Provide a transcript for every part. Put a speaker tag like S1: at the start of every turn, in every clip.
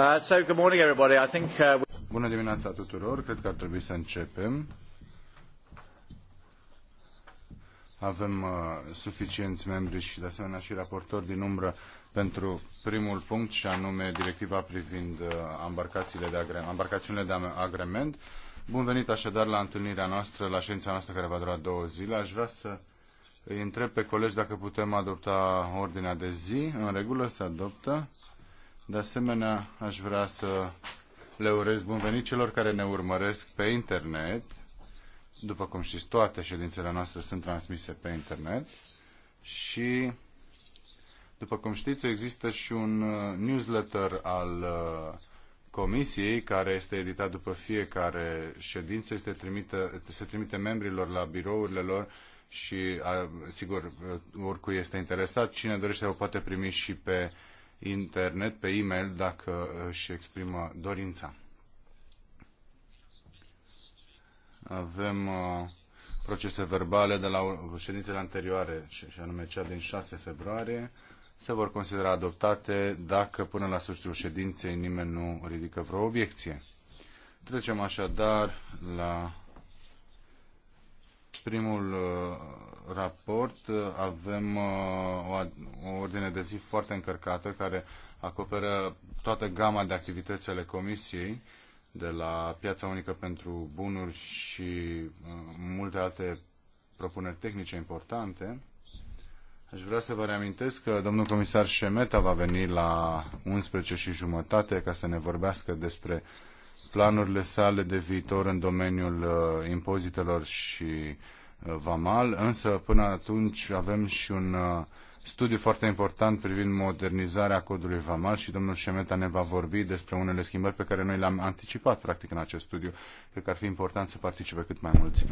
S1: Uh, so, good morning everybody. I think, uh... Bună dimineața tuturor. Cred că ar trebui să începem. Avem uh, suficienți membri și de asemenea și raportori din umbră pentru primul punct și anume directiva privind uh, embarcațiile de agre- embarcațiunile de agrement. Bun venit așadar la întâlnirea noastră, la ședința noastră care va dura două zile. Aș vrea să îi întreb pe colegi dacă putem adopta ordinea de zi. În regulă se adoptă. De asemenea, aș vrea să le urez bun venit celor care ne urmăresc pe internet. După cum știți, toate ședințele noastre sunt transmise pe internet și, după cum știți, există și un uh, newsletter al uh, comisiei care este editat după fiecare ședință, este trimită, se trimite membrilor la birourile lor și, sigur, uh, oricui este interesat, cine dorește o poate primi și pe uh, internet, pe e-mail, dacă își exprimă dorința. Avem uh, procese verbale de la ședințele anterioare, și anume cea din 6 februarie, se vor considera adoptate dacă până la sfârșitul ședinței nimeni nu ridică vreo obiecție. Trecem așadar la primul uh, raport avem uh, o ordine de zi foarte încărcată care acoperă toată gama de activități ale Comisiei, de la piața unică pentru bunuri și uh, multe alte propuneri tehnice importante. Aș vrea să vă reamintesc că domnul comisar Șemeta va veni la 11 și jumătate ca să ne vorbească despre planurile sale de viitor în domeniul uh, impozitelor și Uh, vamal, însă până atunci avem și un uh, studiu foarte important privind modernizarea codului vamal și domnul Șemeta ne va vorbi despre unele schimbări pe care noi le-am anticipat practic în acest studiu. Cred că ar fi important să participe cât mai mulți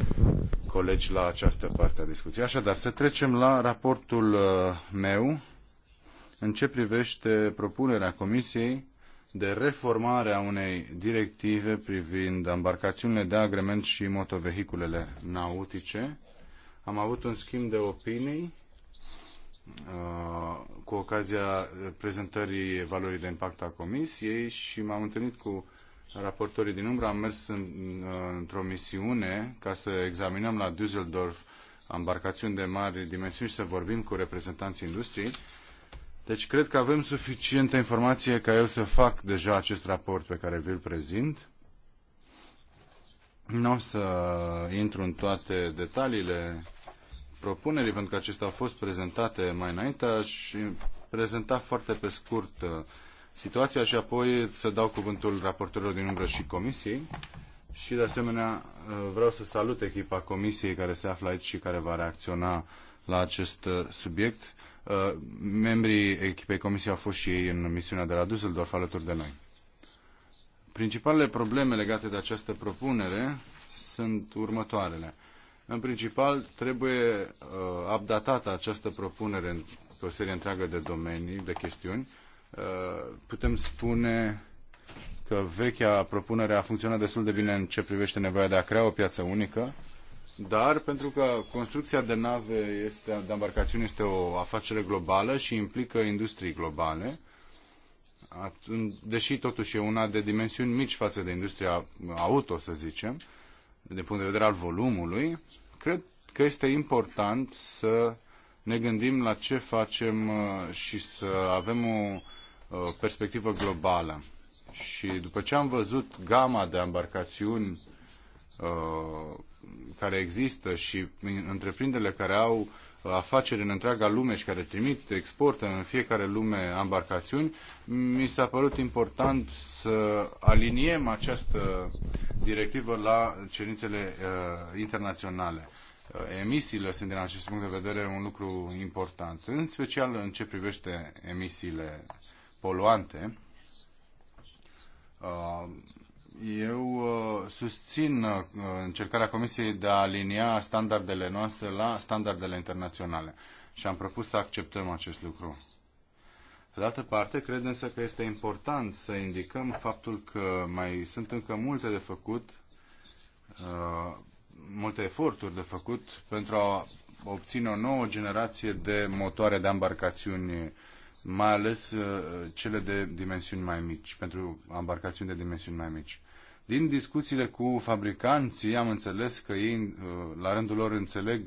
S1: colegi la această parte a discuției. Așadar, să trecem la raportul uh, meu în ce privește propunerea Comisiei de reformare a unei directive privind embarcațiunile de agrement și motovehiculele nautice. Am avut un schimb de opinii uh, cu ocazia prezentării valorii de impact a Comisiei și m-am întâlnit cu raportorii din umbră. Am mers în, uh, într-o misiune ca să examinăm la Düsseldorf embarcațiuni de mari dimensiuni și să vorbim cu reprezentanții industriei deci cred că avem suficientă informație ca eu să fac deja acest raport pe care vi-l prezint. Nu o să intru în toate detaliile propunerii, pentru că acestea au fost prezentate mai înainte. și prezenta foarte pe scurt uh, situația și apoi să dau cuvântul raportorilor din umbră și comisiei. Și de asemenea uh, vreau să salut echipa comisiei care se află aici și care va reacționa la acest uh, subiect Uh, membrii echipei comisiei au fost și ei în misiunea de la Düsseldorf alături de noi. Principalele probleme legate de această propunere sunt următoarele. În principal, trebuie uh, updatată această propunere în o serie întreagă de domenii, de chestiuni. Uh, putem spune că vechea propunere a funcționat destul de bine în ce privește nevoia de a crea o piață unică, dar pentru că construcția de nave este, de embarcațiune este o afacere globală și implică industrii globale, deși totuși e una de dimensiuni mici față de industria auto, să zicem, de punct de vedere al volumului, cred că este important să ne gândim la ce facem uh, și să avem o uh, perspectivă globală. Și după ce am văzut gama de embarcațiuni uh, care există și întreprinderile care au uh, afaceri în întreaga lume și care trimit, exportă în fiecare lume embarcațiuni, mi s-a părut important să aliniem această directivă la cerințele uh, internaționale. Uh, emisiile sunt din acest punct de vedere un lucru important, în special în ce privește emisiile poluante. Uh, eu uh, susțin uh, încercarea Comisiei de a alinia standardele noastre la standardele internaționale și am propus să acceptăm acest lucru. Pe de altă parte, cred însă că este important să indicăm faptul că mai sunt încă multe de făcut, uh, multe eforturi de făcut pentru a obține o nouă generație de motoare de ambarcațiuni, mai ales cele de dimensiuni mai mici, pentru ambarcațiuni de dimensiuni mai mici. Din discuțiile cu fabricanții am înțeles că ei, uh, la rândul lor, înțeleg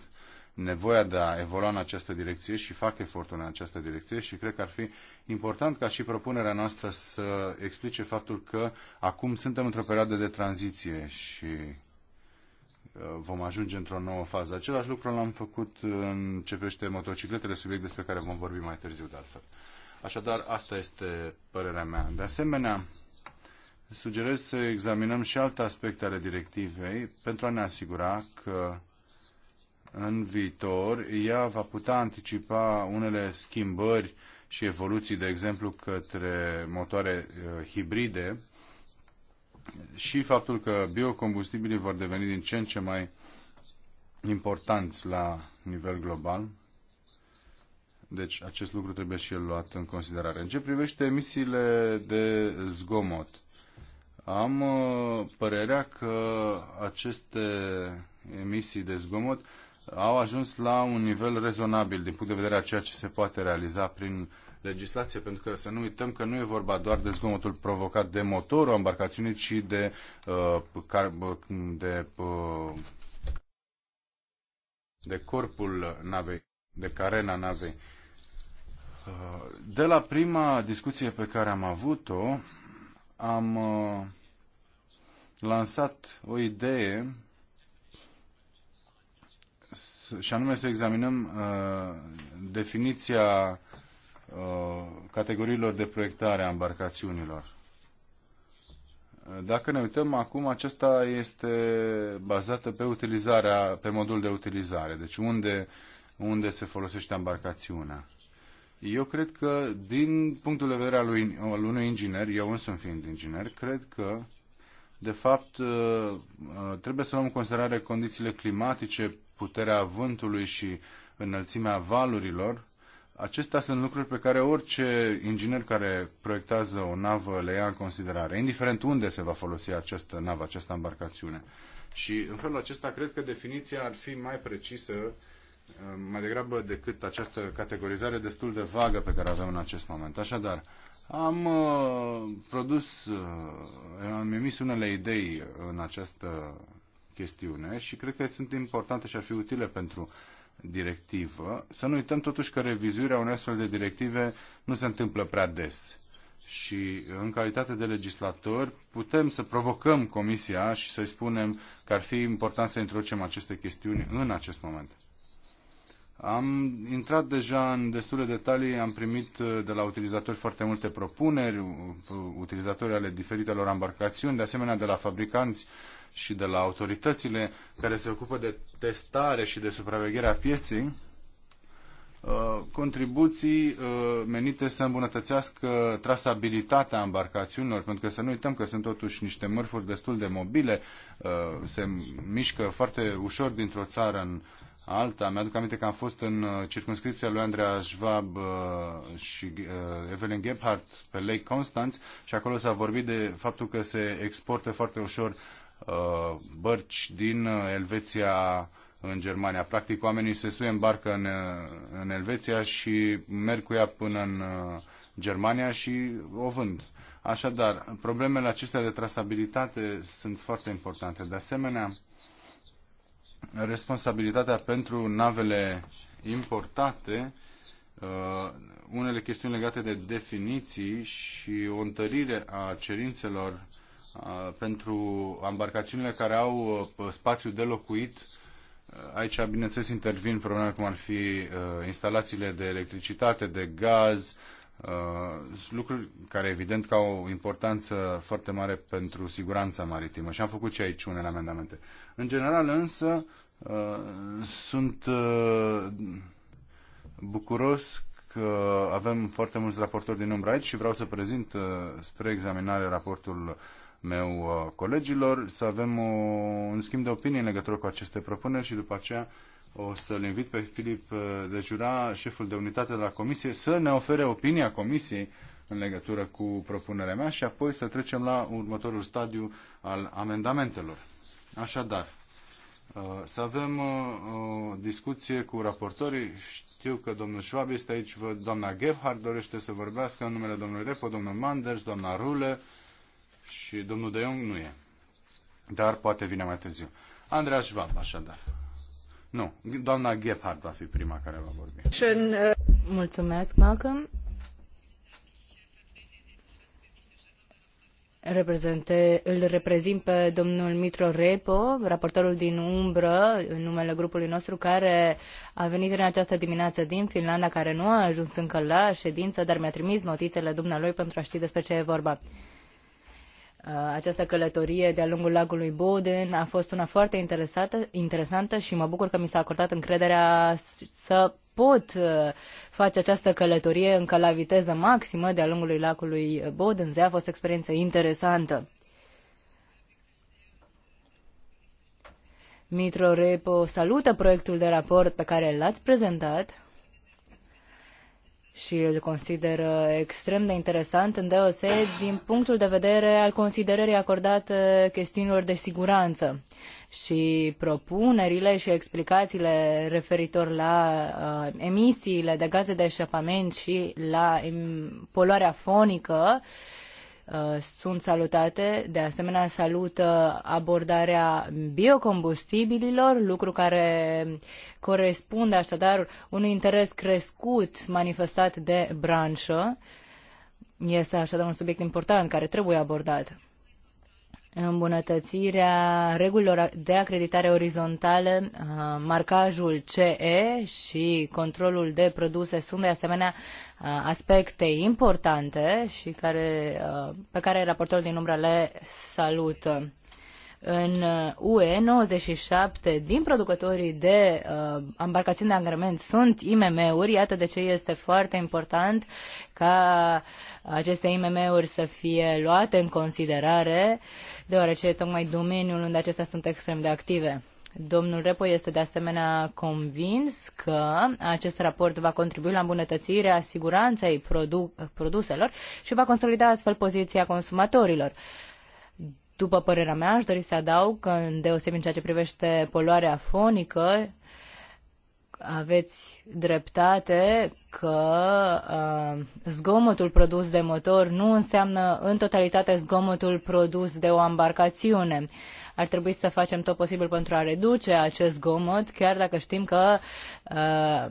S1: nevoia de a evolua în această direcție și fac efortul în această direcție și cred că ar fi important ca și propunerea noastră să explice faptul că acum suntem într-o perioadă de tranziție și uh, vom ajunge într-o nouă fază. Același lucru l-am făcut în ce privește motocicletele, subiect despre care vom vorbi mai târziu de altfel. Așadar, asta este părerea mea. De asemenea, sugerez să examinăm și alte aspecte ale directivei pentru a ne asigura că în viitor ea va putea anticipa unele schimbări și evoluții, de exemplu, către motoare uh, hibride și faptul că biocombustibilii vor deveni din ce în ce mai importanți la nivel global. Deci acest lucru trebuie și el luat în considerare. În ce privește emisiile de zgomot, am uh, părerea că aceste emisii de zgomot au ajuns la un nivel rezonabil din punct de vedere a ceea ce se poate realiza prin legislație, pentru că să nu uităm că nu e vorba doar de zgomotul provocat de motorul embarcațiunii, ci de, uh, uh de, uh, de corpul navei, de carena navei. Uh, de la prima discuție pe care am avut-o, am uh, lansat o idee și anume să examinăm uh, definiția uh, categoriilor de proiectare a embarcațiunilor. Dacă ne uităm acum, aceasta este bazată pe utilizarea, pe modul de utilizare, deci unde, unde se folosește embarcațiunea. Eu cred că, din punctul de vedere al, lui, al unui inginer, eu însă fiind inginer, cred că, de fapt, uh, uh, trebuie să luăm în considerare condițiile climatice, puterea vântului și înălțimea valurilor. Acestea sunt lucruri pe care orice inginer care proiectează o navă le ia în considerare, indiferent unde se va folosi această navă, această embarcațiune. Și în felul acesta cred că definiția ar fi mai precisă Ehm, mai degrabă decât această categorizare destul de vagă pe care avem în acest moment. Așadar, am uh, produs, uh, am emis unele idei în această chestiune și cred că sunt importante și ar fi utile pentru directivă. Să nu uităm totuși că revizuirea unei astfel de directive nu se întâmplă prea des. Și în calitate de legislator putem să provocăm Comisia și să-i spunem că ar fi important să introducem aceste chestiuni în acest moment. Am intrat deja în destule detalii, am primit uh, de la utilizatori foarte multe propuneri, utilizatori ale diferitelor embarcațiuni, de asemenea de la fabricanți și de la autoritățile care se ocupă de testare și de supravegherea pieței, uh, contribuții uh, menite să îmbunătățească trasabilitatea embarcațiunilor, pentru că să nu uităm că sunt totuși niște mărfuri destul de mobile, se mișcă foarte ușor dintr-o țară în alta. Mi-aduc aminte că am fost în uh, circunscripția lui Andrea Schwab uh, și uh, Evelyn Gebhardt pe Lake Constance și acolo s-a vorbit de faptul că se exportă foarte ușor bărci din Elveția în Germania. Practic, oamenii se suie în barcă în, în Elveția și merg cu ea până în Germania și o vând. Așadar, problemele acestea de trasabilitate sunt foarte importante. De asemenea, responsabilitatea pentru navele importate, uh, unele chestiuni legate de definiții și o întărire a cerințelor uh, pentru embarcațiunile care au uh, spațiu de locuit. Aici, bineînțeles, intervin probleme cum ar fi instalațiile de electricitate, de gaz, Uh, lucruri care evident că au o importanță foarte mare pentru siguranța maritimă și am făcut și aici unele amendamente. În general însă uh, sunt uh, bucuros că avem foarte mulți raportori din umbră aici și vreau să prezint spre examinare raportul meu uh, colegilor, să avem o, un schimb de opinie în legătură cu aceste propuneri și după aceea o să-l invit pe Filip uh, de Jura, șeful de unitate de la Comisie, să ne ofere opinia Comisiei în legătură cu propunerea mea și apoi să trecem la următorul stadiu al amendamentelor. Așadar, uh, să avem o discuție cu raportorii. Știu că domnul Schwab este aici, doamna Gebhardt dorește să vorbească în numele domnului Repo, domnul Manders, doamna Rule, și domnul De Jong nu e. Dar poate vine mai târziu. Andreea Schwab, așadar. Nu, doamna Gephardt va fi prima care va vorbi.
S2: Mulțumesc, Malcolm. Reprezente, îl reprezint pe domnul Mitro Repo, raportorul din umbră, în numele grupului nostru, care a venit în această dimineață din Finlanda, care nu a ajuns încă la ședință, dar mi-a trimis notițele dumnealui pentru a ști despre ce e vorba. Uh, această călătorie de-a lungul lagului Boden a fost una foarte interesată, interesantă și mă bucur că mi s-a acordat încrederea să pot uh, face această călătorie încă la viteză maximă de-a lungul lacului Boden. A fost o experiență interesantă. Mitro Repo salută proiectul de raport pe care l-ați prezentat și îl consider uh, extrem de interesant, îndeoseb din punctul de vedere al considerării acordate chestiunilor de siguranță. Și propunerile și explicațiile referitor la uh, emisiile de gaze de eșapament și la poluarea fonică uh, Uh, sunt salutate. De asemenea, salută uh, abordarea biocombustibililor, lucru care corespunde așadar unui interes crescut manifestat de branșă. Este așadar un subiect important care trebuie abordat îmbunătățirea regulilor de acreditare orizontale, uh, marcajul CE și controlul de produse sunt de asemenea uh, aspecte importante și care, uh, pe care raportorul din umbră le salută. În UE, 97 din producătorii de uh, embarcațiuni de angrement sunt IMM-uri, iată de ce este foarte important ca aceste IMM-uri să fie luate în considerare uh, deoarece e tocmai domeniul unde acestea sunt extrem de active. Domnul Repo este de asemenea convins că acest raport va contribui la îmbunătățirea siguranței produ- produselor și va consolida astfel poziția consumatorilor. După părerea mea, aș dori să adaug că, în deosebit în ceea ce privește poluarea fonică, aveți dreptate că uh, zgomotul produs de motor nu înseamnă în totalitate zgomotul produs de o embarcațiune. Ar trebui să facem tot posibil pentru a reduce acest zgomot, chiar dacă știm că uh,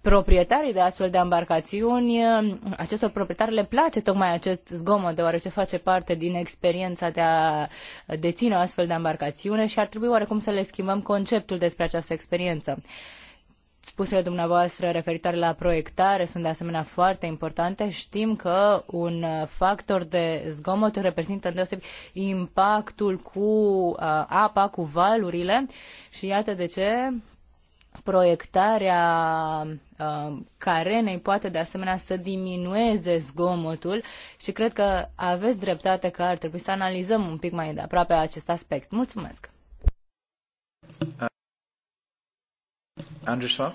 S2: proprietarii de astfel de embarcațiuni, uh, acestor proprietari le place tocmai acest zgomot, deoarece face parte din experiența de a deține o astfel de embarcațiune și ar trebui oarecum să le schimbăm conceptul despre această experiență. Spusele dumneavoastră referitoare la proiectare sunt de asemenea foarte importante. Știm că un factor de zgomot reprezintă deosebit impactul cu uh, apa, cu valurile și iată de ce proiectarea uh, carenei poate de asemenea să diminueze zgomotul și cred că aveți dreptate că ar trebui să analizăm un pic mai de aproape acest aspect. Mulțumesc!
S1: Andrew Schwab,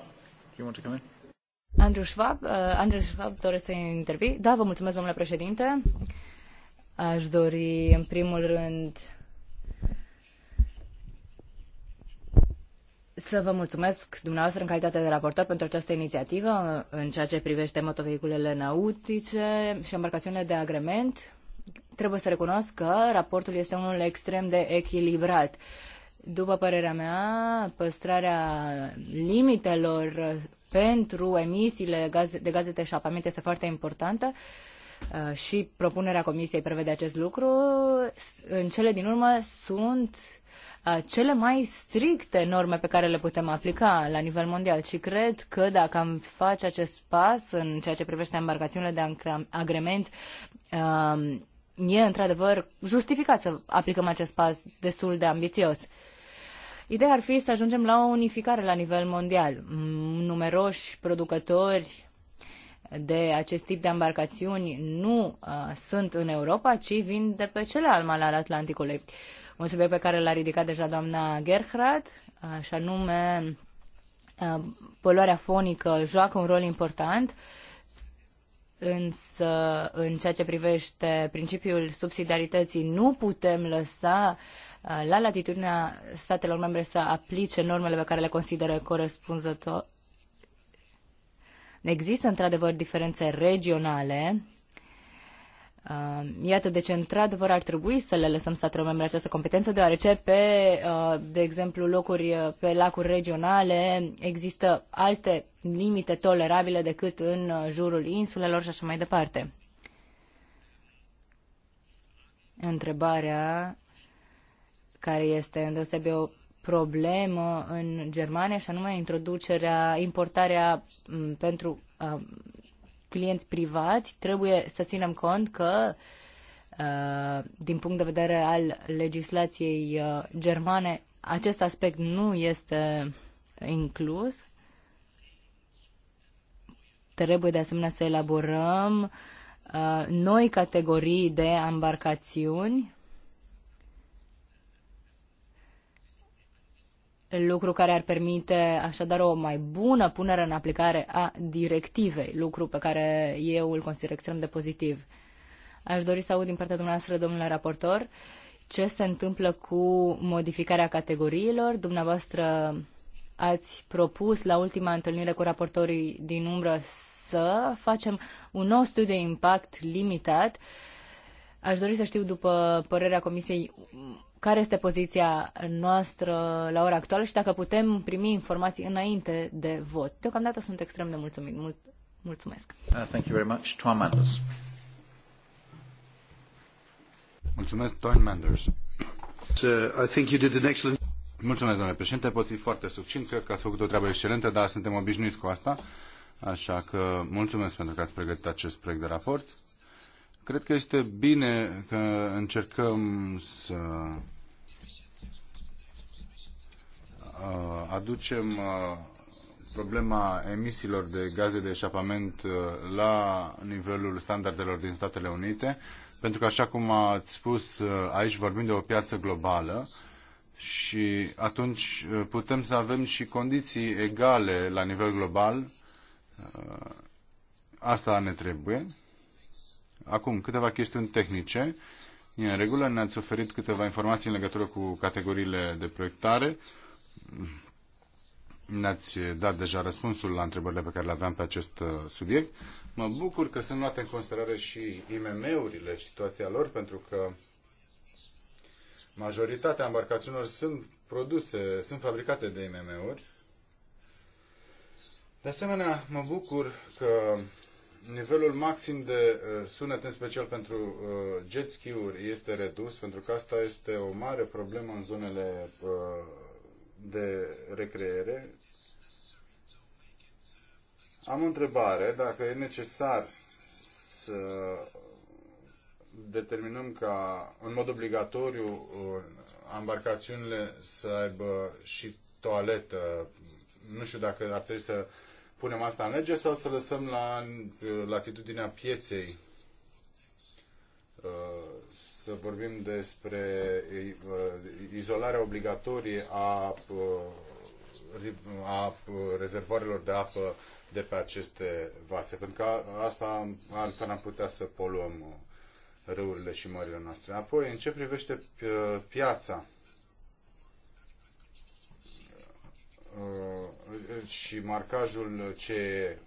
S1: you want to come in?
S2: Andrew Schwab, uh, Andrew Schwab doresc să intervii. Da, vă mulțumesc, domnule președinte. Aș dori, în primul rând, Să vă mulțumesc dumneavoastră în calitate de raportor pentru această inițiativă în ceea ce privește motovehiculele nautice și embarcațiunile de agrement. Trebuie să recunosc că raportul este unul extrem de echilibrat. După părerea mea, păstrarea limitelor pentru emisiile de gaze de eșapament este foarte importantă uh, și propunerea Comisiei prevede acest lucru. În cele din urmă sunt uh, cele mai stricte norme pe care le putem aplica la nivel mondial și cred că dacă am face acest pas în ceea ce privește embarcațiunile de agrement, uh, e într-adevăr justificat să aplicăm acest pas destul de ambițios. Ideea ar fi să ajungem la o unificare la nivel mondial. Mm, numeroși producători de acest tip de embarcațiuni nu uh, sunt în Europa, ci vin de pe celălalt mal al Atlanticului. Un subiect pe care l-a ridicat deja doamna Gerhard, uh, și anume uh, poluarea fonică joacă un rol important, însă în ceea ce privește principiul subsidiarității nu putem lăsa uh, Uh, la latitudinea statelor membre să aplice normele pe care le consideră corespunzător. Există într-adevăr diferențe regionale. Uh, iată de ce, într-adevăr, ar trebui să le lăsăm statelor membre această competență, deoarece pe, uh, de exemplu, locuri pe lacuri regionale există alte limite tolerabile decât în jurul insulelor și așa mai departe. Întrebarea care este îndeosebi o problemă în Germania, și anume introducerea, importarea pentru uh, clienți privați. Trebuie să ținem cont că, uh, din punct de vedere al legislației uh, germane, acest aspect nu este inclus. Trebuie de asemenea să elaborăm uh, noi categorii de embarcațiuni lucru care ar permite așadar o mai bună punere în aplicare a directivei, lucru pe care eu îl consider extrem de pozitiv. Aș dori să aud din partea dumneavoastră, domnule raportor, ce se întâmplă cu modificarea categoriilor. Dumneavoastră ați propus la ultima întâlnire cu raportorii din umbră să facem un nou studiu de impact limitat. Aș dori să știu, după părerea Comisiei, care este poziția noastră la ora actuală și dacă putem primi informații înainte de vot. Deocamdată sunt extrem de mulțumit. Mul- mulțumesc.
S1: Uh, thank you very much. Tom Manders. Mulțumesc, Tom Manders. Uh, I think you did an excellent... Mulțumesc, domnule președinte. Pot fi foarte succint. Cred că ați făcut o treabă excelentă, dar suntem obișnuiți cu asta. Așa că mulțumesc pentru că ați pregătit acest proiect de raport. Cred că este bine că încercăm să Uh, aducem uh, problema emisiilor de gaze de eșapament uh, la nivelul standardelor din Statele Unite, pentru că, așa cum ați spus, aici vorbim de o piață globală și atunci putem să avem și condiții egale la nivel global. Asta ne trebuie. Acum, câteva chestiuni tehnice. în regulă, ne-ați oferit câteva informații în legătură cu categoriile de proiectare. Uh, ne-ați dat deja răspunsul la întrebările pe care le aveam pe acest uh, subiect. Mă bucur că sunt luate în considerare și IMM-urile și situația lor, pentru că majoritatea embarcațiunilor sunt produse, sunt fabricate de IMM-uri. De asemenea, mă bucur că nivelul maxim de uh, sunet, în special pentru uh, jet ski-uri, este redus, pentru că asta este o mare problemă în zonele de recreere. Am o întrebare, dacă e necesar să determinăm ca în mod obligatoriu embarcațiunile să aibă și toaletă. Nu știu dacă ar trebui să punem asta în lege sau să lăsăm la latitudinea pieței uh, să vorbim despre uh, izolarea obligatorie a, uh, a uh, rezervoarelor de apă de pe aceste vase, pentru că asta altfel am putea să poluăm râurile și mările noastre. Apoi, în ce privește piața, și marcajul ce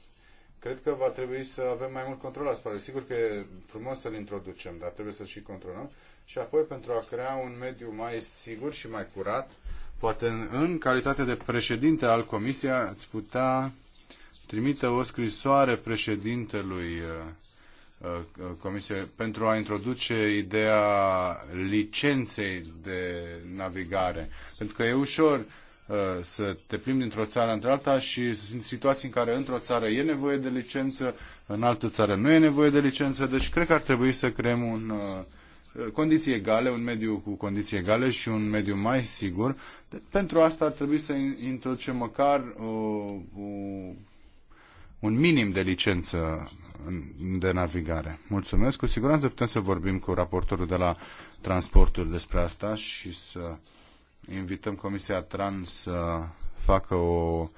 S1: Cred că va trebui să avem mai mult control asupra. Sigur că e frumos să-l introducem, dar trebuie să-l și controlăm. Și apoi, pentru a crea un mediu mai sigur și mai curat, poate în, în calitate de președinte al comisiei ați putea trimite o scrisoare președintelui uh, uh, Comisiei pentru a introduce ideea licenței de navigare. Pentru că e ușor Uh, să te plimbi dintr-o țară într-alta și sunt situații în care într-o țară e nevoie de licență, în altă țară nu e nevoie de licență, deci cred că ar trebui să creăm un uh, condiții egale, un mediu cu condiții egale și un mediu mai sigur. Pentru asta ar trebui să introducem măcar o, o, un minim de licență de navigare. Mulțumesc. Cu siguranță putem să vorbim cu raportorul de la transporturi despre asta și să invităm Comisia Trans să facă o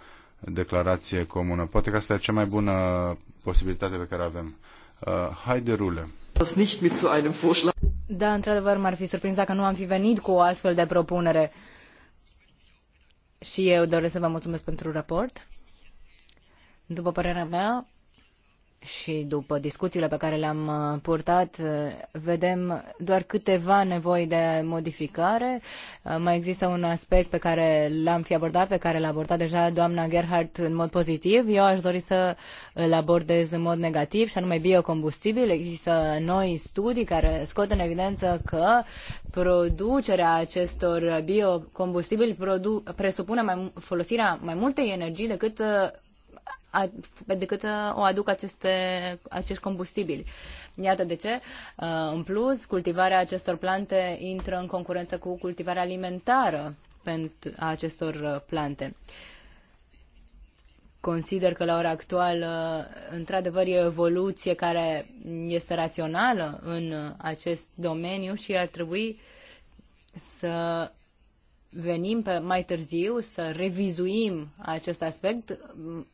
S1: declarație comună. Poate că asta e cea mai bună posibilitate pe care avem. Uh, de rule.
S2: Da, într-adevăr, m-ar fi surprins dacă nu am fi venit cu o astfel de propunere. Și eu doresc să vă mulțumesc pentru raport. După părerea mea, și după discuțiile pe care le-am uh, purtat, uh, vedem doar câteva nevoi de modificare. Uh, mai există un aspect pe care l-am fi abordat, pe care l-a abordat deja doamna Gerhardt în mod pozitiv. Eu aș dori să îl abordez în mod negativ, și anume biocombustibil. Există noi studii care scot în evidență că producerea acestor biocombustibili produ- presupune mai, folosirea mai multei energii decât pe decât uh, o aduc aceste, acești combustibili. Iată de ce. Uh, în plus, cultivarea acestor plante intră în concurență cu cultivarea alimentară pentru a acestor uh, plante. Consider că la ora actuală, într-adevăr, e o evoluție care este rațională în acest domeniu și ar trebui să venim pe mai târziu să revizuim acest aspect.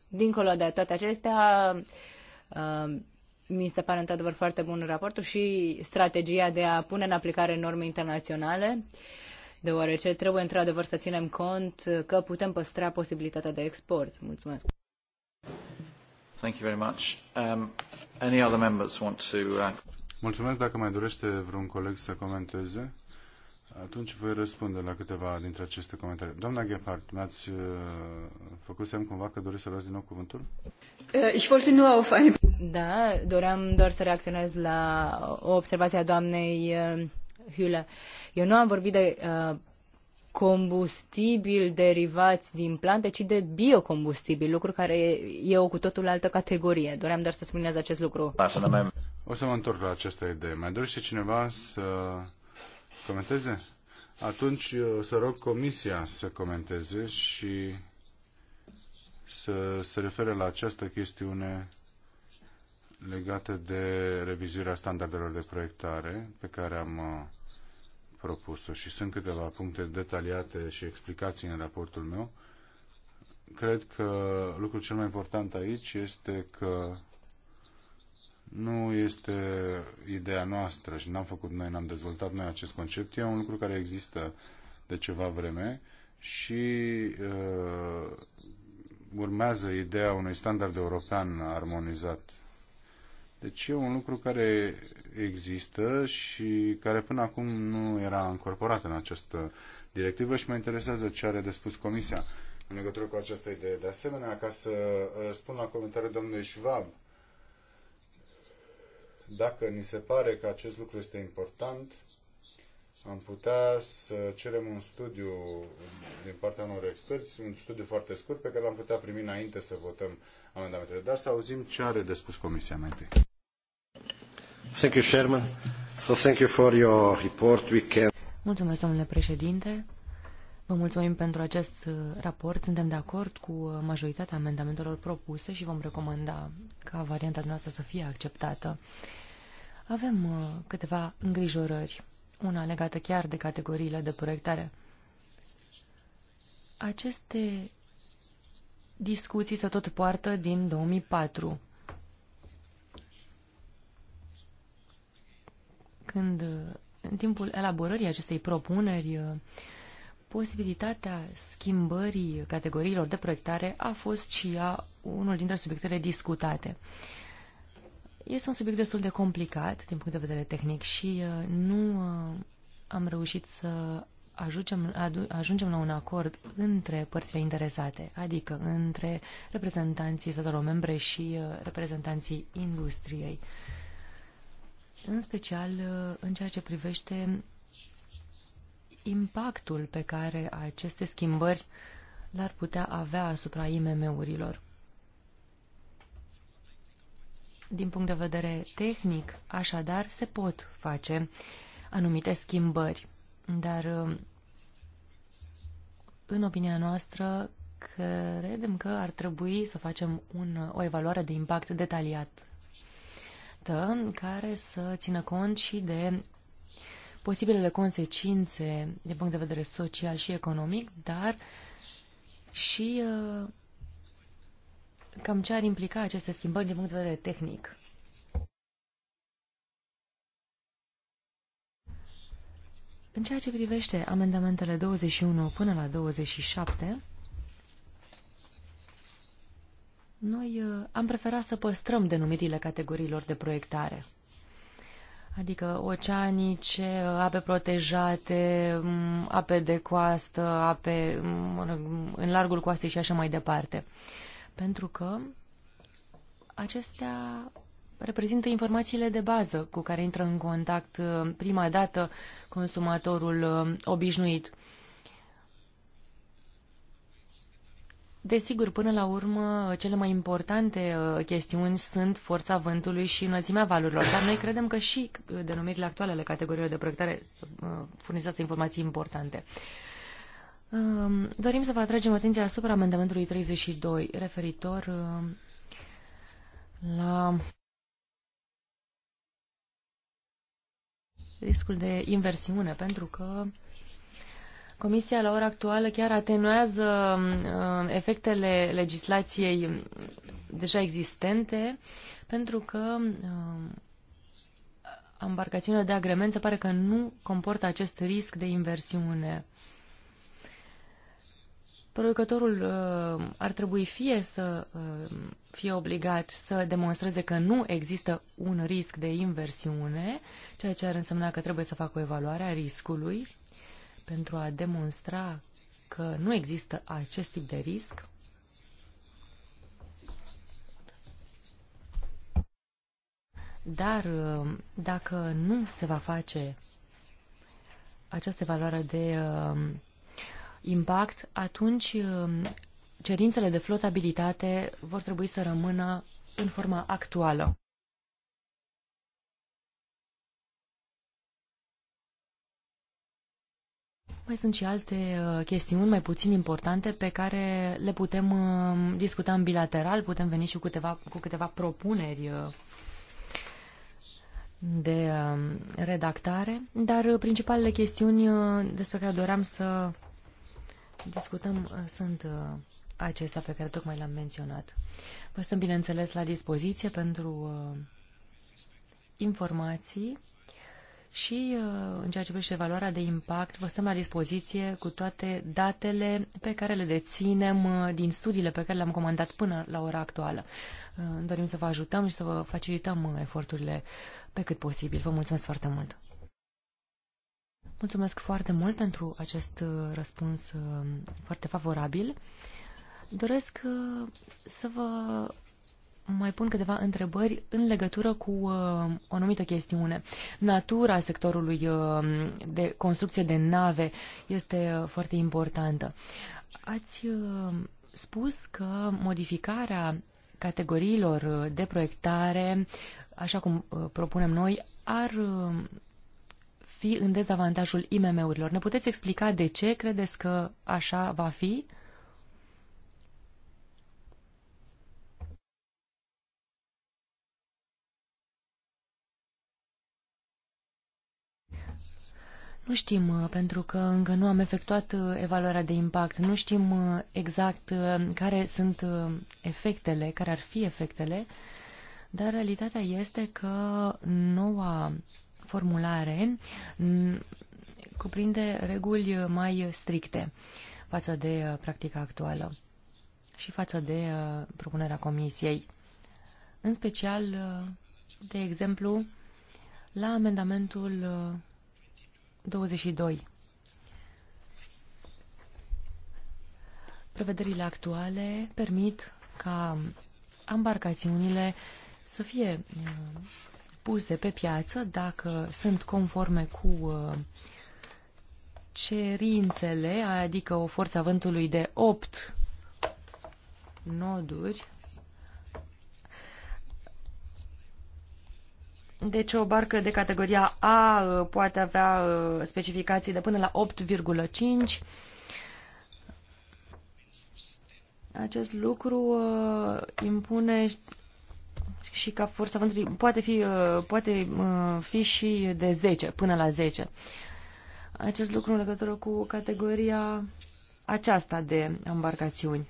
S2: Dincolo de toate acestea, uh, mi se pare într-adevăr foarte bun raportul și strategia de a pune în aplicare norme internaționale, deoarece trebuie într-adevăr să ținem cont că putem păstra posibilitatea de export. Mulțumesc!
S1: Thank you very much. Um, any other members want to... Uh... Mulțumesc dacă mai dorește vreun coleg să comenteze. Atunci voi răspunde la câteva dintre aceste comentarii. Doamna Gephardt, mi-ați uh, făcut semn cumva că doriți să luați din nou cuvântul?
S2: Uh, ich wollte nur auf eine... Da, doream doar să reacționez la o observație a doamnei uh, Eu nu am vorbit de uh, combustibil derivați din plante, ci de biocombustibil, lucru care e o cu totul altă categorie. Doream doar să spuneți acest lucru. Da,
S1: o să mă întorc la această idee. Mai dorește cineva să comenteze? Atunci o uh, să rog Comisia să comenteze și să se refere la această chestiune legată de revizuirea standardelor de proiectare pe care am uh, propus-o și sunt câteva puncte detaliate și explicații în raportul meu. Cred că lucrul cel mai important aici este că nu este ideea noastră și n-am făcut noi, n-am dezvoltat noi acest concept. E un lucru care există de ceva vreme și uh, urmează ideea unui standard european armonizat. Deci e un lucru care există și care până acum nu era încorporat în această directivă și mă interesează ce are de spus Comisia în legătură cu această idee. De asemenea, ca să răspund la comentariul domnului Schwab, dacă ni se pare că acest lucru este important, am putea să cerem un studiu din partea unor experți, un studiu foarte scurt pe care l-am putea primi înainte să votăm amendamentele. Dar să auzim ce are de spus Comisia mai întâi. Thank you, Sherman. So thank you for your report. We can...
S3: Mulțumesc, domnule președinte. Vă mulțumim pentru acest uh, raport. Suntem de acord cu uh, majoritatea amendamentelor propuse și vom recomanda ca varianta noastră să fie acceptată. Avem uh, câteva îngrijorări, una legată chiar de categoriile de proiectare. Aceste discuții se tot poartă din 2004, când în timpul elaborării acestei propuneri posibilitatea schimbării categoriilor de proiectare a fost și ea unul dintre subiectele discutate. Este un subiect destul de complicat din punct de vedere tehnic și uh, nu uh, am reușit să ajungem, ajungem la un acord între părțile interesate, adică între reprezentanții statelor membre și uh, reprezentanții industriei, în special în ceea ce privește impactul pe care aceste schimbări l-ar putea avea asupra IMM-urilor. Din punct de vedere tehnic, așadar, se pot face anumite schimbări, dar um, în opinia noastră, credem că ar trebui să facem un, o evaluare de impact detaliat care să țină cont și de posibilele consecințe de punct de vedere social și economic, dar și uh, cam ce ar implica aceste schimbări din punct de vedere tehnic. În ceea ce privește amendamentele 21 până la 27, noi uh, am preferat să păstrăm denumirile categoriilor de proiectare adică oceanice, ape protejate, ape de coastă, ape în largul coastei și așa mai departe. Pentru că acestea reprezintă informațiile de bază cu care intră în contact uh, prima dată consumatorul uh, obișnuit. Desigur, până la urmă, cele mai importante uh, chestiuni sunt forța vântului și înălțimea valurilor, dar noi credem că și uh, denumirile actuale ale categoriilor de proiectare uh, furnizează informații importante. Um, dorim să vă atragem atenția asupra amendamentului 32, referitor la riscul de inversiune, pentru că Comisia la ora actuală chiar atenuează uh, efectele legislației deja existente pentru că uh, ambarcațiunile de agrement se pare că nu comportă acest risc de inversiune. Producătorul uh, ar trebui fie să uh, fie obligat să demonstreze că nu există un risc de inversiune, ceea ce ar însemna că trebuie să facă o evaluare a riscului pentru a demonstra că nu există acest tip de risc, Dar uh, dacă nu se va face această valoare de uh, impact, atunci uh, cerințele de flotabilitate vor trebui să rămână în forma actuală. Mai sunt și alte uh, chestiuni mai puțin importante pe care le putem uh, discuta în bilateral, putem veni și cu câteva, cu câteva propuneri uh, de redactare, dar principalele chestiuni despre care doream să discutăm sunt acestea pe care tocmai le-am menționat. Vă sunt bineînțeles, la dispoziție pentru informații și uh, în ceea ce privește valoarea de impact, vă stăm la dispoziție cu toate datele pe care le deținem uh, din studiile pe care le-am comandat până la ora actuală. Uh, dorim să vă ajutăm și să vă facilităm eforturile pe cât posibil. Vă mulțumesc foarte mult! Mulțumesc foarte mult pentru acest răspuns foarte favorabil. Doresc să vă mai pun câteva întrebări în legătură cu uh, o anumită chestiune. Natura sectorului uh, de construcție de nave este uh, foarte importantă. Ați uh, spus că modificarea categoriilor uh, de proiectare, așa cum uh, propunem noi, ar uh, fi în dezavantajul IMM-urilor. Ne puteți explica de ce credeți că așa va fi? Uh, Nu știm, uh, pentru că încă nu am efectuat uh, evaluarea de impact. Nu știm uh, exact care sunt efectele, care ar fi efectele, dar realitatea este că noua formulare cuprinde reguli mai stricte față de practica actuală și față de propunerea comisiei. În special, de exemplu, la amendamentul 22. Prevederile actuale permit ca ambarcațiunile să fie uh, puse pe piață dacă sunt conforme cu uh, cerințele, adică o forță a vântului de 8 noduri Deci o barcă de categoria A uh, poate avea uh, specificații de până la 8,5. Acest lucru uh, impune și ca forța vântului poate fi, poate fi și de 10, până la 10. Acest lucru în legătură cu categoria aceasta de embarcațiuni.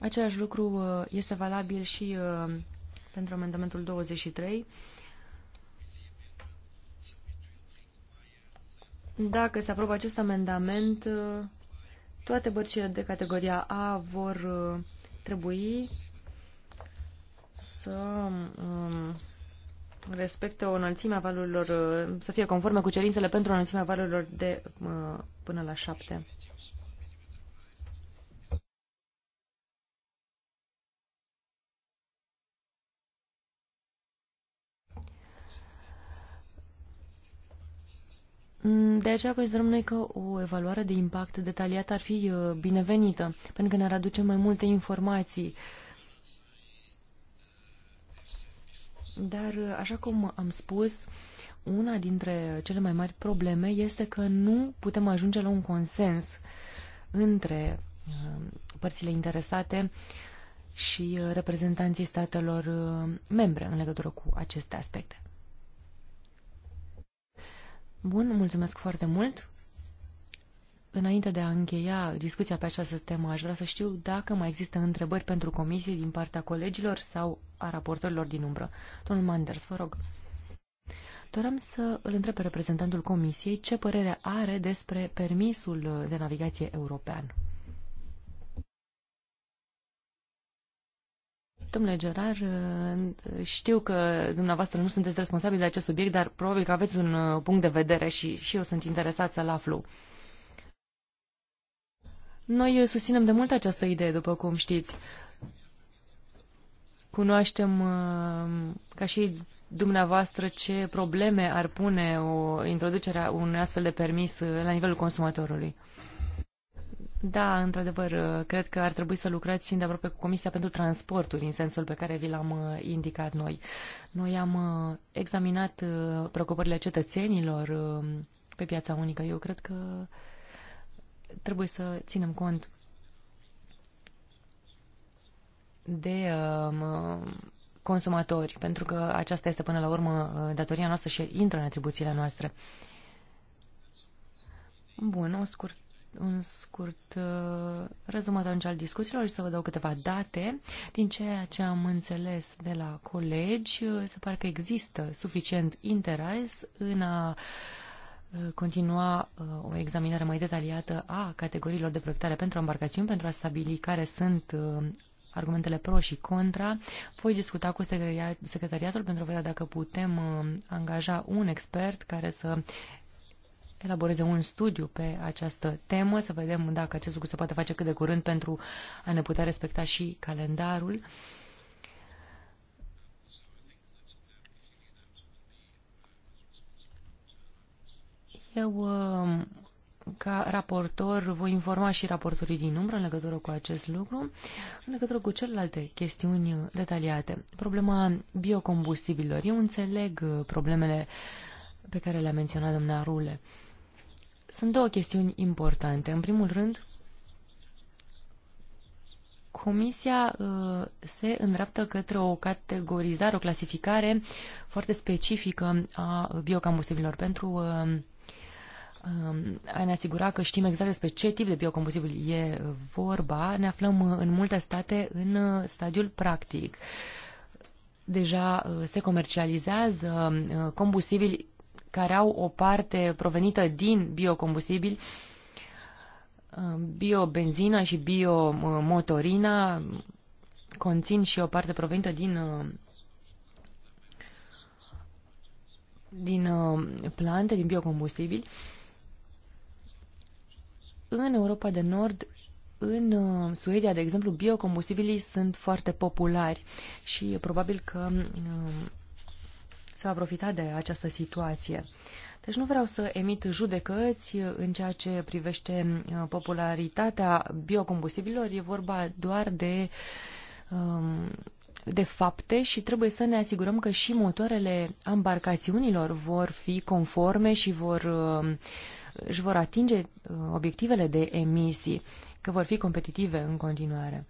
S3: Același lucru este valabil și pentru amendamentul 23. Dacă se aprobă acest amendament, toate bărcile de categoria A vor uh, trebui să um, respecte o înălțime a valurilor, uh, să fie conforme cu cerințele pentru o înălțime a valurilor de uh, până la 7 Mm, de aceea considerăm noi că o evaluare de impact detaliată ar fi uh, binevenită, pentru că ne-ar aduce mai multe informații. Dar, uh, așa cum am spus, una dintre cele mai mari probleme este că nu putem ajunge la un consens între uh, părțile interesate și reprezentanții statelor membre în legătură cu aceste aspecte. Bun, mulțumesc foarte mult. Înainte de a încheia discuția pe această temă, aș vrea să știu dacă mai există întrebări pentru comisie din partea colegilor sau a raportorilor din umbră. Domnul Manders, vă rog. Doream să îl întreb pe reprezentantul comisiei ce părere are despre permisul de navigație european. Domnule Gerar, uh, știu că dumneavoastră nu sunteți responsabili de acest subiect, dar probabil că aveți un uh, punct de vedere și, și eu sunt interesat să-l aflu. Noi susținem de mult această idee, după cum știți. Cunoaștem, uh, ca și dumneavoastră, ce probleme ar pune o introducerea unui astfel de permis la nivelul consumatorului. Da, într-adevăr, cred că ar trebui să lucrați de aproape cu Comisia pentru Transporturi, în sensul pe care vi l-am uh, indicat noi. Noi am uh, examinat uh, preocupările cetățenilor pe piața unică. Eu cred că trebuie să ținem cont de um, consumatori, pentru că aceasta este până la urmă datoria noastră și intră în atribuțiile noastre. Bun, o scurt un scurt uh, rezumat atunci al discuțiilor și să vă dau câteva date. Din ceea ce am înțeles de la colegi, uh, se pare că există suficient interes în a uh, continua o examinare mai detaliată a categoriilor de proiectare pentru embarcațiuni, pentru a stabili care sunt argumentele pro și contra. Voi discuta cu secretariatul pentru a vedea dacă putem angaja un expert care să elaboreze un studiu pe această temă, să vedem dacă acest lucru se poate face cât de curând pentru a ne putea respecta și calendarul. Eu, um, ca raportor, voi informa și raportorii din umbră în legătură cu acest lucru, în legătură cu celelalte chestiuni detaliate. Problema biocombustibililor. Eu înțeleg uh, problemele pe care le-a menționat domnul Rule. Uh, sunt două chestiuni importante. În primul rând, Comisia uh, se îndreaptă către o categorizare, o clasificare foarte specifică a biocombustibililor pentru uh, uh, a ne asigura că știm exact despre ce tip de biocombustibil e vorba. Ne aflăm uh, în multe state în uh, stadiul practic. Deja uh, se comercializează combustibili care au o parte provenită din biocombustibili, um, biobenzina și biomotorina conțin și o parte provenită din um, din um, plante, din biocombustibili. În Europa de Nord, în Suedia, de exemplu, biocombustibilii sunt foarte populari și probabil că s-a profitat de această situație. Deci nu vreau să emit judecăți în ceea ce privește uh, popularitatea biocombustibilor, e vorba doar de, um, de fapte și trebuie să ne asigurăm că și motoarele embarcațiunilor vor fi conforme și vor, um, își vor atinge uh, obiectivele de emisii, că vor fi competitive în continuare.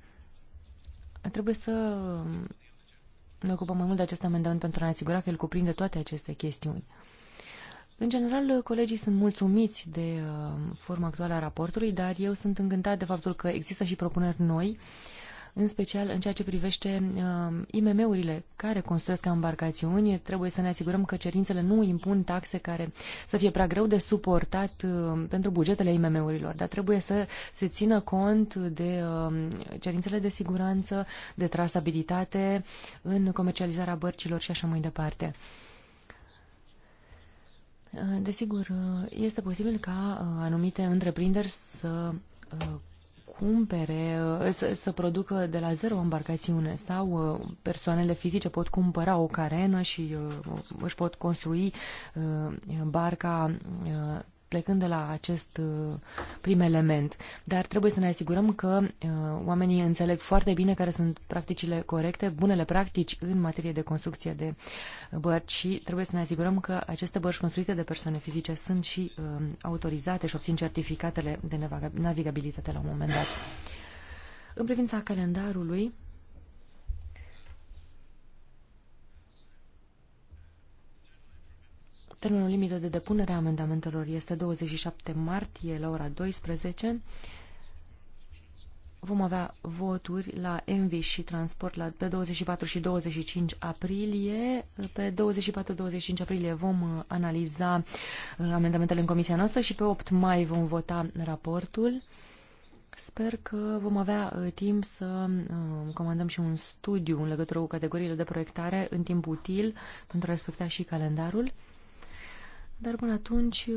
S3: Trebuie să um, ne ocupăm mai mult de acest amendament pentru a ne asigura că el cuprinde toate aceste chestiuni. În general, colegii sunt mulțumiți de uh, forma actuală a raportului, dar eu sunt încântat de faptul că există și propuneri noi uh, în special în ceea ce privește uh, um, IMM-urile care construiesc embarcațiuni. Trebuie să ne asigurăm că cerințele nu impun taxe care să fie prea greu de suportat uh, pentru bugetele IMM-urilor, dar trebuie să se țină cont de uh, cerințele de siguranță, de trasabilitate în comercializarea bărcilor și așa mai departe. Uh, desigur, uh, este posibil ca uh, anumite întreprinderi să cumpere, uh, să, să producă de la zero o embarcațiune sau uh, persoanele fizice pot cumpăra o carenă și uh, își pot construi barca plecând de la acest uh, prim element. Dar trebuie să ne asigurăm că uh, oamenii înțeleg foarte bine care sunt practicile corecte, bunele practici în materie de construcție de uh, bărci și trebuie să ne asigurăm că aceste bărci construite de persoane fizice sunt și autorizate și obțin certificatele de navigabilitate la un moment dat. În privința calendarului, Termenul limită de depunere a amendamentelor este 27 martie la ora 12. Vom avea voturi la Envi și Transport la, pe 24 și 25 aprilie. Pe 24-25 aprilie vom uh, analiza uh, amendamentele în comisia noastră și pe 8 mai vom vota raportul. Sper că vom avea uh, timp să comandăm și un studiu în legătură cu categoriile de proiectare în timp util pentru a respecta și calendarul. Dar până atunci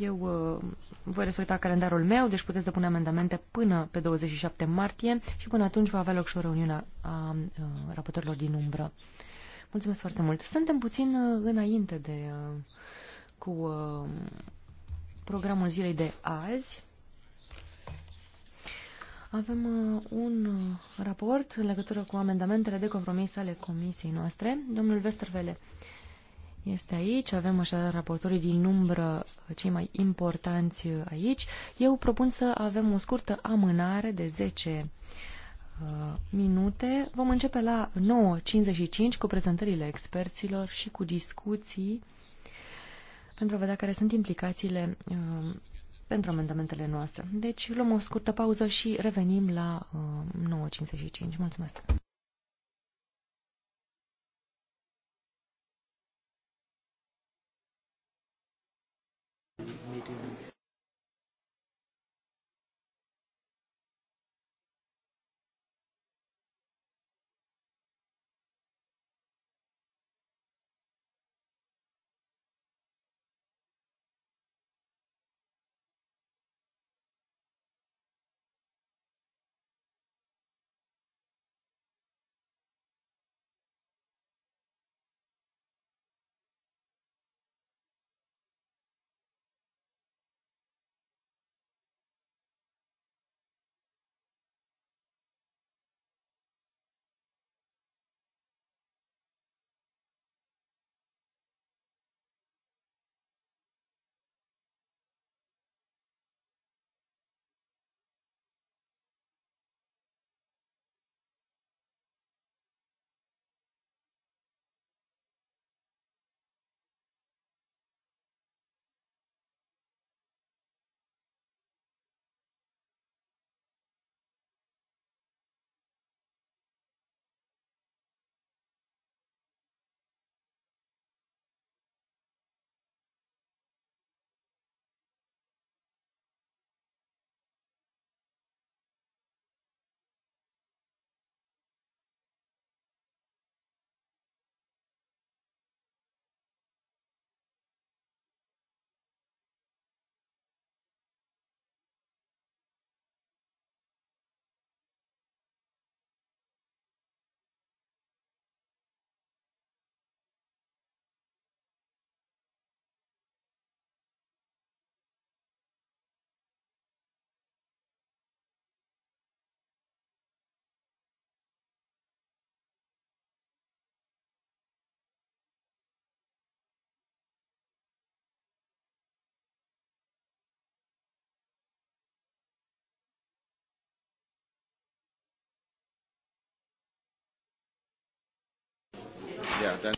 S3: eu uh, voi respecta calendarul meu, deci puteți depune amendamente până pe 27 martie și până atunci va avea loc și o reuniune a uh, raportorilor din umbră. Mulțumesc foarte mult. Suntem puțin uh, înainte de cu programul zilei de azi. Avem un raport în legătură cu amendamentele de compromis ale comisiei noastre. Domnul Vestervele, este aici, avem așadar raportorii din umbră uh, cei mai importanți uh, aici. Eu propun să avem o scurtă amânare de 10 uh, minute. Vom începe la 9.55 cu prezentările experților și cu discuții pentru a vedea care sunt implicațiile uh, pentru amendamentele noastre. Deci luăm o scurtă pauză și revenim la uh, 9.55. Mulțumesc!
S2: Yeah,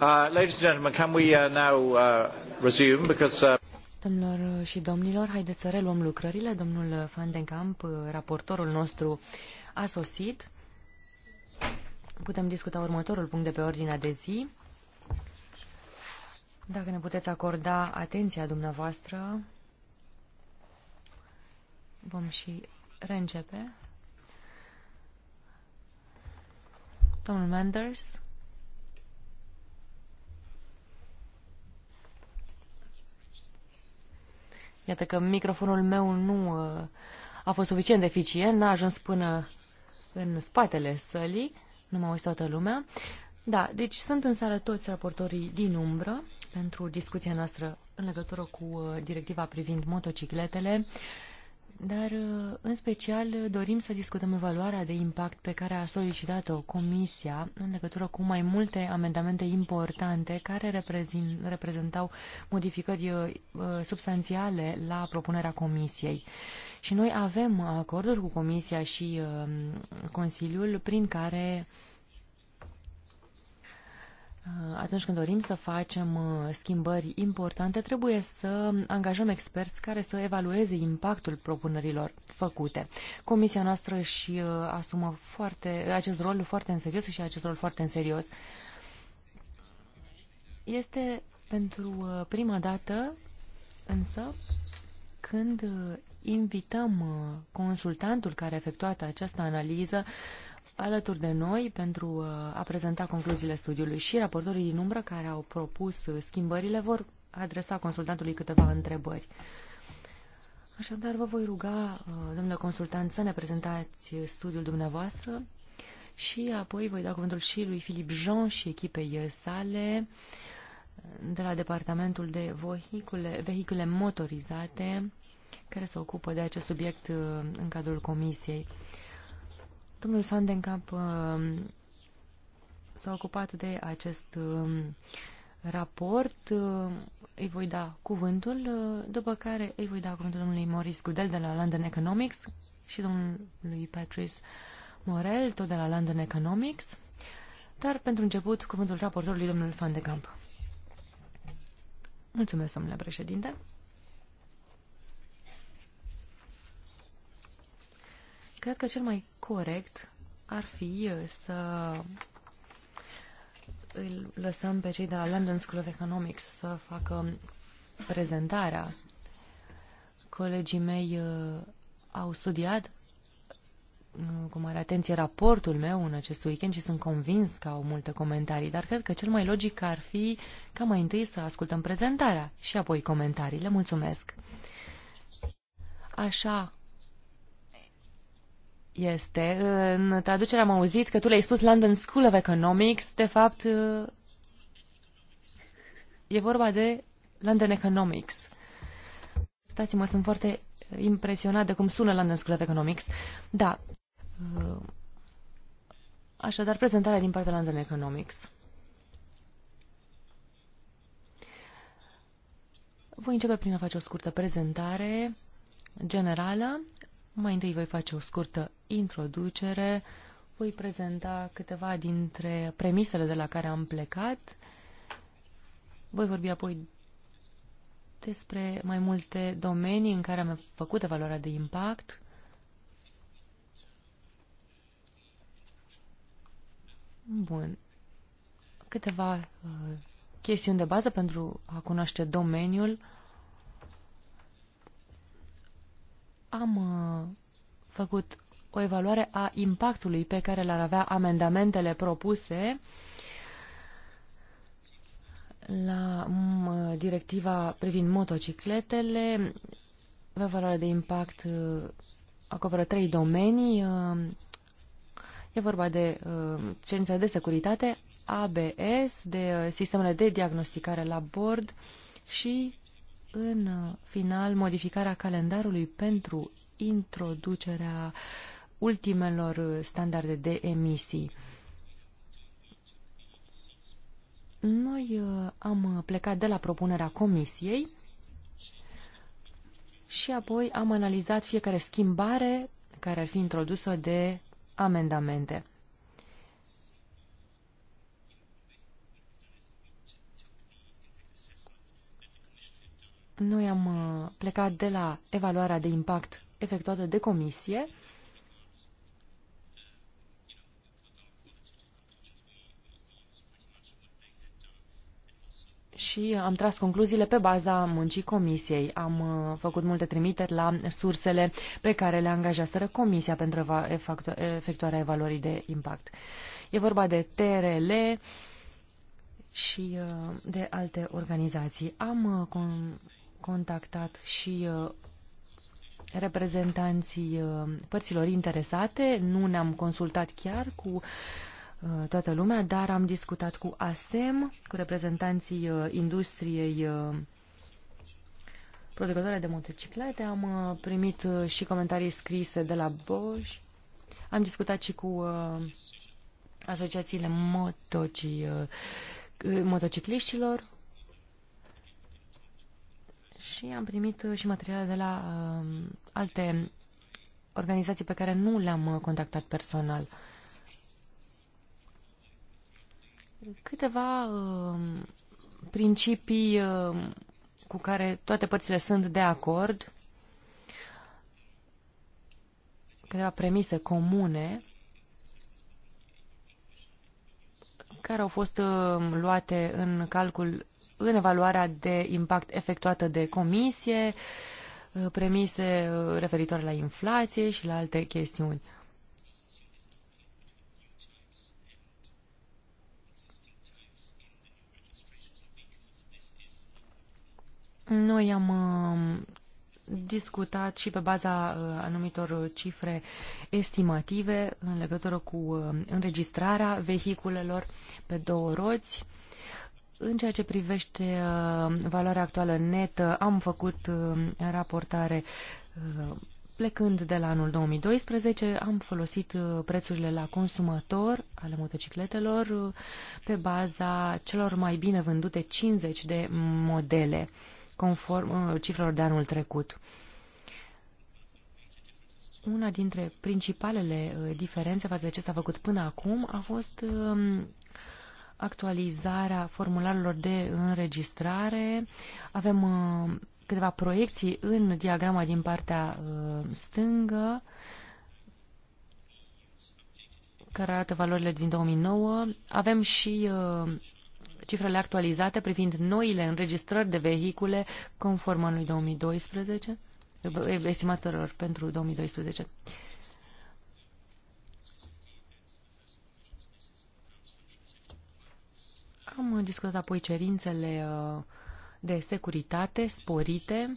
S1: Uh, ladies and gentlemen, can we uh, now uh, resume because uh...
S3: Domnilor și domnilor, haideți să reluăm lucrările. Domnul Van den Camp, uh, raportorul nostru, a sosit. Putem discuta următorul punct de pe ordinea de zi. Dacă ne puteți acorda atenția dumneavoastră, vom și reîncepe. Domnul Manders. Iată că microfonul meu nu uh, a fost suficient de eficient, n-a ajuns până în spatele sălii, nu m-a auzit toată lumea. Da, deci sunt în sală toți raportorii din umbră pentru discuția noastră în legătură cu uh, directiva privind motocicletele dar uh, în special dorim să discutăm evaluarea de impact pe care a solicitat-o Comisia în legătură cu mai multe amendamente importante care reprezentau modificări uh, uh, substanțiale la propunerea Comisiei. Și noi avem acorduri cu Comisia și Consiliul prin care Uh, atunci când dorim să facem uh, schimbări importante, trebuie să angajăm experți care să evalueze impactul propunerilor făcute. Comisia noastră și uh, asumă foarte, acest rol foarte în serios și acest rol foarte în serios. Este pentru prima dată, însă, când invităm consultantul care a efectuat această analiză alături de noi pentru uh, a prezenta concluziile studiului și raportorii din umbră care au propus uh, schimbările vor adresa consultantului câteva întrebări. Așadar, vă voi ruga, uh, domnule consultant, să ne prezentați studiul dumneavoastră și apoi voi da cuvântul și lui Filip Jean și echipei sale de la Departamentul de Vehicule, Vehicule Motorizate care se ocupă de acest subiect în cadrul comisiei. Domnul Van den Kamp um, s-a ocupat de acest um, raport. Um, îi voi da cuvântul, uh, după care îi voi da cuvântul domnului Maurice Goodell de la London Economics și domnului Patrice Morel, tot de la London Economics. Dar, pentru început, cuvântul raportorului domnul Van de Camp. Mulțumesc, domnule președinte. Cred că cel mai corect ar fi uh, să îl lăsăm pe cei de la London School of Economics să facă prezentarea. Colegii mei uh, au studiat uh, cu mare atenție raportul meu în acest weekend și sunt convins că au multe comentarii, dar cred că cel mai logic ar fi ca mai întâi să ascultăm prezentarea și apoi comentariile. Mulțumesc! Așa este, în traducere am auzit că tu le-ai spus London School of Economics, de fapt uh, e vorba de London Economics. Uitați-mă, sunt foarte impresionat de cum sună London School of Economics. Da, uh, așadar prezentarea din partea London Economics. Voi începe prin a face o scurtă prezentare generală mai întâi voi face o scurtă introducere, voi prezenta câteva dintre premisele de la care am plecat, voi vorbi apoi despre mai multe domenii în care am făcut evaluarea de impact, Bun. Câteva uh, chestiuni de bază pentru a cunoaște domeniul uh, am uh, făcut o evaluare a impactului pe care l-ar avea amendamentele propuse la mm, directiva privind motocicletele. Evaluarea de impact uh, acoperă trei domenii. Uh, e vorba de cerința de securitate, ABS, de sistemele de diagnosticare la bord și în final modificarea calendarului pentru introducerea ultimelor standarde de emisii. Noi uh, am plecat de la propunerea comisiei și apoi am analizat fiecare schimbare care ar fi introdusă de amendamente. Noi am uh, plecat de la evaluarea de impact efectuată de comisie, și am tras concluziile pe baza muncii comisiei. Am uh, făcut multe trimiteri la sursele pe care le angajaseră comisia pentru efectuarea evaluării de impact. E vorba de TRL și uh, de alte organizații. Am contactat și uh, reprezentanții uh, părților interesate. Nu ne-am consultat chiar cu uh, toată lumea, dar am discutat cu ASEM, cu reprezentanții industriei producătoare de motociclete. Am primit și comentarii scrise de la Bosch. Am discutat și cu asociațiile motocii, motocicliștilor și am primit uh, și materiale de la uh, alte organizații pe care nu le-am uh, contactat personal. Câteva principii cu care toate părțile sunt de acord, câteva premise comune care au fost uh, luate în calcul în evaluarea de impact efectuată de comisie, uh, premise uh, referitoare la inflație și la alte chestiuni. Noi am discutat și pe baza uh, anumitor uh, cifre estimative în legătură cu uh, înregistrarea vehiculelor pe două roți. În ceea ce privește valoarea actuală netă, am făcut raportare plecând de la anul 2012, am folosit prețurile la consumator ale motocicletelor pe baza celor mai bine vândute 50 de modele conform uh, cifrelor de anul trecut. Una dintre principalele uh, diferențe față de ce s-a făcut până acum a fost um, actualizarea formularelor de înregistrare. Avem uh, câteva proiecții în diagrama din partea stângă care arată valorile din 2009. Avem și uh, cifrele actualizate privind noile înregistrări de vehicule conform anului 2012, estimatelor pentru 2012. Am discutat apoi cerințele uh, de securitate sporite.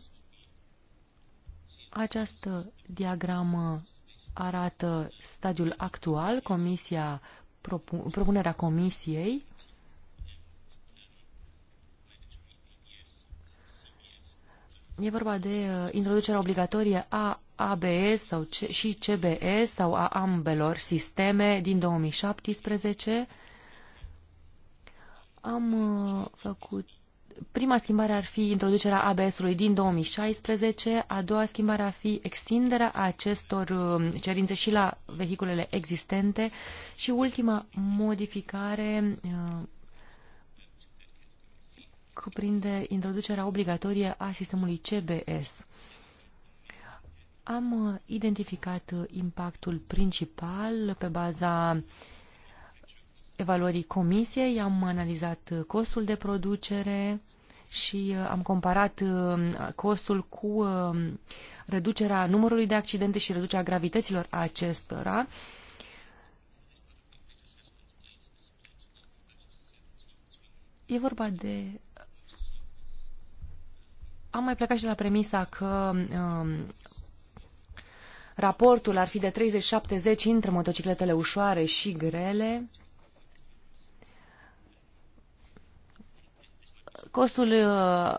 S3: Această diagramă arată stadiul actual, comisia, propunerea comisiei E vorba de uh, introducerea obligatorie a ABS sau C și CBS sau a ambelor sisteme din 2017. Am uh, făcut prima schimbare ar fi introducerea ABS-ului din 2016, a doua schimbare ar fi extinderea acestor um, cerințe și la vehiculele existente și ultima modificare uh, cuprinde introducerea obligatorie a sistemului CBS. Am uh, identificat uh, impactul principal pe baza evaluării comisiei, am analizat uh, costul de producere și am comparat costul cu reducerea numărului de accidente și reducerea gravităților acestora. E vorba de am mai plecat și la premisa că um, raportul ar fi de 30-70 între motocicletele ușoare și grele. Costul uh,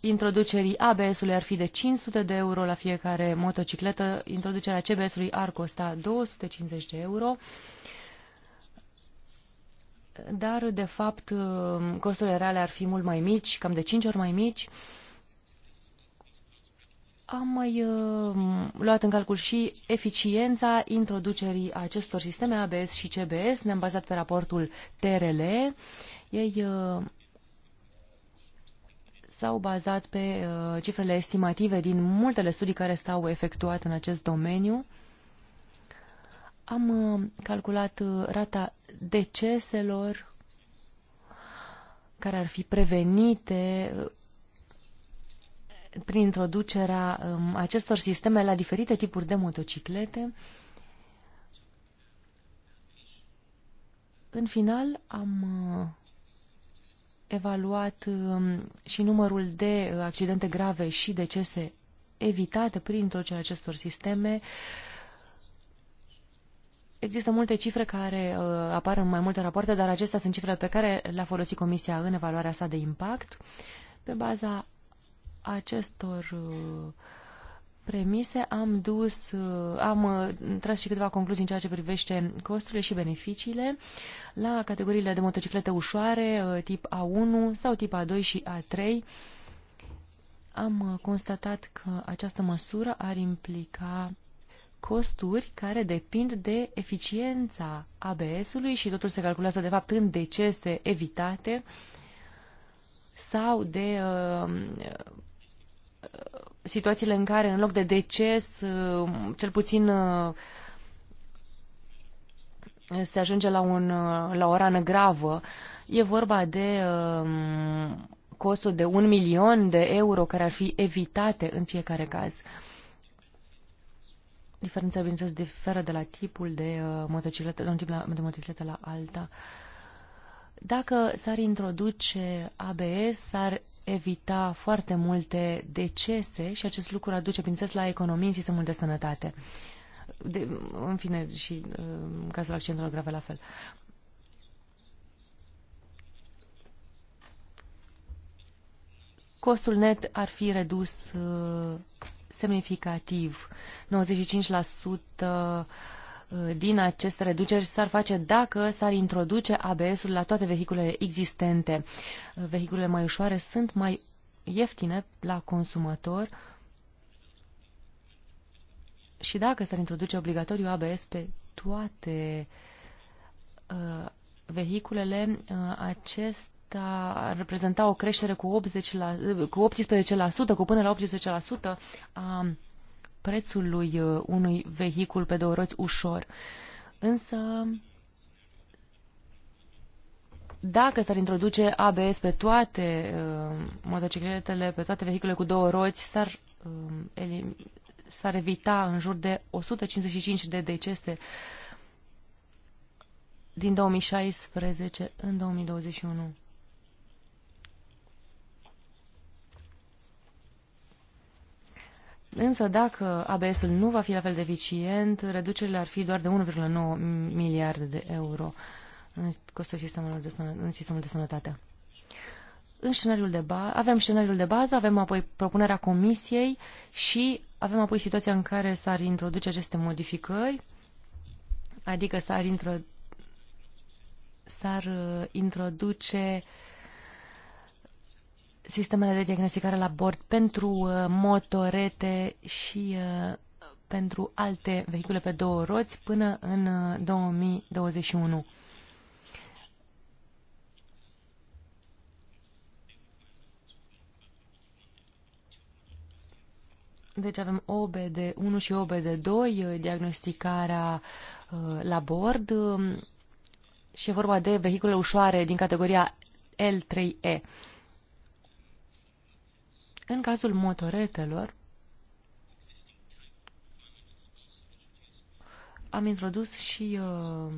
S3: introducerii ABS-ului ar fi de 500 de euro la fiecare motocicletă, introducerea CBS-ului ar costa 250 de euro, dar de fapt uh, costurile reale ar fi mult mai mici, cam de 5 ori mai mici. Uh, am mai uh, luat în calcul și eficiența introducerii acestor sisteme ABS și CBS. Ne-am bazat pe raportul TRL. Ei uh, s-au bazat pe uh, cifrele estimative din multele studii care s-au efectuat în acest domeniu. Am uh, calculat uh, rata deceselor care ar fi prevenite uh, prin introducerea um, acestor sisteme la diferite tipuri de motociclete. În final, am uh, evaluat um, și numărul de uh, accidente grave și decese evitate prin introducerea acestor sisteme. Există multe cifre care uh, apar în mai multe rapoarte, dar acestea sunt cifrele pe care le-a folosit Comisia în evaluarea sa de impact. Pe baza acestor uh, premise am dus, uh, am uh, tras și câteva concluzii în ceea ce privește costurile și beneficiile la categoriile de motociclete ușoare tip A1 sau tip A2 și A3. Am constatat că această măsură ar implica costuri care depind de eficiența ABS-ului și totul se calculează de fapt în decese evitate sau de uh, situațiile în care, în loc de deces, uh, cel puțin uh, se ajunge la, un, uh, la o rană gravă. E vorba de um, costuri de un milion de euro care ar fi evitate în fiecare caz. Diferența, bineînțeles, diferă de la tipul de motocicletă, de, un tip de motocicletă la alta. Uh, dacă s-ar introduce ABS, s-ar evita foarte multe decese și acest lucru aduce, bineînțeles, la economii în sistemul de sănătate. De, în fine, și în uh, cazul accidentelor grave la fel. Costul net ar fi redus uh, semnificativ. 95% Uh, din aceste reduceri s-ar face dacă s-ar introduce ABS-ul la toate vehiculele existente. Uh, vehiculele mai ușoare sunt mai ieftine la consumator și dacă s-ar introduce obligatoriu ABS pe toate uh, vehiculele, uh, acest a reprezenta o creștere cu, 80 la, uh, cu 18%, cu până la 18% a prețului uh, unui vehicul pe două roți ușor. Însă, dacă s-ar introduce ABS pe toate uh, motocicletele, pe toate vehiculele cu două roți, s-ar, uh, s-ar evita în jur de 155 de decese din 2016 în 2021. Însă dacă ABS-ul nu va fi la fel de eficient, reducerile ar fi doar de 1,9 miliarde de euro în costul sistemelor de sănă, în sistemul de sănătate. În scenariul de bază, avem scenariul de bază, avem apoi propunerea comisiei și avem apoi situația în care s-ar introduce aceste modificări, adică s-ar, intro- s-ar uh, introduce uh, sistemele de diagnosticare la bord pentru uh, motorete și uh, pentru alte vehicule pe două roți până în 2021. Uh, deci avem OBD1 și OBD2, diagnosticarea la bord um, și e vorba de vehicule ușoare din categoria L3E. În cazul motoretelor, am introdus și uh,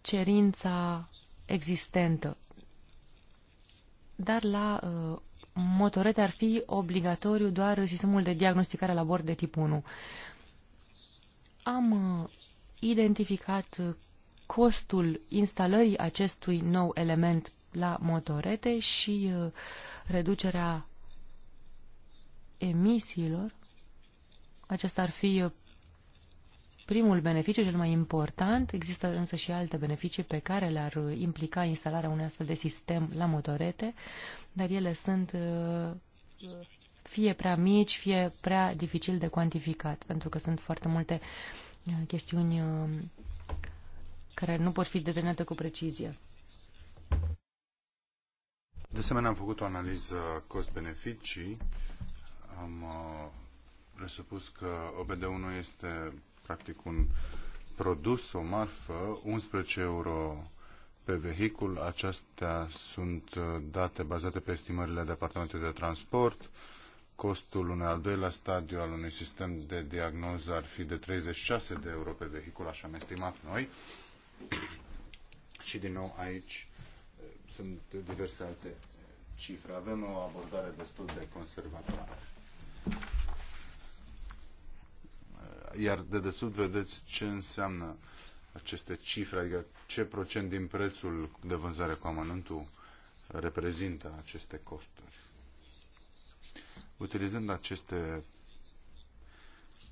S3: cerința existentă. Dar la uh, motorete ar fi obligatoriu doar sistemul de diagnosticare la bord de tip 1. Am uh, identificat costul instalării acestui nou element la motorete și uh, reducerea emisiilor. Acesta ar fi uh, primul beneficiu cel mai important. Există însă și alte beneficii pe care le-ar uh, implica instalarea unui astfel de sistem la motorete, dar ele sunt uh, fie prea mici, fie prea dificil de cuantificat, pentru că sunt foarte multe chestiuni care nu pot fi determinate cu precizie.
S1: De asemenea, am făcut o analiză cost-beneficii. Am uh, presupus că OBD1 este practic un produs, o marfă, 11 euro pe vehicul. Acestea sunt uh, date bazate pe estimările Departamentului de Transport. Costul unui al doilea stadiu al unui sistem de diagnoză ar fi de 36 de euro pe vehicul, așa am estimat noi. Și din nou aici sunt diverse alte cifre. Avem o abordare destul de conservatoare. Iar de desubt vedeți ce înseamnă aceste cifre, adică ce procent din prețul de vânzare cu amănântul reprezintă aceste costuri. Utilizând aceste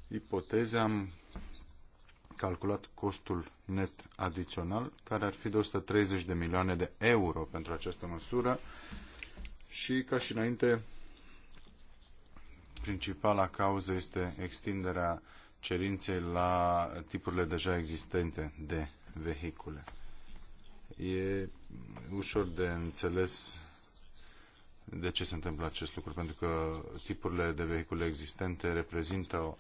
S1: ipoteze, am calculat costul net adițional, care ar fi de 130 de milioane de euro pentru această măsură și, ca și înainte, principala cauză este extinderea cerinței la tipurile deja existente de vehicule. E ușor de înțeles de ce se întâmplă acest lucru, pentru că tipurile de vehicule existente reprezintă o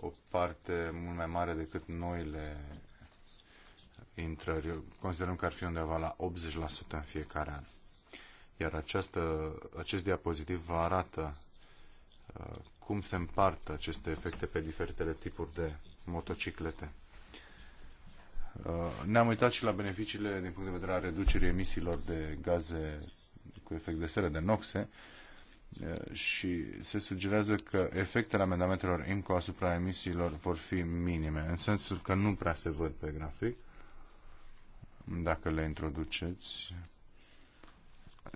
S1: o parte mult mai mare decât noile intrări. Considerăm că ar fi undeva la 80% în fiecare an. Iar această, acest diapozitiv vă arată uh, cum se împart aceste efecte pe diferitele tipuri de motociclete. Uh, ne-am uitat și la beneficiile din punct de vedere a reducerii emisiilor de gaze cu efect de seră, de noxe, uh, și se sugerează că efectele amendamentelor IMCO asupra emisiilor vor fi minime, în sensul că nu prea se văd pe grafic, dacă le introduceți.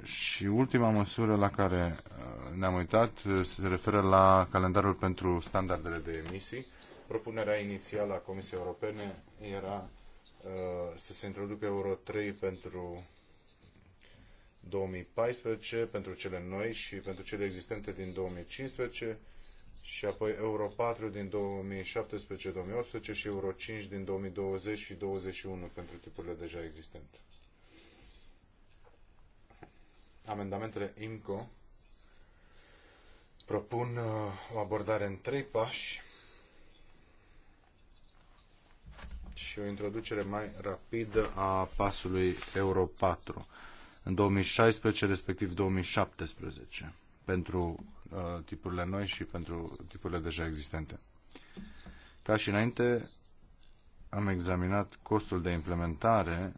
S1: Și ultima măsură la care ne-am uitat se referă la calendarul pentru standardele de emisii. Propunerea inițială a Comisiei Europene era uh, să se introducă Euro 3 pentru 2014 pentru cele noi și pentru cele existente din 2015 și apoi Euro 4 din 2017-2018 și Euro 5 din 2020 și 2021 pentru tipurile deja existente. Amendamentele IMCO propun uh, o abordare în trei pași și o introducere mai rapidă a pasului Euro 4 în 2016, respectiv 2017, pentru uh, tipurile noi și pentru tipurile deja existente. Ca și înainte, am examinat costul de implementare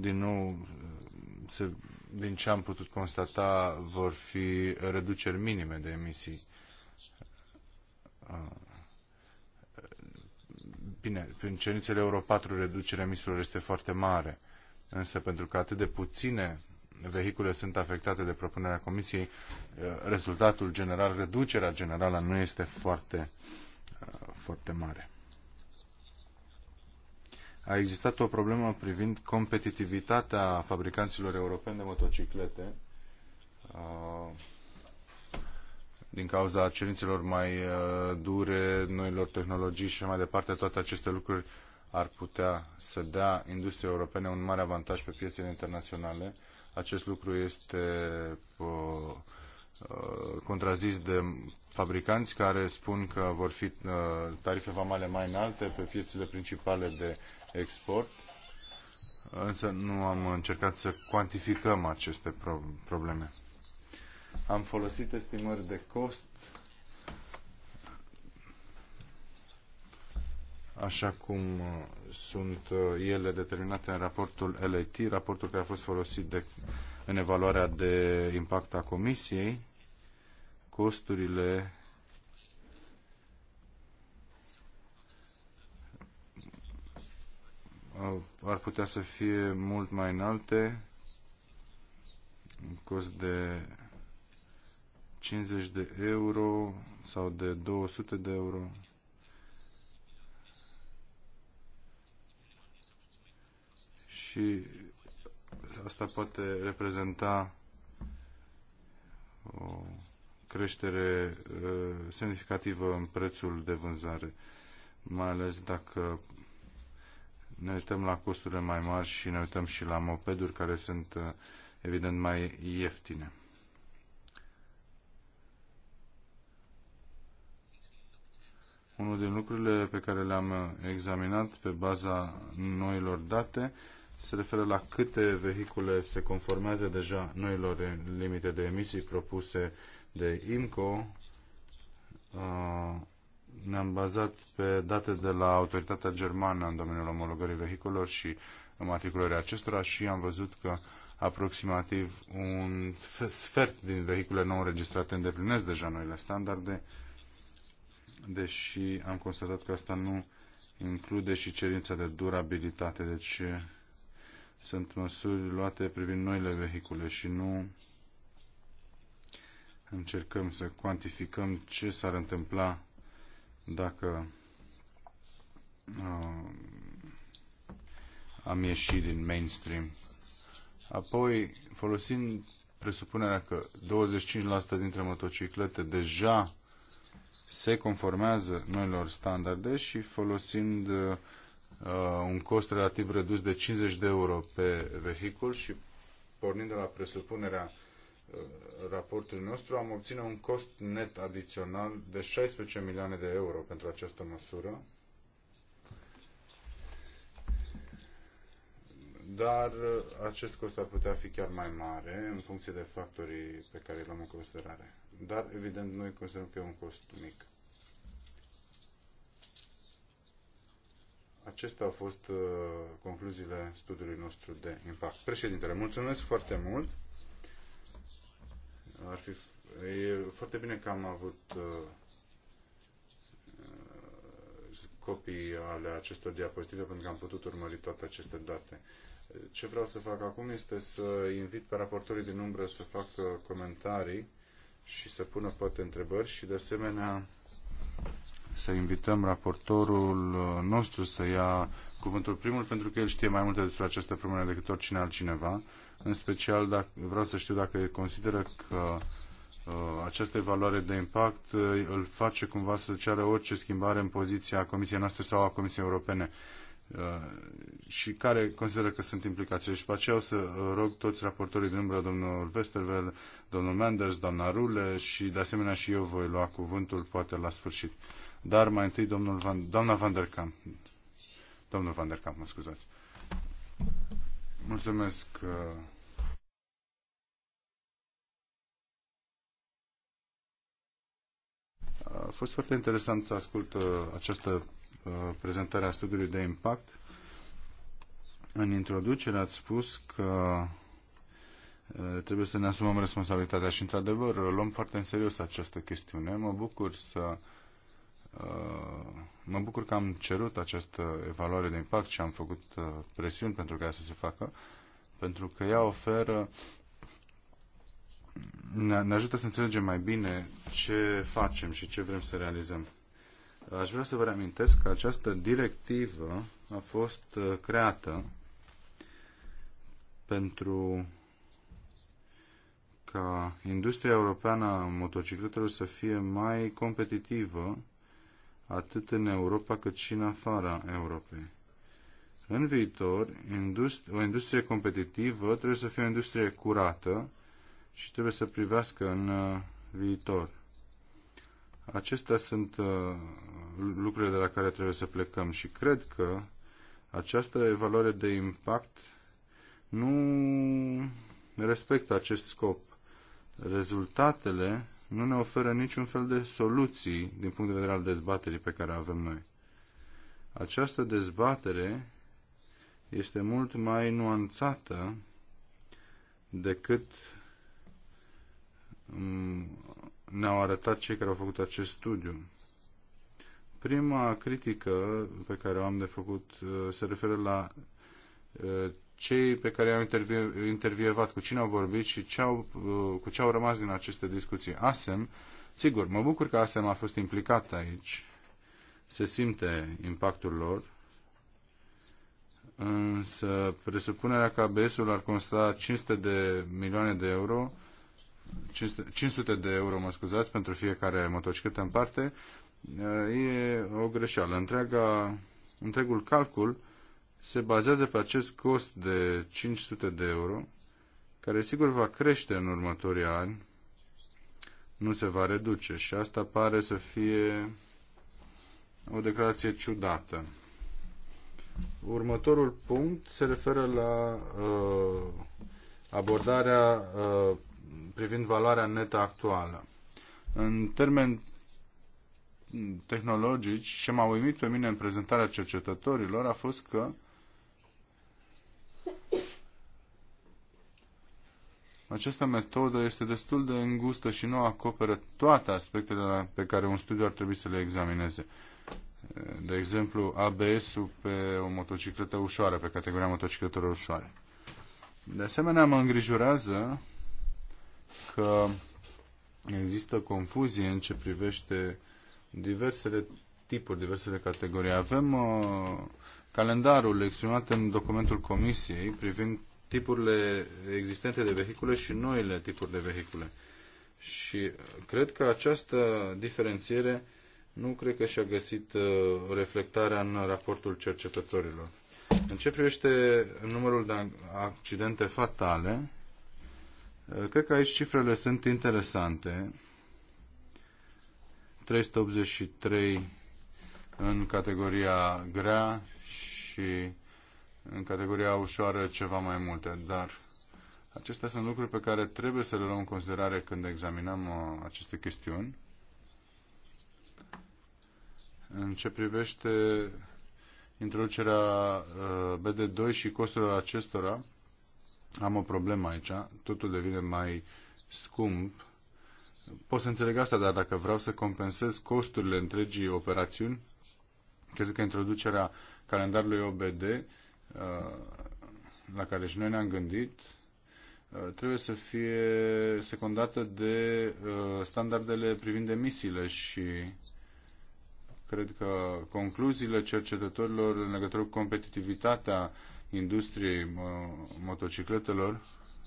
S1: din nou se, din ce am putut constata vor fi reduceri minime de emisii uh, Bine, prin cerințele Euro 4 reducerea emisiilor este foarte mare, însă pentru că atât de puține vehicule sunt afectate de propunerea Comisiei, eh, rezultatul general, reducerea generală nu este foarte, eh, foarte mare. A existat o problemă privind competitivitatea fabricanților europeni de motociclete. Ah, din cauza cerințelor mai uh, dure, noilor tehnologii și mai departe, toate aceste lucruri ar putea să dea industriei europene un mare avantaj pe piețele internaționale. Acest lucru este uh, uh contrazis de fabricanți care spun că vor fi uh, tarife vamale mai înalte pe piețele principale de export, însă nu am încercat să cuantificăm aceste probleme. Am folosit estimări de cost, așa cum uh, sunt uh, ele determinate în raportul LAT, raportul care a fost folosit de, în evaluarea de impact a Comisiei. Costurile uh, ar putea să fie mult mai înalte, în cost de 50 de euro sau de 200 de euro. Și asta poate reprezenta o creștere uh, semnificativă în prețul de vânzare, mai ales dacă ne uităm la costurile mai mari și ne uităm și la mopeduri care sunt uh, evident mai ieftine. Unul din lucrurile pe care le-am examinat pe baza noilor date se referă la câte vehicule se conformează deja noilor limite de emisii propuse de IMCO. Uh, ne-am bazat pe date de la autoritatea germană în domeniul omologării vehiculor și matriculării acestora și am văzut că aproximativ un sfert din vehicule nou înregistrate îndeplinesc deja noile standarde deși am constatat că asta nu include și cerința de durabilitate, deci eh, sunt măsuri luate privind noile vehicule și nu încercăm să cuantificăm ce s-ar întâmpla dacă uh, am ieșit din mainstream. Apoi, folosind presupunerea că 25% dintre motociclete deja se conformează noilor standarde și folosind uh, un cost relativ redus de 50 de euro pe vehicul și pornind de la presupunerea uh, raportului nostru, am obține un cost net adițional de 16 milioane de euro pentru această măsură. Dar uh, acest cost ar putea fi chiar mai mare în funcție de factorii pe care îi luăm în considerare dar evident noi considerăm că e un cost mic. Acestea au fost uh, concluziile studiului nostru de impact. Președintele, mulțumesc foarte mult. Ar fi e foarte bine că am avut uh, uh, copii ale acestor diapozitive pentru că am putut urmări toate aceste date. Ce vreau să fac acum este să invit pe raportorii din umbră să facă comentarii și să pună poate întrebări și de asemenea să invităm raportorul uh, nostru să ia cuvântul primul pentru că el știe mai multe despre această problemă decât oricine altcineva. În special dacă, vreau să știu dacă consideră că uh, această evaluare de impact uh, îl face cumva să ceară orice schimbare în poziția Comisiei noastre sau a Comisiei Europene. Uh, și care consideră că sunt implicațiile. Și pe aceea o să rog toți raportorii din umbră, domnul Westerwell, domnul Menders, doamna Rule și de asemenea și eu voi lua cuvântul poate la sfârșit. Dar mai întâi domnul Van, doamna Van der Kamp. Domnul Van der Kamp, mă scuzați. Mulțumesc. Uh, A fost foarte interesant să ascult uh, această Uh, prezentarea studiului de impact. În introducere ați spus că uh, trebuie să ne asumăm responsabilitatea și, într-adevăr, luăm foarte în serios această chestiune. Mă bucur să uh, mă bucur că am cerut această evaluare de impact și am făcut presiuni pentru ca ea să se facă, pentru că ea oferă ne ajută să înțelegem mai bine ce facem și ce vrem să realizăm. Aș vrea să vă reamintesc că această directivă a fost uh, creată pentru ca industria europeană a motocicletelor să fie mai competitivă atât în Europa cât și în afara Europei. În viitor, o industrie competitivă trebuie să fie o industrie curată și trebuie să privească în uh, viitor. Acestea sunt uh, lucrurile de la care trebuie să plecăm și cred că această evaluare de impact nu respectă acest scop. Rezultatele nu ne oferă niciun fel de soluții din punct de vedere al dezbaterii pe care avem noi. Această dezbatere este mult mai nuanțată decât mm, ne-au arătat cei care au făcut acest studiu. Prima critică pe care o am de făcut uh, se referă la uh, cei pe care i-am intervievat, cu cine au vorbit și ce au, uh, cu ce au rămas din aceste discuții. ASEM, sigur, mă bucur că ASEM a fost implicat aici, se simte impactul lor, însă presupunerea că ABS-ul ar consta 500 de milioane de euro 500 de euro, mă scuzați, pentru fiecare motocicletă în parte, e o greșeală. Întreaga, întregul calcul se bazează pe acest cost de 500 de euro, care sigur va crește în următorii ani, nu se va reduce și asta pare să fie o declarație ciudată. Următorul punct se referă la uh, abordarea uh, privind valoarea netă actuală. În termeni tehnologici, ce m-a uimit pe mine în prezentarea cercetătorilor a fost că această metodă este destul de îngustă și nu acoperă toate aspectele pe care un studiu ar trebui să le examineze. De exemplu, ABS-ul pe o motocicletă ușoară, pe categoria motocicletelor ușoare. De asemenea, mă îngrijorează că există confuzie în ce privește diversele tipuri, diversele categorii. Avem uh, calendarul exprimat în documentul Comisiei privind tipurile existente de vehicule și noile tipuri de vehicule. Și cred că această diferențiere nu cred că și-a găsit uh, reflectarea în raportul cercetătorilor. În ce privește numărul de accidente fatale, Uh, cred că aici cifrele sunt interesante. 383 în categoria grea și în categoria ușoară ceva mai multe, dar acestea sunt lucruri pe care trebuie să le luăm în considerare când examinăm uh, aceste chestiuni. În ce privește introducerea uh, BD2 și costurile acestora, am o problemă aici, totul devine mai scump. Pot să înțeleg asta, dar dacă vreau să compensez costurile întregii operațiuni, cred că introducerea calendarului OBD, uh, la care și noi ne-am gândit, uh, trebuie să fie secundată de uh, standardele privind emisiile și cred că concluziile cercetătorilor în legătură cu competitivitatea industriei motocicletelor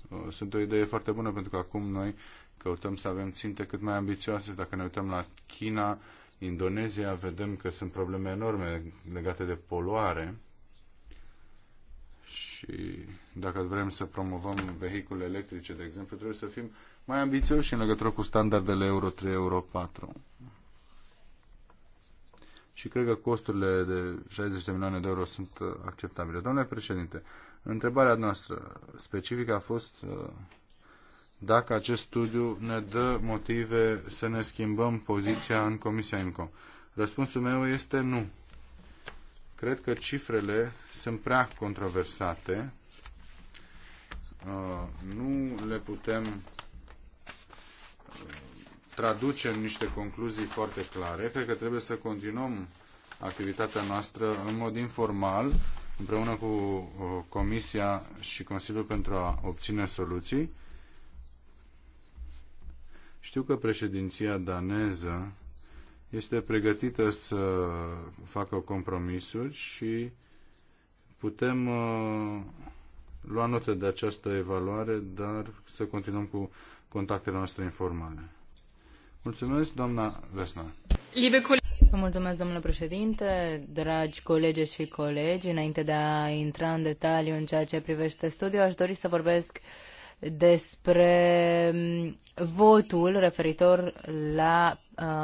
S1: uh, sunt o idee foarte bună pentru că acum noi căutăm să avem ținte cât mai ambițioase. Dacă ne uităm la China, Indonezia, vedem că sunt probleme enorme legate de poluare și dacă vrem să promovăm vehicule electrice, de exemplu, trebuie să fim mai ambițioși în legătură cu standardele Euro 3, Euro 4 și cred că costurile de 60 de milioane de euro sunt uh, acceptabile. Domnule președinte, întrebarea noastră specifică a fost uh, dacă acest studiu ne dă motive să ne schimbăm poziția în Comisia INCO. Răspunsul meu este nu. Cred că cifrele sunt prea controversate. Uh, nu le putem traducem niște concluzii foarte clare. Cred că trebuie să continuăm activitatea noastră în mod informal, împreună cu uh, Comisia și Consiliul pentru a obține soluții. Știu că președinția daneză este pregătită să facă compromisuri și putem uh, lua notă de această evaluare, dar să continuăm cu contactele noastre informale. Mulțumesc, doamna Vesna.
S2: Vă mulțumesc, domnule președinte, dragi colegi și colegi. Înainte de a intra în detaliu în ceea ce privește studiul, aș dori să vorbesc despre mm, votul referitor la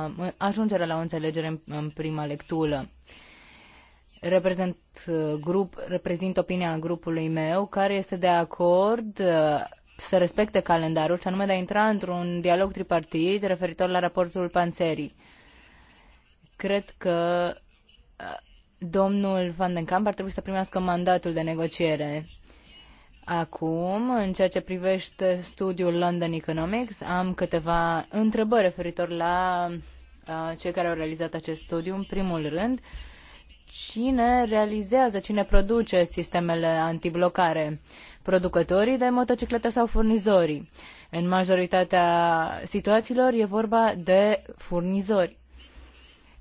S2: uh, ajungerea la o înțelegere în, în prima lectură. Reprezint uh, grup, reprezint opinia grupului meu care este de acord uh, să respecte calendarul, și anume de a intra într-un dialog tripartit referitor la raportul Panserii. Cred că domnul Van den Kamp ar trebui să primească mandatul de negociere. Acum, în ceea ce privește studiul London Economics, am câteva întrebări referitor la uh, cei care au realizat acest studiu. În primul rând, cine realizează, cine produce sistemele antiblocare? producătorii de motociclete sau furnizorii. În majoritatea situațiilor e vorba de furnizori.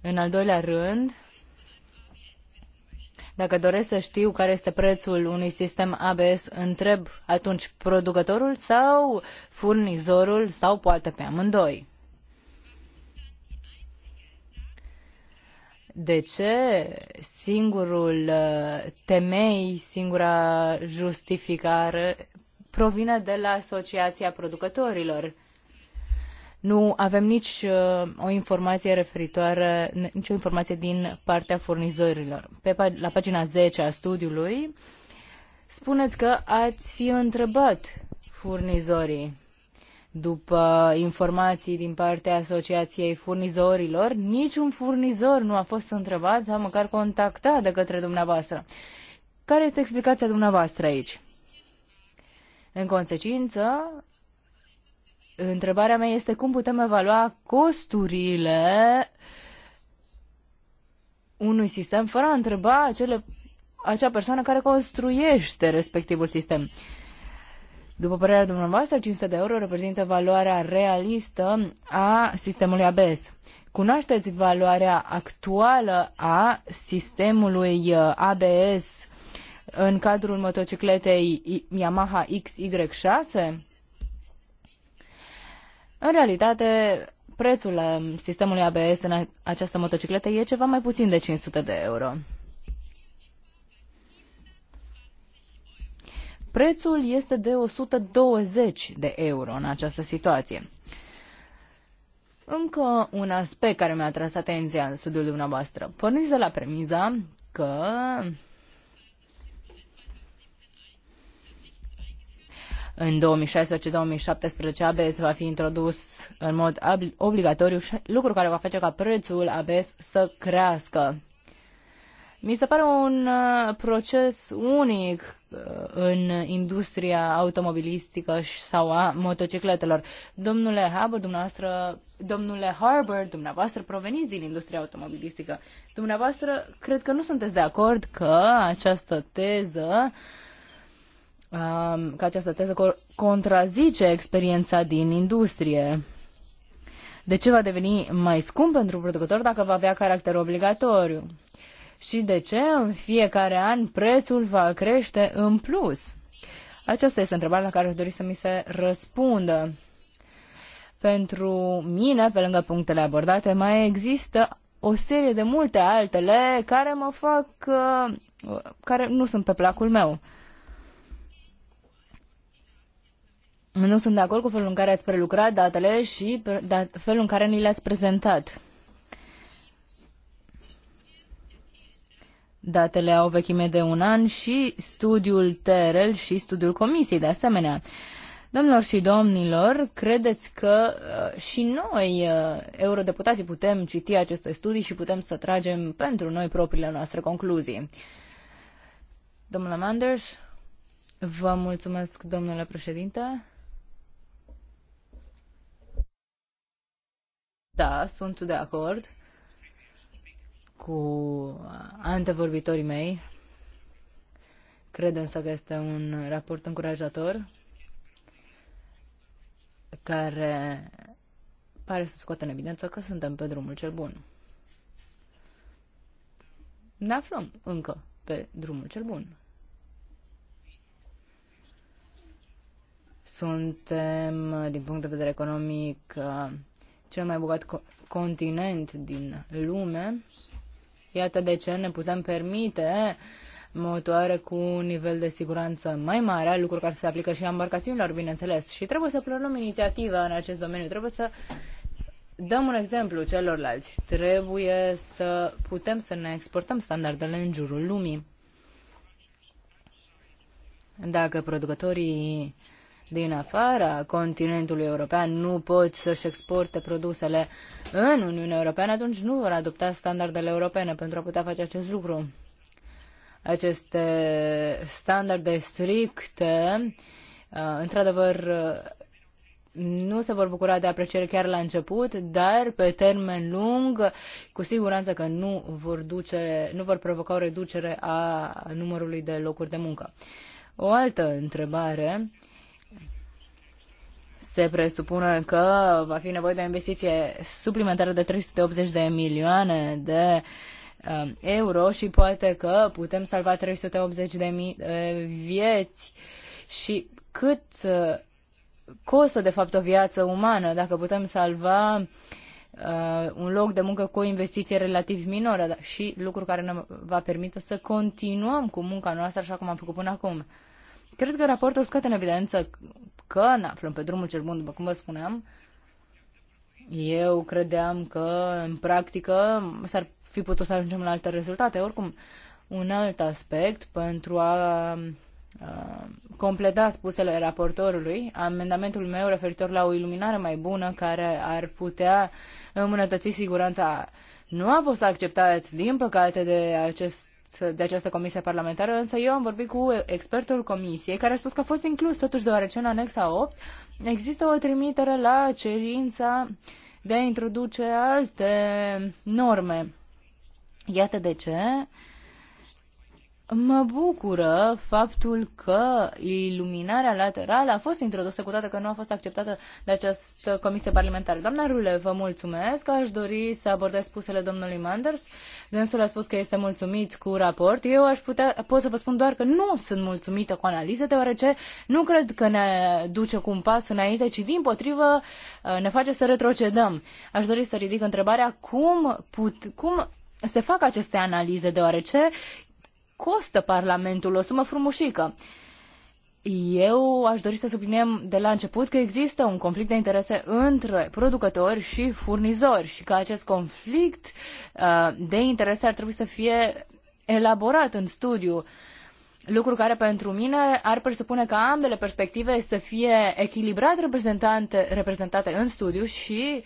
S2: În al doilea rând, dacă doresc să știu care este prețul unui sistem ABS, întreb atunci producătorul sau furnizorul sau poate pe amândoi. De ce singurul uh, temei, singura justificare provine de la Asociația Producătorilor? Nu avem nici uh, o informație referitoare, nicio informație din partea furnizorilor. Pe, la pagina 10 a studiului, spuneți că ați fi întrebat furnizorii după informații din partea Asociației Furnizorilor, niciun furnizor nu a fost întrebat sau măcar contactat de către dumneavoastră. Care este explicația dumneavoastră aici? În consecință, întrebarea mea este cum putem evalua costurile unui sistem fără a întreba acele, acea persoană care construiește respectivul sistem. După părerea dumneavoastră, 500 de euro reprezintă valoarea realistă a sistemului ABS. Cunoașteți valoarea actuală a sistemului uh, ABS în cadrul motocicletei Yamaha XY6? În realitate, prețul um, sistemului ABS în această motocicletă e ceva mai puțin de 500 de euro. Prețul este de 120 de euro în această situație. Încă un aspect care mi-a tras atenția în studiul dumneavoastră. Porniți de la premiza că în 2016-2017 ABS va fi introdus în mod obligatoriu, lucru care va face ca prețul ABS să crească. Mi se pare un uh, proces unic uh, în industria automobilistică sau a motocicletelor. Domnule Harbour, dumneavoastră, domnule Harbour, dumneavoastră proveniți din industria automobilistică. Dumneavoastră, cred că nu sunteți de acord că această teză um, că această teză contrazice experiența din industrie. De ce va deveni mai scump pentru producător dacă va avea caracter obligatoriu? și de ce în fiecare an prețul va crește în plus? Aceasta este întrebarea la care aș dori să mi se răspundă. Pentru mine, pe lângă punctele abordate, mai există o serie de multe altele care mă fac uh, care nu sunt pe placul meu. Nu sunt de acord cu felul în care ați prelucrat datele și felul în care ni le-ați prezentat. Datele au vechime de un an și studiul TEREL și studiul comisiei de asemenea. Domnilor și domnilor, credeți că uh, și noi, uh, eurodeputații, putem citi aceste studii și putem să tragem pentru noi propriile noastre concluzii? Domnule Manders, vă mulțumesc, domnule președinte. Da, sunt de acord cu antevorbitorii mei. Cred însă că este un raport încurajator care pare să scoată în evidență că suntem pe drumul cel bun. Ne aflăm încă pe drumul cel bun. Suntem, din punct de vedere economic, cel mai bogat continent din lume Iată de ce ne putem permite motoare cu un nivel de siguranță mai mare, lucru care se aplică și embarcațiunilor, bineînțeles. Și trebuie să plănăm inițiativa în acest domeniu, trebuie să dăm un exemplu celorlalți. Trebuie să putem să ne exportăm standardele în jurul lumii. Dacă producătorii din afara continentului european nu pot să-și exporte produsele în Uniunea Europeană, atunci nu vor adopta standardele europene pentru a putea face acest lucru. Aceste standarde stricte, uh, într-adevăr, nu se vor bucura de apreciere chiar la început, dar pe termen lung, cu siguranță că nu vor, duce, nu vor provoca o reducere a numărului de locuri de muncă. O altă întrebare se presupune că va fi nevoie de o investiție suplimentară de 380 de milioane de um, euro și poate că putem salva 380 de mii eh, vieți și cât eh, costă de fapt o viață umană dacă putem salva uh, un loc de muncă cu o investiție relativ minoră da, și lucru care ne va permite să continuăm cu munca noastră așa cum am făcut până acum. Cred că raportul scoate în evidență că ne aflăm pe drumul cel bun, după cum vă spuneam. Eu credeam că, în practică, s-ar fi putut să ajungem la alte rezultate. Oricum, un alt aspect pentru a completa spusele raportorului, amendamentul meu referitor la o iluminare mai bună care ar putea îmbunătăți siguranța nu a fost acceptat, din păcate, de acest de această comisie parlamentară, însă eu am vorbit cu expertul comisiei care a spus că a fost inclus totuși deoarece în anexa 8 există o trimitere la cerința de a introduce alte norme. Iată de ce Mă bucură faptul că iluminarea laterală a fost introdusă, cu toate că nu a fost acceptată de această comisie parlamentară. Doamna Rule, vă mulțumesc. Aș dori să abordez spusele domnului Manders. Dânsul a spus că este mulțumit cu raport. Eu aș putea, pot să vă spun doar că nu sunt mulțumită cu analize, deoarece nu cred că ne duce cu un pas înainte, ci din potrivă uh, ne face să retrocedăm. Aș dori să ridic întrebarea cum, put, cum se fac aceste analize, deoarece costă Parlamentul o sumă frumușică. Eu aș dori să subliniem de la început că există un conflict de interese între producători și furnizori și că acest conflict uh, de interese ar trebui să fie elaborat în studiu. Lucru care pentru mine ar presupune ca ambele perspective să fie echilibrat reprezentate în studiu și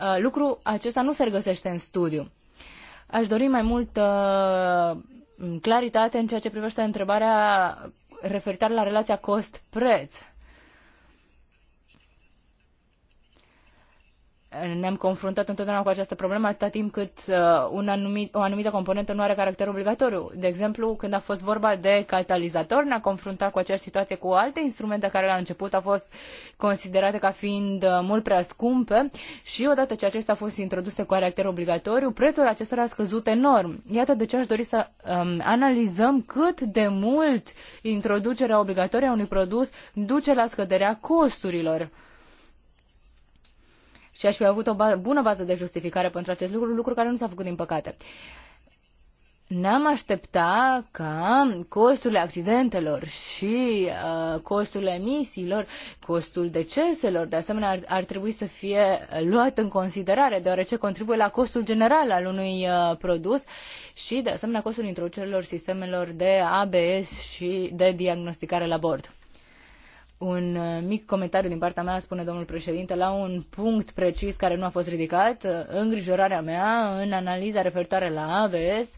S2: uh, lucru acesta nu se regăsește în studiu. Aș dori mai mult uh, claritate în ceea ce privește întrebarea referitoare la relația cost-preț. ne-am confruntat întotdeauna cu această problemă atâta timp cât uh, un anumit, o anumită componentă nu are caracter obligatoriu. De exemplu, când a fost vorba de catalizator, ne-am confruntat cu această situație cu alte instrumente care la început au fost considerate ca fiind uh, mult prea scumpe și odată ce acestea au fost introduse cu caracter obligatoriu, prețul acestora a scăzut enorm. Iată de ce aș dori să um, analizăm cât de mult introducerea obligatorie a unui produs duce la scăderea costurilor și aș fi avut o ba- bună bază de justificare pentru acest lucru, lucru care nu s-a făcut din păcate. n am aștepta ca costurile accidentelor și uh, costurile emisiilor, costul deceselor, de asemenea, ar, ar trebui să fie luat în considerare, deoarece contribuie la costul general al unui uh, produs și, de asemenea, costul introducerilor sistemelor de ABS și de diagnosticare la bord un uh, mic comentariu din partea mea, spune domnul președinte, la un punct precis care nu a fost ridicat. Uh, îngrijorarea mea în analiza referitoare la AVS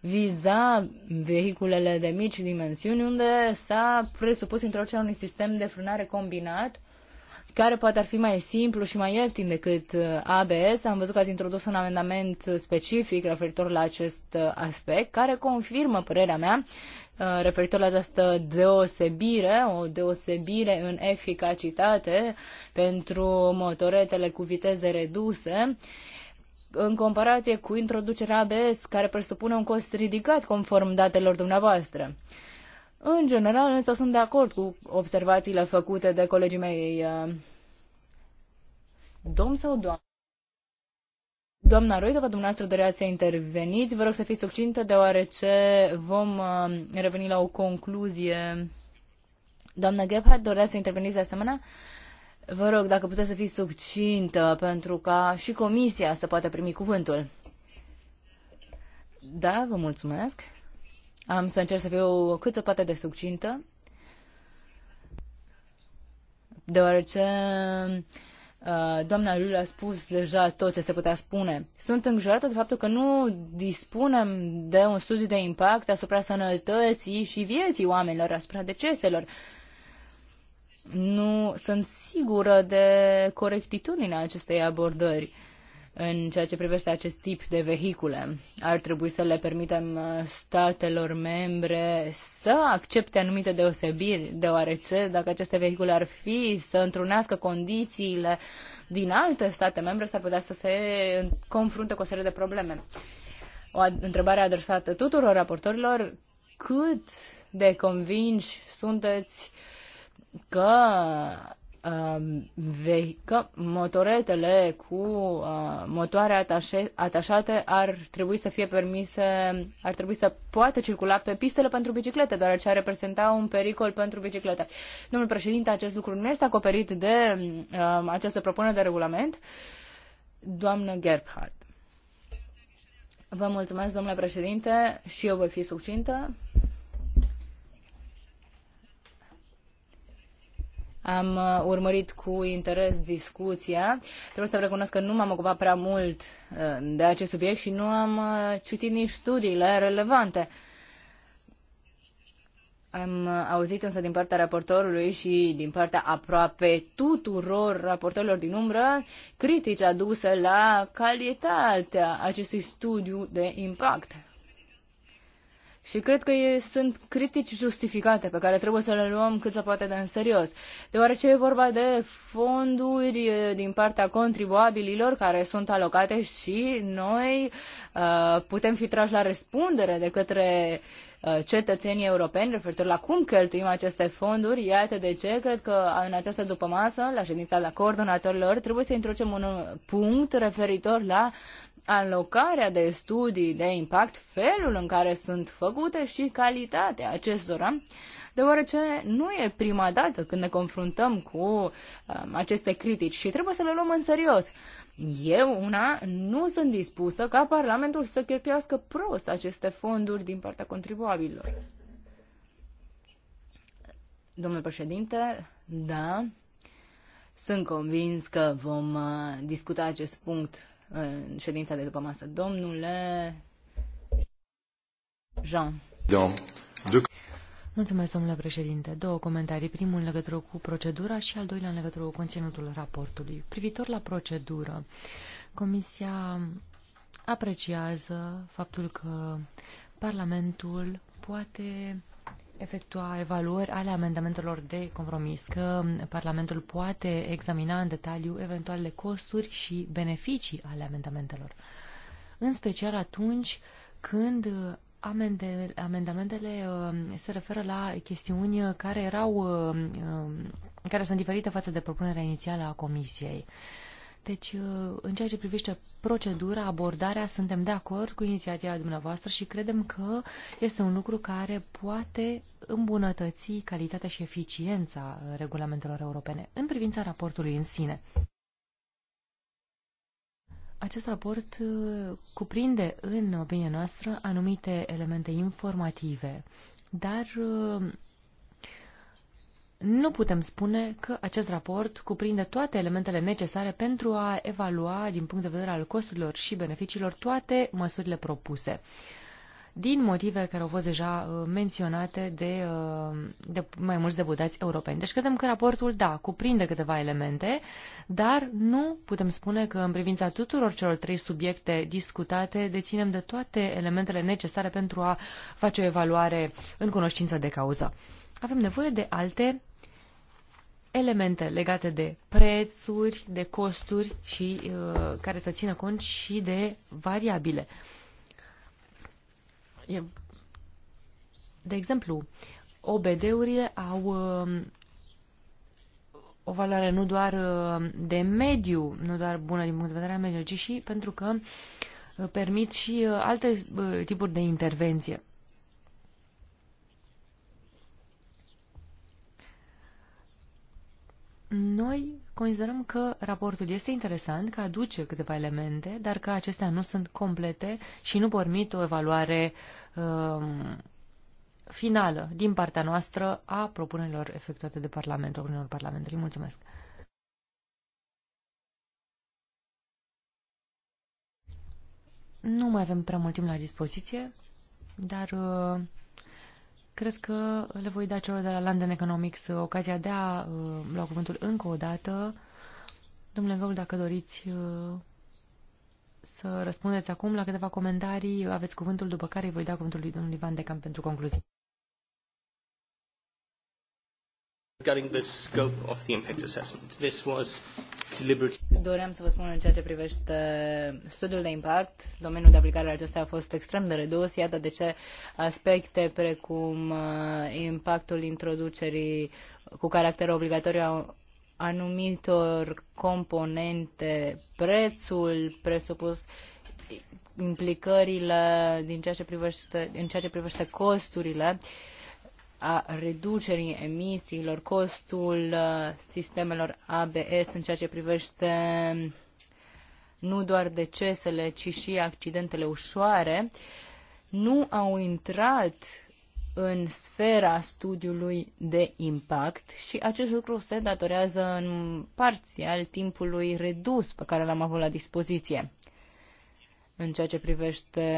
S2: viza vehiculele de mici dimensiuni, unde s-a presupus introducerea unui sistem de frânare combinat care poate ar fi mai simplu și mai ieftin decât uh, ABS. Am văzut că ați introdus un amendament specific referitor la acest aspect, care confirmă părerea mea Uh, referitor la această deosebire, o deosebire în eficacitate pentru motoretele cu viteze reduse, în comparație cu introducerea ABS, care presupune un cost ridicat conform datelor dumneavoastră. În general, însă, sunt de acord cu observațiile făcute de colegii mei. Uh, domn sau doamnă? Doamna Roidova, dumneavoastră doreați să interveniți. Vă rog să fiți succintă, deoarece vom uh, reveni la o concluzie. Doamna Gebhardt, doreați să interveniți de asemenea? Vă rog, dacă puteți să fiți succintă, pentru ca și comisia să poată primi cuvântul. Da, vă mulțumesc. Am să încerc să fiu cât se poate de succintă, deoarece Uh, doamna Lul a spus deja tot ce se putea spune. Sunt îngrijorată de faptul că nu dispunem de un studiu de impact asupra sănătății și vieții oamenilor, asupra deceselor. Nu sunt sigură de corectitudinea acestei abordări în ceea ce privește acest tip de vehicule. Ar trebui să le permitem uh, statelor membre să accepte anumite deosebiri, deoarece dacă aceste vehicule ar fi să întrunească condițiile din alte state membre, s-ar putea să se confrunte cu o serie de probleme. O întrebare adresată tuturor raportorilor, cât de convinși sunteți că Um, vehică, motoretele cu uh, motoare atașe, atașate ar trebui să fie permise, ar trebui să poată circula pe pistele pentru biciclete, deoarece ar reprezenta un pericol pentru biciclete. Domnul președinte, acest lucru nu este acoperit de um, această propunere de regulament. Doamnă Gerhardt. Vă mulțumesc, domnule președinte, și eu voi fi succintă. Am uh, urmărit cu interes discuția. Trebuie să recunosc că nu m-am ocupat prea mult uh, de acest subiect și nu am uh, citit nici studiile relevante. Am auzit însă din partea raportorului și din partea aproape tuturor raportorilor din umbră critici aduse la calitatea acestui studiu de impact. Și cred că e, sunt critici justificate pe care trebuie să le luăm cât se poate de în serios, deoarece e vorba de fonduri din partea contribuabililor care sunt alocate și noi uh, putem fi trași la răspundere de către uh, cetățenii europeni referitor la cum cheltuim aceste fonduri. Iată de ce cred că în această dupămasă, la ședința la coordonatorilor, trebuie să introducem un punct referitor la alocarea de studii de impact, felul în care sunt făcute și calitatea acestora, deoarece nu e prima dată când ne confruntăm cu um, aceste critici și trebuie să le luăm în serios. Eu, una, nu sunt dispusă ca Parlamentul să cheltuiască prost aceste fonduri din partea contribuabililor. Domnule președinte, da, sunt convins că vom uh, discuta acest punct în ședința de după masă. Domnule Jean. Domn. Da.
S3: Mulțumesc, domnule președinte. Două comentarii. Primul în legătură cu procedura și al doilea în legătură cu conținutul raportului. Privitor la procedură, Comisia apreciază faptul că Parlamentul poate efectua evaluări ale amendamentelor de compromis, că Parlamentul poate examina în detaliu eventualele costuri și beneficii ale amendamentelor. În special atunci când amende, amendamentele uh, se referă la chestiuni care erau uh, uh, care sunt diferite față de propunerea inițială a Comisiei. Deci, uh, în ceea ce privește procedura, abordarea, suntem de acord cu inițiativa dumneavoastră și credem că este un lucru care poate îmbunătăți calitatea și eficiența regulamentelor europene în privința raportului în sine. Acest raport uh, cuprinde, în opinia noastră, anumite elemente informative, dar uh, nu putem spune că acest raport cuprinde toate elementele necesare pentru a evalua, din punct de vedere al costurilor și beneficiilor, toate măsurile propuse. Din motive care au fost deja uh, menționate de, uh, de mai mulți deputați europeni. Deci credem că raportul, da, cuprinde câteva elemente, dar nu putem spune că în privința tuturor celor trei subiecte discutate deținem de toate elementele necesare pentru a face o evaluare în cunoștință de cauză avem nevoie de alte elemente legate de prețuri, de costuri și uh, care să țină cont și de variabile. De exemplu, OBD-urile au uh, o valoare nu doar uh, de mediu, nu doar bună din punct de vedere a mediului, ci și pentru că uh, permit și uh, alte uh, tipuri de intervenție. Noi considerăm că raportul este interesant, că aduce câteva elemente, dar că acestea nu sunt complete și nu permit o evaluare uh, finală din partea noastră a propunerilor efectuate de Parlament, propunerilor Parlamentului. Mulțumesc! Nu mai avem prea mult timp la dispoziție, dar uh, Cred că le voi da celor de la London Economics ocazia de a uh, lua cuvântul încă o dată. Domnule Găul, dacă doriți uh, să răspundeți acum la câteva comentarii, aveți cuvântul, după care îi voi da cuvântul lui domnul Ivan Decam pentru concluzie.
S2: Regarding the scope of the impact assessment, this was deliberate. Doream să vă spun în ceea ce privește studiul de impact, domeniul de aplicare al acestuia a fost extrem de redus, iată de ce aspecte precum uh, impactul introducerii cu caracter obligatoriu a anumitor componente, prețul presupus implicările din ceea ce privește, în ceea ce privește costurile uh, a reducerii emisiilor, costul uh, sistemelor ABS în ceea ce privește nu doar decesele, ci și accidentele ușoare, nu au intrat în sfera studiului de impact și acest lucru se datorează în parțial timpului redus pe care l-am avut la dispoziție. În ceea ce privește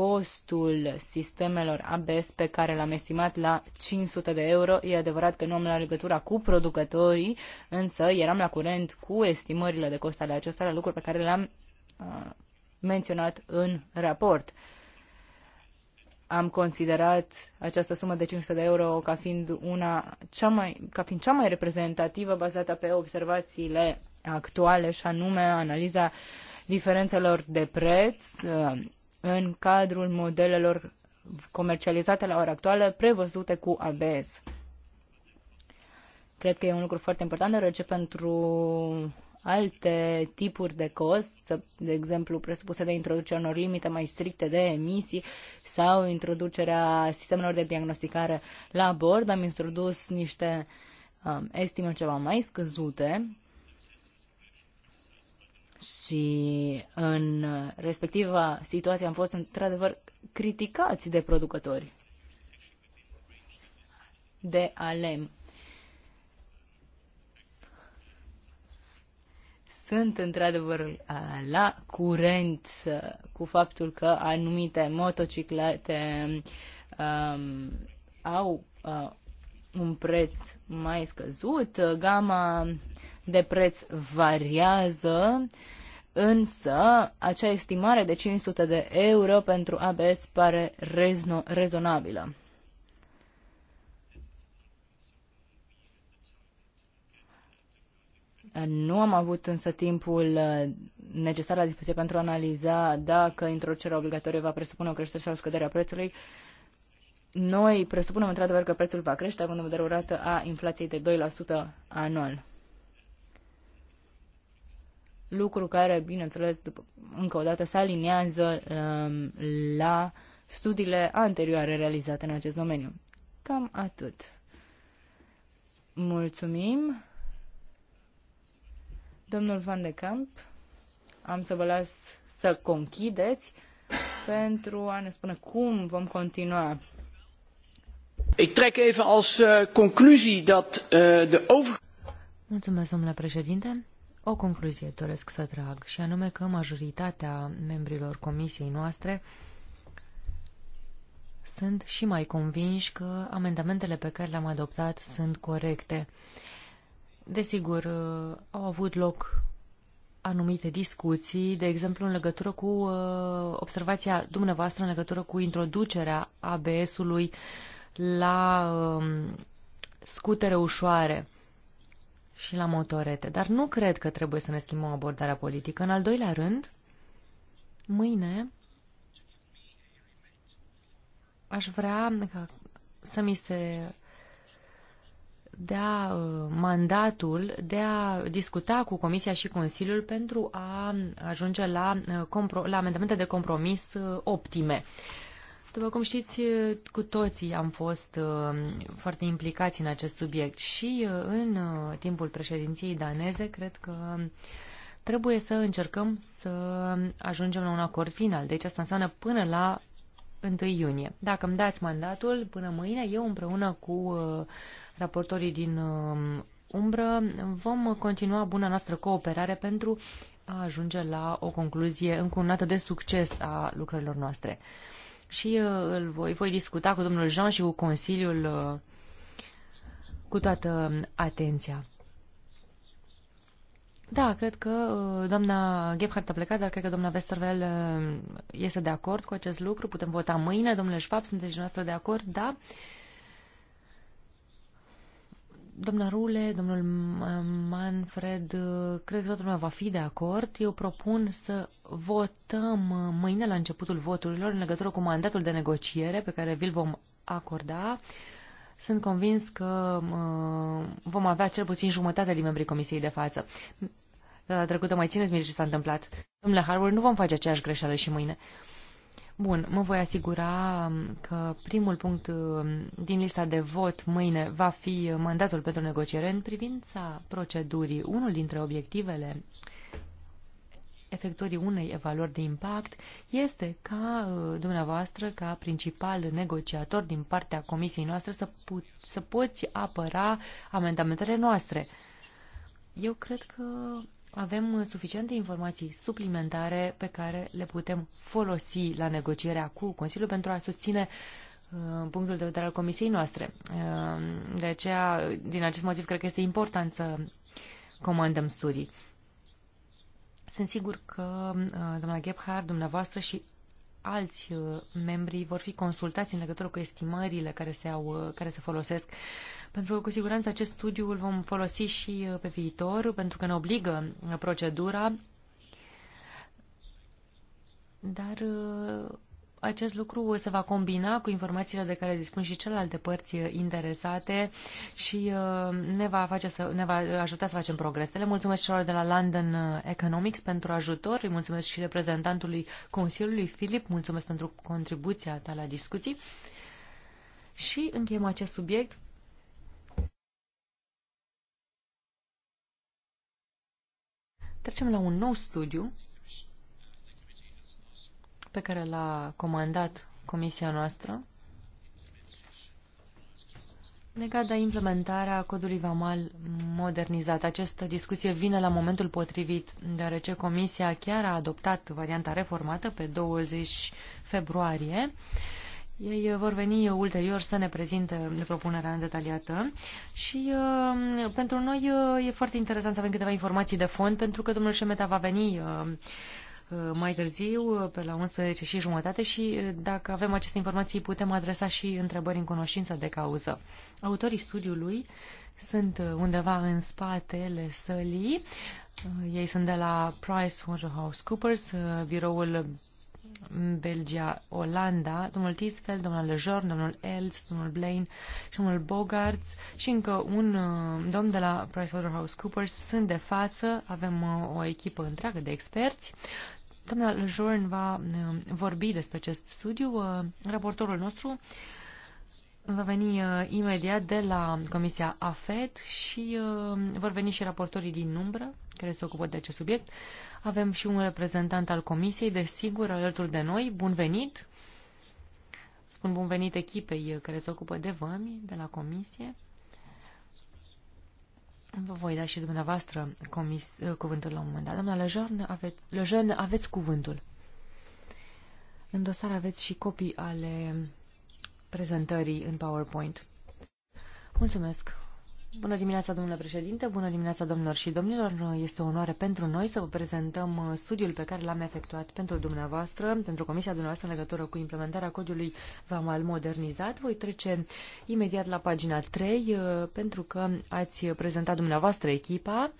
S2: costul sistemelor ABS pe care l-am estimat la 500 de euro. E adevărat că nu am la legătura cu producătorii, însă eram la curent cu estimările de cost ale acestora, lucruri pe care le-am uh, menționat în raport. Am considerat această sumă de 500 de euro ca fiind, una cea mai, ca fiind cea mai reprezentativă bazată pe observațiile actuale și anume analiza diferențelor de preț, uh, în cadrul modelelor comercializate la ora actuală, prevăzute cu ABS. Cred că e un lucru foarte important, deoarece pentru alte tipuri de cost, de exemplu presupuse de introducerea unor limite mai stricte de emisii sau introducerea sistemelor de diagnosticare la bord, am introdus niște um, estime ceva mai scăzute și în respectiva situație am fost într-adevăr criticați de producători de alem. Sunt într-adevăr la curent cu faptul că anumite motociclete um, au uh, un preț mai scăzut. Gama de preț variază, însă acea estimare de 500 de euro pentru ABS pare rezno- rezonabilă. Nu am avut însă timpul uh, necesar la dispoziție pentru a analiza dacă introducerea obligatorie va presupune o creștere sau scăderea prețului. Noi presupunem într-adevăr că prețul va crește, având în vedere o rată a inflației de 2% anual lucru care, bineînțeles, după, încă o dată se aliniază um, la studiile anterioare realizate în acest domeniu. Cam atât. Mulțumim. Domnul Van de Camp, am să vă las să conchideți pentru
S3: a ne spune cum vom continua.
S2: Ik trek even als uh, eh, concluzie dat uh, de over...
S3: Mulțumesc, domnule președinte. O concluzie doresc să trag, și anume că majoritatea membrilor comisiei noastre sunt și mai convinși că amendamentele pe care le-am adoptat sunt corecte. Desigur, au avut loc anumite discuții, de exemplu în legătură cu uh, observația dumneavoastră în legătură cu introducerea ABS-ului la uh, scutere ușoare și la motorete, dar nu cred că trebuie să ne schimbăm abordarea politică. În al doilea rând, mâine aș vrea ca să mi se dea uh, mandatul de a discuta cu Comisia și Consiliul pentru a ajunge la, uh, la amendamente de compromis uh, optime. După cum știți, cu toții am fost uh, foarte implicați în acest subiect și uh, în uh, timpul președinției daneze cred că trebuie să încercăm să ajungem la un acord final. Deci asta înseamnă până la 1 iunie. Dacă îmi dați mandatul până mâine, eu împreună cu raportorii din um, umbră vom continua buna noastră cooperare pentru a ajunge la o concluzie încununată de succes a lucrărilor noastre și uh, îl voi, voi discuta cu domnul Jean și cu Consiliul uh, cu toată um, atenția. Da, cred că uh, doamna Gebhardt a plecat, dar cred că doamna Westervel este de acord cu acest lucru. Putem vota mâine. Domnule Schwab, sunteți dumneavoastră de acord? Da. Doamna Rule, domnul um, Manfred, uh, cred că toată lumea va fi de acord. Eu propun să votăm uh, mâine la începutul voturilor în legătură cu mandatul de negociere pe care vi-l vom acorda. Sunt convins că uh, vom avea cel puțin jumătate din membrii comisiei de față. Data trecută mai țineți minte ce s-a întâmplat. Domnule Harbour, nu vom face aceeași greșeală și mâine. Bun, mă voi asigura um, că primul punct um, din lista de vot mâine va fi mandatul pentru negociere în privința procedurii. Unul dintre obiectivele efectuării unei evaluări de impact este ca uh, dumneavoastră, ca principal negociator din partea comisiei noastre, să, pu- să poți apăra amendamentele noastre. Eu cred că avem uh, suficiente informații suplimentare pe care le putem folosi la negocierea cu Consiliul pentru a susține uh, punctul de vedere al comisiei noastre. Uh, de aceea, din acest motiv, cred că este important să comandăm studii. Sunt sigur că, doamna Gebhard, dumneavoastră și alți uh, membri vor fi consultați în legătură cu estimările care se, au, uh, care se folosesc, pentru că cu siguranță acest studiu îl vom folosi și uh, pe viitor, pentru că ne obligă procedura, dar acest lucru se va combina cu informațiile de care dispun și celelalte părți uh, interesate și uh, ne va, face să, ne va ajuta să facem progresele. Mulțumesc celor de la London uh, Economics pentru ajutor, îi mulțumesc și reprezentantului Consiliului, Filip, mulțumesc pentru contribuția ta la discuții. Și încheiem acest subiect Trecem la un nou studiu pe care l-a comandat comisia noastră legat de implementarea codului VAMAL modernizat. Această discuție vine la momentul potrivit, deoarece comisia chiar a adoptat varianta reformată pe 20 februarie. Ei vor veni ulterior să ne prezinte propunerea în detaliată și uh, pentru noi uh, e foarte interesant să avem câteva informații de fond pentru că domnul Șemeta va veni uh, Uh, mai târziu, uh, pe la 11 și jumătate și uh, dacă avem aceste informații putem adresa și întrebări în cunoștință de cauză. Autorii studiului sunt undeva în spatele sălii. Ei sunt de la Price Waterhouse Coopers, biroul Belgia, Olanda, domnul Tisfeld, domnul Lejor, domnul Els, domnul Blaine și domnul Bogarts și încă un domn de la PricewaterhouseCoopers sunt de față. Avem o echipă întreagă de experți. Doamna Lejourn va uh, vorbi despre acest studiu. Uh, raportorul nostru va veni uh, imediat de la Comisia AFET și vor veni și raportorii din umbră care se ocupă de acest subiect. Avem și un reprezentant al Comisiei, desigur, alături de noi. Bun venit! Spun bun venit echipei care se ocupă de vămi de la Comisie. Vă voi da și dumneavoastră comis, eh, cuvântul la un moment dat. Doamna Lejeune, ave, Lejeune, aveți cuvântul. În dosar aveți și copii ale prezentării în PowerPoint. Mulțumesc, Bună dimineața, domnule președinte, bună dimineața, domnilor și domnilor. Este o onoare pentru noi să vă prezentăm uh, studiul pe care l-am efectuat pentru dumneavoastră, pentru Comisia dumneavoastră în legătură cu implementarea codului VAMAL modernizat. Voi trece imediat la pagina 3, uh, pentru că ați prezentat dumneavoastră echipa.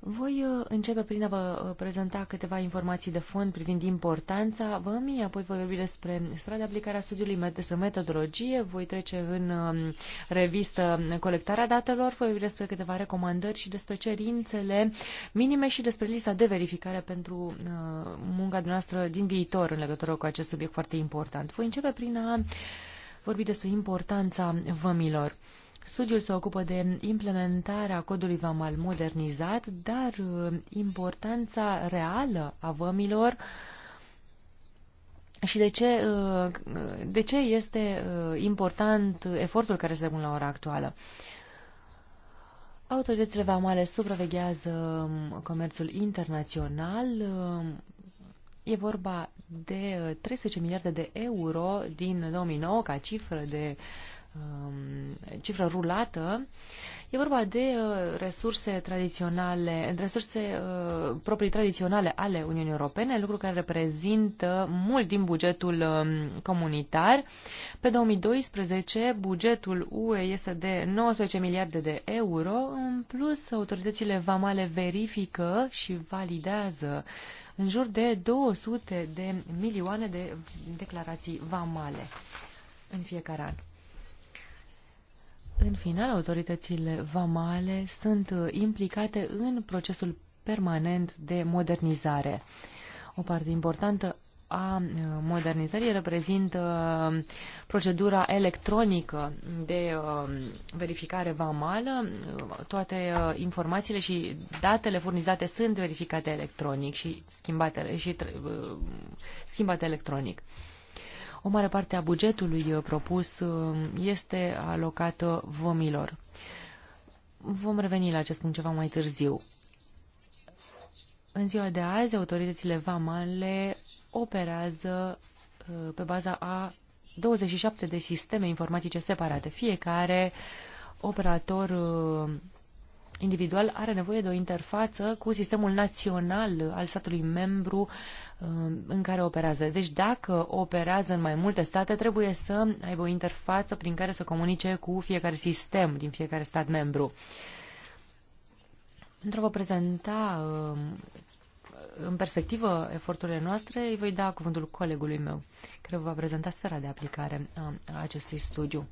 S3: Voi uh, începe prin a vă uh, prezenta câteva informații de fond privind importanța vămii, apoi voi vorbi despre strada de aplicare a studiului, despre metodologie, voi trece în um, revistă colectarea datelor, voi vorbi despre câteva recomandări și despre cerințele minime și despre lista de verificare pentru uh, munca noastră din viitor în legătură cu acest subiect foarte important. Voi începe prin a vorbi despre importanța vămilor. Studiul se ocupă de implementarea codului vamal modernizat, dar uh, importanța reală a vămilor și de ce, uh, de ce este uh, important efortul care se depune la ora actuală. Autoritățile vamale supraveghează um, comerțul internațional. E vorba de 13 miliarde de euro din 2009 ca cifră de uh, Um, cifră rulată, e vorba de uh, resurse tradiționale, resurse uh, proprii tradiționale ale Uniunii Europene, lucru care reprezintă mult din bugetul um, comunitar. Pe 2012, bugetul UE este de 19 miliarde de euro. În plus, autoritățile vamale verifică și validează în jur de 200 de milioane de declarații vamale în fiecare an. În final, autoritățile vamale sunt uh, implicate în procesul permanent de modernizare. O parte importantă a uh, modernizării reprezintă uh, procedura electronică de verificare vamală. Toate informațiile și datele furnizate sunt verificate electronic și schimbate, și schimbate electronic. O mare parte a bugetului uh, propus uh, este alocată vămilor. Vom reveni la acest punct ceva mai târziu. În ziua de azi, autoritățile vamale operează uh, pe baza a 27 de sisteme informatice separate. Fiecare operator individual are nevoie de o interfață cu sistemul național al statului membru um, în care operează. Deci dacă operează în mai multe state, trebuie să aibă o interfață prin care să comunice cu fiecare sistem din fiecare stat membru. Pentru a vă prezenta um, în perspectivă eforturile noastre, îi voi da cuvântul colegului meu, care va prezenta sfera de aplicare a acestui studiu.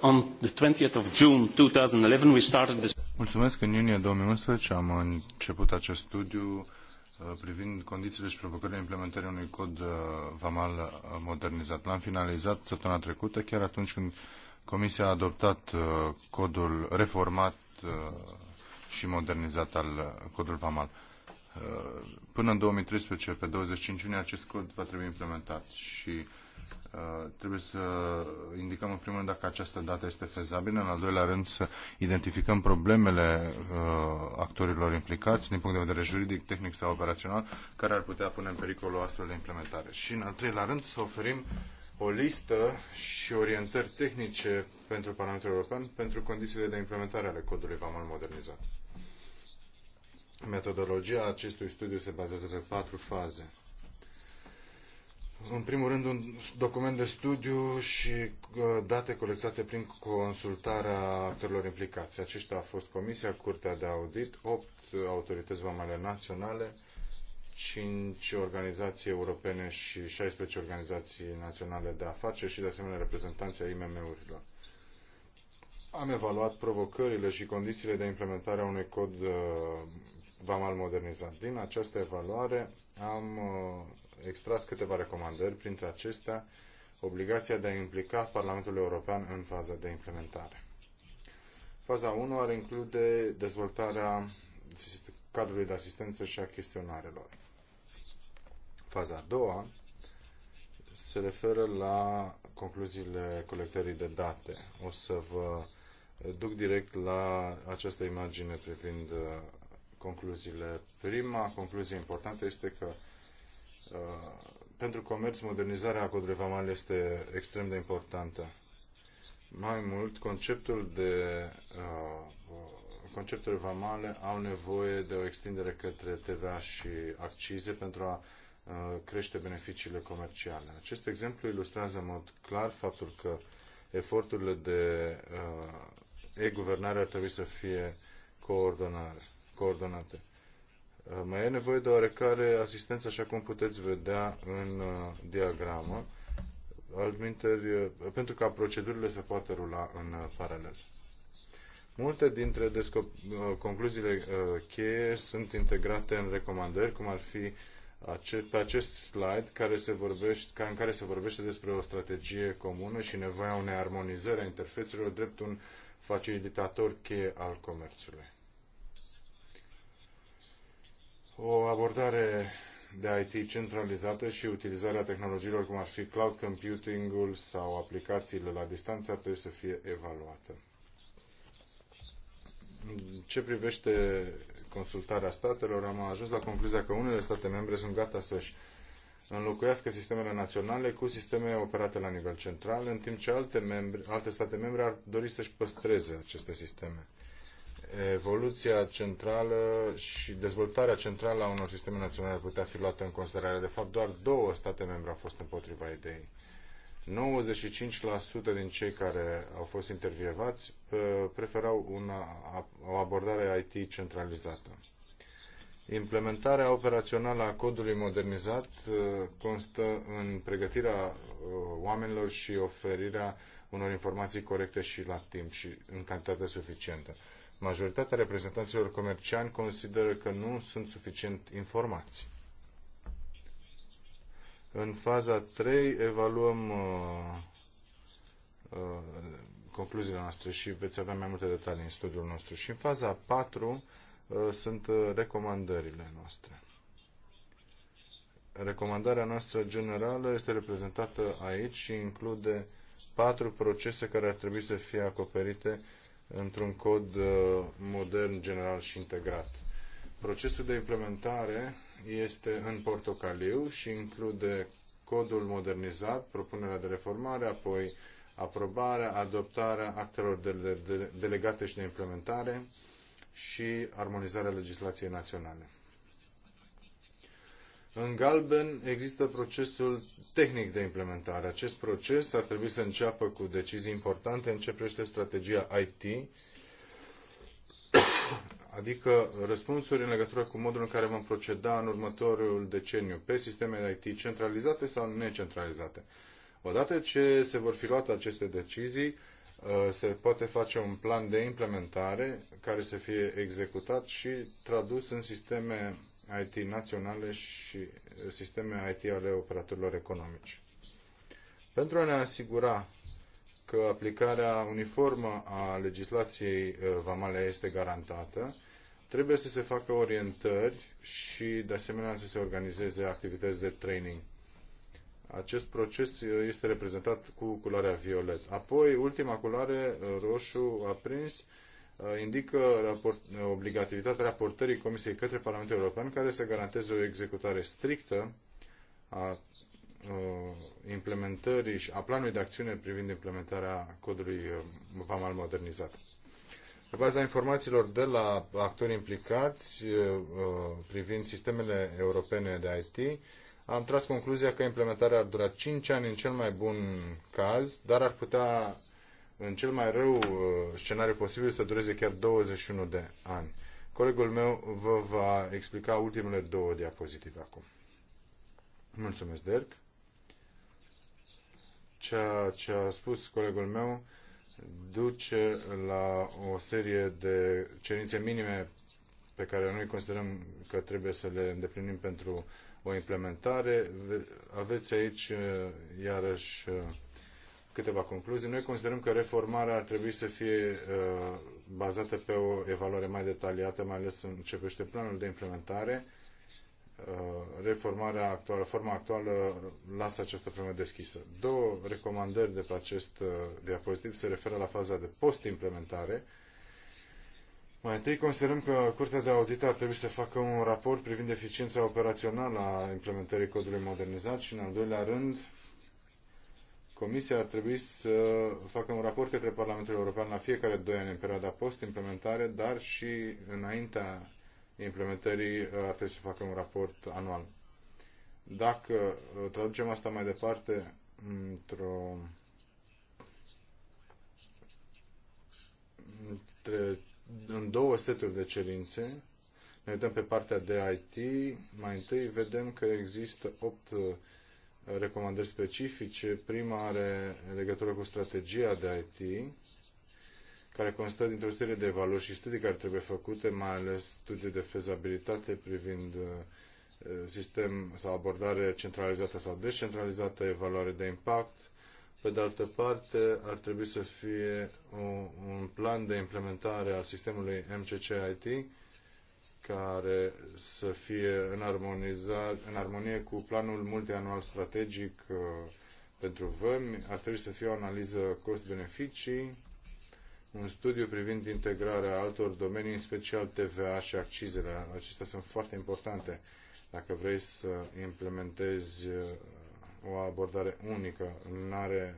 S1: On the 20th of June 2011 we started this Mulțumesc. În iunie 2011 am început acest studiu uh, privind condițiile și provocările implementării unui cod uh, vamal uh, modernizat. L-am finalizat săptămâna trecută, chiar atunci când Comisia a adoptat codul reformat și modernizat al codului vamal. Până în 2013, pe 25 iunie, acest cod va trebui implementat și Uh, trebuie să indicăm în primul rând dacă această dată este fezabilă, în al doilea rând să identificăm problemele uh, actorilor implicați din punct de vedere juridic, tehnic sau operațional, care ar putea pune în pericol o astfel de implementare. Și în al treilea rând să oferim o listă și orientări tehnice pentru Parlamentul European pentru condițiile de implementare ale codului VAMAL modernizat. Metodologia acestui studiu se bazează pe patru faze în primul rând, un document de studiu și uh, date colectate prin consultarea actorilor implicați. Aceștia a fost Comisia, Curtea de Audit, opt autorități vamale naționale, cinci organizații europene și 16 organizații naționale de afaceri și, de asemenea, reprezentanții ai IMM-urilor. Am evaluat provocările și condițiile de implementare a unui cod uh, vamal modernizat. Din această evaluare am uh, extras câteva recomandări, printre acestea obligația de a implica Parlamentul European în faza de implementare. Faza 1 ar include dezvoltarea cadrului de asistență și a chestionarelor. Faza a doua se referă la concluziile colectării de date. O să vă duc direct la această imagine privind uh, concluziile. Prima concluzie importantă este că Uh, pentru comerț, modernizarea codului vamal este extrem de importantă. Mai mult, conceptul de uh, uh, concepturile vamale au nevoie de o extindere către TVA și accize pentru a crește beneficiile comerciale. Acest exemplu ilustrează în mod clar faptul că eforturile de e-guvernare ar trebui să fie coordonare, coordonate. Uh, mai e nevoie de oarecare asistență, așa cum puteți vedea în uh, diagramă, altminteri, uh, pentru ca procedurile să poată rula în paralel. Multe dintre concluziile cheie sunt integrate în recomandări, cum ar fi pe acest slide care se vorbește, ca în care se vorbește despre o strategie comună și nevoia unei armonizări a interfețelor drept un facilitator cheie al comerțului o abordare de IT centralizată și utilizarea tehnologiilor cum ar fi cloud computing-ul sau aplicațiile la distanță ar trebui să fie evaluată. În ce privește consultarea statelor, am ajuns la concluzia că unele state membre sunt gata să-și înlocuiască sistemele naționale cu sisteme operate la nivel central, în timp ce alte, membre, alte state membre ar dori să-și păstreze aceste sisteme evoluția centrală și dezvoltarea centrală a unor sisteme naționale putea fi luată în considerare. De fapt, doar două state membre au fost împotriva ideii. 95% din cei care au fost intervievați uh, preferau una, o abordare IT centralizată. Implementarea operațională a codului modernizat uh, constă în pregătirea uh, oamenilor și oferirea unor informații corecte și la timp și în cantitate suficientă majoritatea reprezentanților comerciani consideră că nu sunt suficient informați. În faza 3 evaluăm uh, uh, concluziile noastre și veți avea mai multe detalii în studiul nostru. Și în faza 4 uh, sunt uh, recomandările noastre. Recomandarea noastră generală este reprezentată aici și include patru procese care ar trebui să fie acoperite într-un cod uh, modern, general și integrat. Procesul de implementare este în portocaliu și include codul modernizat, propunerea de reformare, apoi aprobarea, adoptarea actelor de delegate și de implementare și armonizarea legislației naționale. În galben există procesul tehnic de implementare. Acest proces ar trebui să înceapă cu decizii importante în ce privește strategia IT, adică răspunsuri în legătură cu modul în care vom proceda în următorul deceniu pe sisteme IT centralizate sau necentralizate. Odată ce se vor fi luate aceste decizii, Uh, se poate face un plan de implementare care să fie executat și tradus în sisteme IT naționale și uh, sisteme IT ale operatorilor economici. Pentru a ne asigura că aplicarea uniformă a legislației uh, vamale este garantată, trebuie să se facă orientări și, de asemenea, să se organizeze activități de training. Acest proces uh, este reprezentat cu culoarea violet. Apoi, ultima culoare, uh, roșu aprins, uh, indică raport, obligativitatea raportării Comisiei către Parlamentul European care să garanteze o executare strictă a implementării și a planului de acțiune privind implementarea codului VAMAL modernizat. Pe baza informațiilor de la actori implicați privind sistemele europene de IT, am tras concluzia că implementarea ar dura 5 ani în cel mai bun caz, dar ar putea, în cel mai rău uh, scenariu posibil, să dureze chiar 21 de ani. Colegul meu vă va explica ultimele două diapozitive acum. Mulțumesc, Derg. Ceea ce a spus colegul meu duce la o serie de cerințe minime pe care noi considerăm că trebuie să le îndeplinim pentru o implementare. Aveți aici, uh, iarăși, uh, câteva concluzii. Noi considerăm că reformarea ar trebui să fie uh, bazată pe o evaluare mai detaliată, mai ales în ce privește planul de implementare. Reformarea actuală, forma actuală lasă această problemă deschisă. Două recomandări de pe acest diapozitiv se referă la faza de post-implementare, mai întâi considerăm că Curtea de Audit ar trebui să facă un raport privind eficiența operațională a implementării codului modernizat și, în al doilea rând, Comisia ar trebui să facă un raport către Parlamentul European la fiecare doi ani în perioada post-implementare, dar și înaintea implementării ar trebui să facă un raport anual. Dacă uh, traducem asta mai departe într-o seturi de cerințe. Ne uităm pe partea de IT. Mai întâi vedem că există opt uh, recomandări specifice. Prima are legătură cu strategia de IT, care constă dintr-o serie de valori și studii care trebuie făcute, mai ales studii de fezabilitate privind uh, sistem sau abordare centralizată sau descentralizată, evaluare de impact, pe de altă parte, ar trebui să fie un plan de implementare a sistemului MCCIT care să fie în, în armonie cu planul multianual strategic uh, pentru vămi. Ar trebui să fie o analiză cost-beneficii, un studiu privind integrarea altor domenii, în special TVA și accizele. Acestea sunt foarte importante dacă vrei să implementezi uh, o abordare unică. Nu are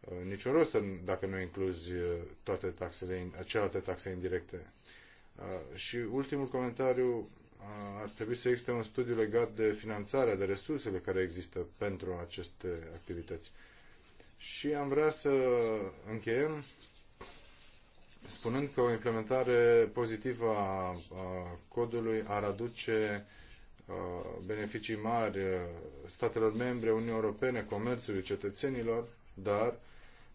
S1: uh, niciun rost să, dacă nu incluzi uh, toate taxele, celelalte taxe indirecte. Uh, și ultimul comentariu, ar trebui să existe un studiu legat de finanțarea, de resursele care există pentru aceste activități. Și am vrea să încheiem spunând că o implementare pozitivă a codului ar aduce Uh, beneficii mari uh, statelor membre, Uniunii Europene, comerțului, cetățenilor, dar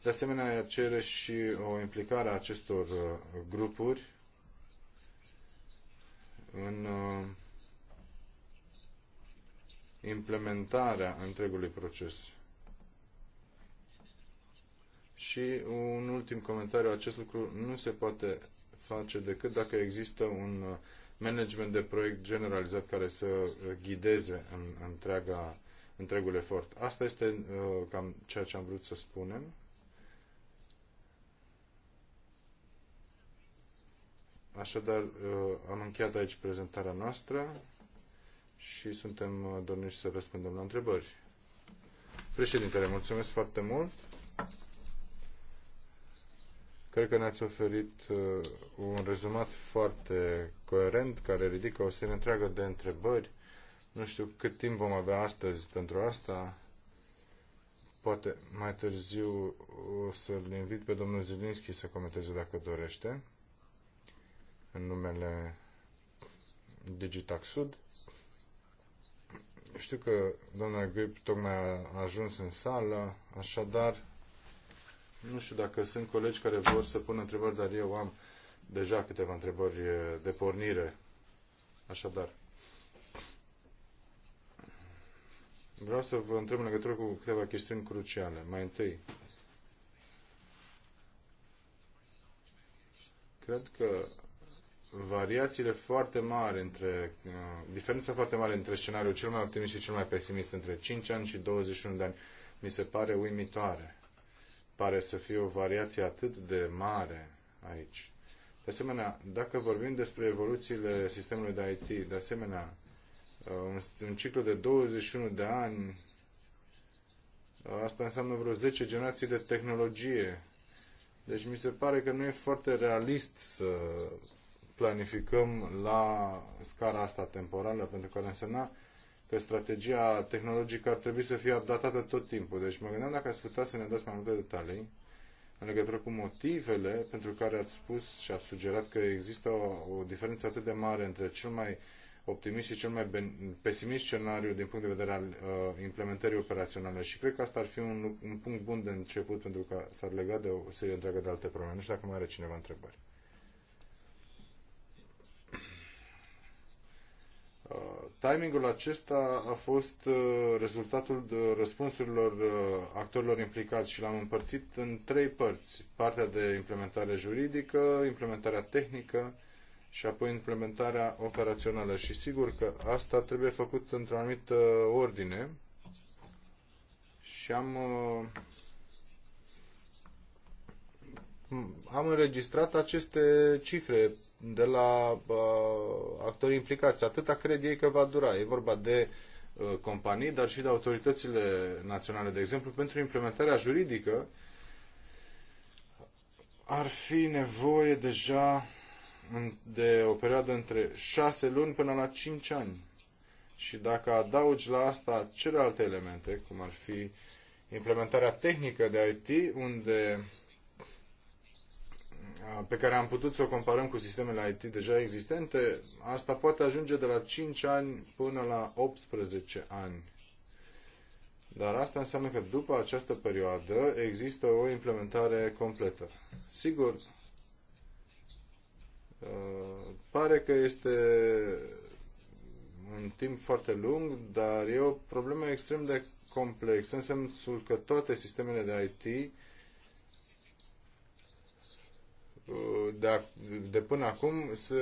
S1: de asemenea ea cere și o implicare a acestor uh, grupuri în implementarea întregului proces. Și un ultim comentariu, acest lucru nu se poate face decât dacă există un management de proiect generalizat care să uh, ghideze în, întreaga, întregul efort. Asta este uh, cam ceea ce am vrut să spunem. Așadar, uh, am încheiat aici prezentarea noastră și suntem uh, dorniți să răspundem la întrebări. Președintele, mulțumesc foarte mult. Cred că ne-ați oferit uh, un rezumat foarte coerent care ridică o serie întreagă de întrebări. Nu știu cât timp vom avea astăzi pentru asta. Poate mai târziu o să-l invit pe domnul Zilinski să comenteze dacă dorește în numele Digitax Sud. Știu că doamna Grip tocmai a ajuns în sală, așadar nu știu dacă sunt colegi care vor să pună întrebări, dar eu am deja câteva întrebări de pornire. Așadar, vreau să vă întreb în legătură cu câteva chestiuni cruciale. Mai întâi, cred că variațiile foarte mari între, uh, diferența foarte mare între scenariul cel mai optimist și cel mai pesimist, între 5 ani și 21 de ani, mi se pare uimitoare pare să fie o variație atât de mare aici. De asemenea, dacă vorbim despre evoluțiile sistemului de IT, de asemenea, uh, un ciclu de 21 de ani, uh, asta înseamnă vreo 10 generații de tehnologie. Deci mi se pare că nu e foarte realist să planificăm la scara asta temporală, pentru că ar însemna că strategia tehnologică ar trebui să fie updatată tot timpul. Deci mă gândeam dacă ați putea să ne dați mai multe detalii în legătură cu motivele pentru care ați spus și ați sugerat că există o, o diferență atât de mare între cel mai optimist și cel mai pesimist scenariu din punct de vedere al uh, implementării operaționale și cred că asta ar fi un, un punct bun de început pentru că s-ar lega de o serie întreagă de alte probleme. Nu știu dacă mai are cineva întrebări. Uh, timingul acesta a fost uh, rezultatul răspunsurilor uh, actorilor implicați și l-am împărțit în trei părți. Partea de implementare juridică, implementarea tehnică și apoi implementarea operațională. Și sigur că asta trebuie făcut într-o anumită ordine și am Mm, am înregistrat aceste cifre de la uh, actorii implicați. Atâta cred ei că va dura. E vorba de uh, companii, dar și de autoritățile naționale. De exemplu, pentru implementarea juridică ar fi nevoie deja de o perioadă între 6 luni până la 5 ani. Și dacă adaugi la asta celelalte elemente, cum ar fi implementarea tehnică de IT, unde pe care am putut să o comparăm cu sistemele IT deja existente, asta poate ajunge de la 5 ani până la 18 ani. Dar asta înseamnă că după această perioadă există o implementare completă. Sigur, pare că este un timp foarte lung, dar e o problemă extrem de complexă, în sensul că toate sistemele de IT Uh, de, a, de până acum să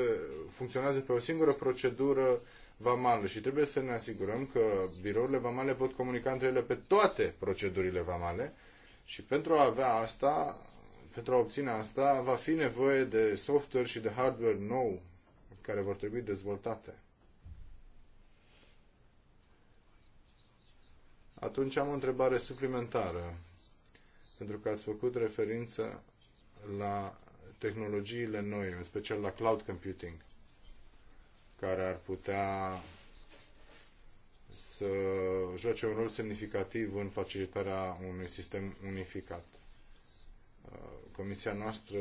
S1: funcționează pe o singură procedură vamală și trebuie să ne asigurăm că birourile vamale pot comunica între ele pe toate procedurile vamale și pentru a avea asta, pentru a obține asta, va fi nevoie de software și de hardware nou care vor trebui dezvoltate. Atunci am o întrebare suplimentară, pentru că ați făcut referință la tehnologiile noi, în special la cloud computing, care ar putea să joace un rol semnificativ în facilitarea unui sistem unificat. Uh, comisia noastră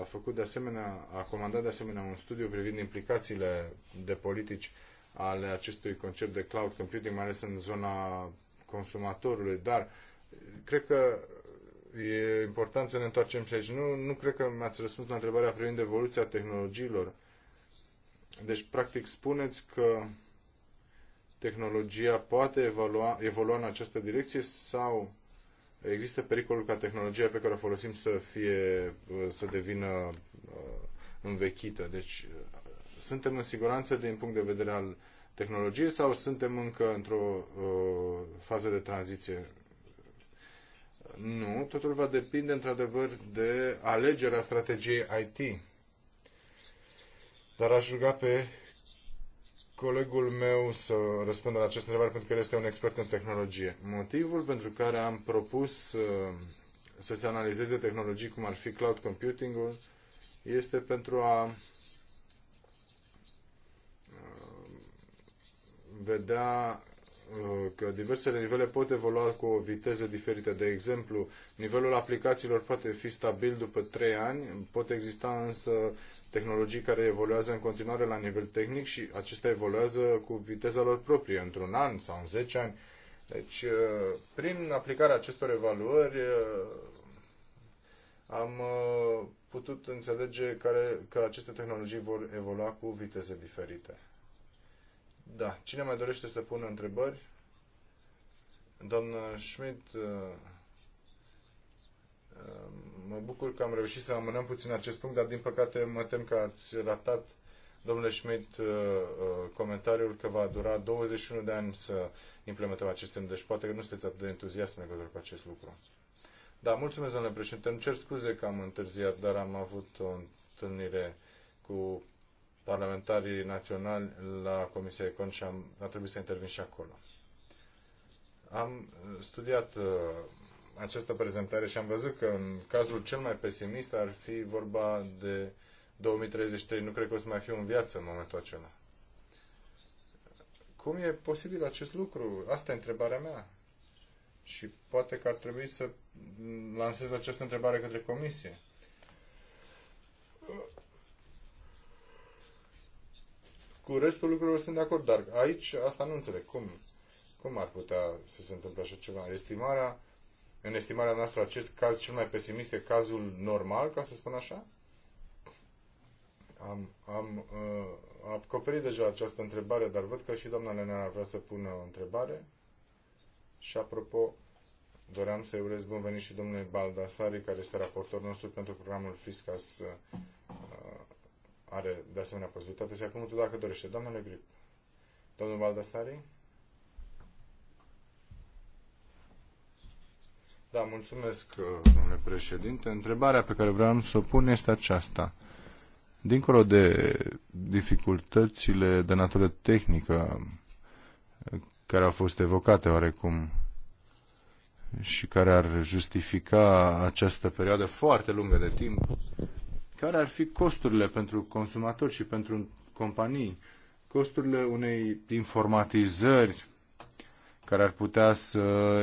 S1: a făcut de asemenea, a comandat de asemenea un studiu privind implicațiile de politici ale acestui concept de cloud computing, mai ales în zona consumatorului, dar cred că e important să ne întoarcem și aici. Nu, nu cred că mi-ați răspuns la întrebarea privind evoluția tehnologiilor. Deci, practic, spuneți că tehnologia poate evolua, evolua în această direcție sau există pericolul ca tehnologia pe care o folosim să fie, să devină uh, învechită. Deci uh, suntem în siguranță din punct de vedere al tehnologiei sau suntem încă într-o uh, fază de tranziție nu, totul va depinde într-adevăr de alegerea strategiei IT. Dar aș ruga pe colegul meu să răspundă la această întrebare pentru că el este un expert în tehnologie. Motivul pentru care am propus uh, să se analizeze tehnologii cum ar fi cloud computing-ul este pentru a uh, vedea Uh, că diversele nivele pot evolua cu o viteză diferită. De exemplu, nivelul aplicațiilor poate fi stabil după 3 ani, pot exista însă tehnologii care evoluează în continuare la nivel tehnic și acestea evoluează cu viteza lor proprie, într-un an sau în 10 ani. Deci, uh, prin aplicarea acestor evaluări, uh, am putut înțelege care, că aceste tehnologii vor evolua cu viteze diferite. Da. Cine mai dorește să pună întrebări? Doamna Schmidt, uh, uh, mă bucur că am reușit să amânăm puțin acest punct, dar din păcate mă tem că ați ratat, domnule Schmidt, uh, comentariul că va dura 21 de ani să implementăm acest semn. Deci poate că nu sunteți atât de entuziast în legătură cu acest lucru. Da, mulțumesc, domnule președinte. Îmi cer scuze că am întârziat, dar am avut o întâlnire cu parlamentarii naționali la Comisia Econ și am, a trebuit să intervin și acolo. Am studiat uh, această prezentare și am văzut că în cazul cel mai pesimist ar fi vorba de 2033. Nu cred că o să mai fiu în viață în momentul acela. Cum e posibil acest lucru? Asta e întrebarea mea. Și poate că ar trebui să lansez această întrebare către comisie. Cu restul lucrurilor sunt de acord, dar aici asta nu înțeleg. Cum, cum ar putea să se întâmple așa ceva? Estimarea, în estimarea noastră, acest caz cel mai pesimist e cazul normal, ca să spun așa? Am, am uh, acoperit deja această întrebare, dar văd că și doamna ar vrea să pună o întrebare. Și apropo, doream să-i urez bun venit și domnului Baldasari, care este raportorul nostru pentru programul Fiscas uh, are de asemenea posibilitatea să ia cuvântul dacă dorește. Domnule Grip, domnul Baldasari? Da, mulțumesc, uh, domnule președinte. Întrebarea pe care vreau să o pun este aceasta. Dincolo de dificultățile de natură tehnică uh, care au fost evocate oarecum și care ar justifica această perioadă foarte lungă de timp care ar fi costurile pentru consumatori și pentru companii, costurile unei informatizări care ar putea să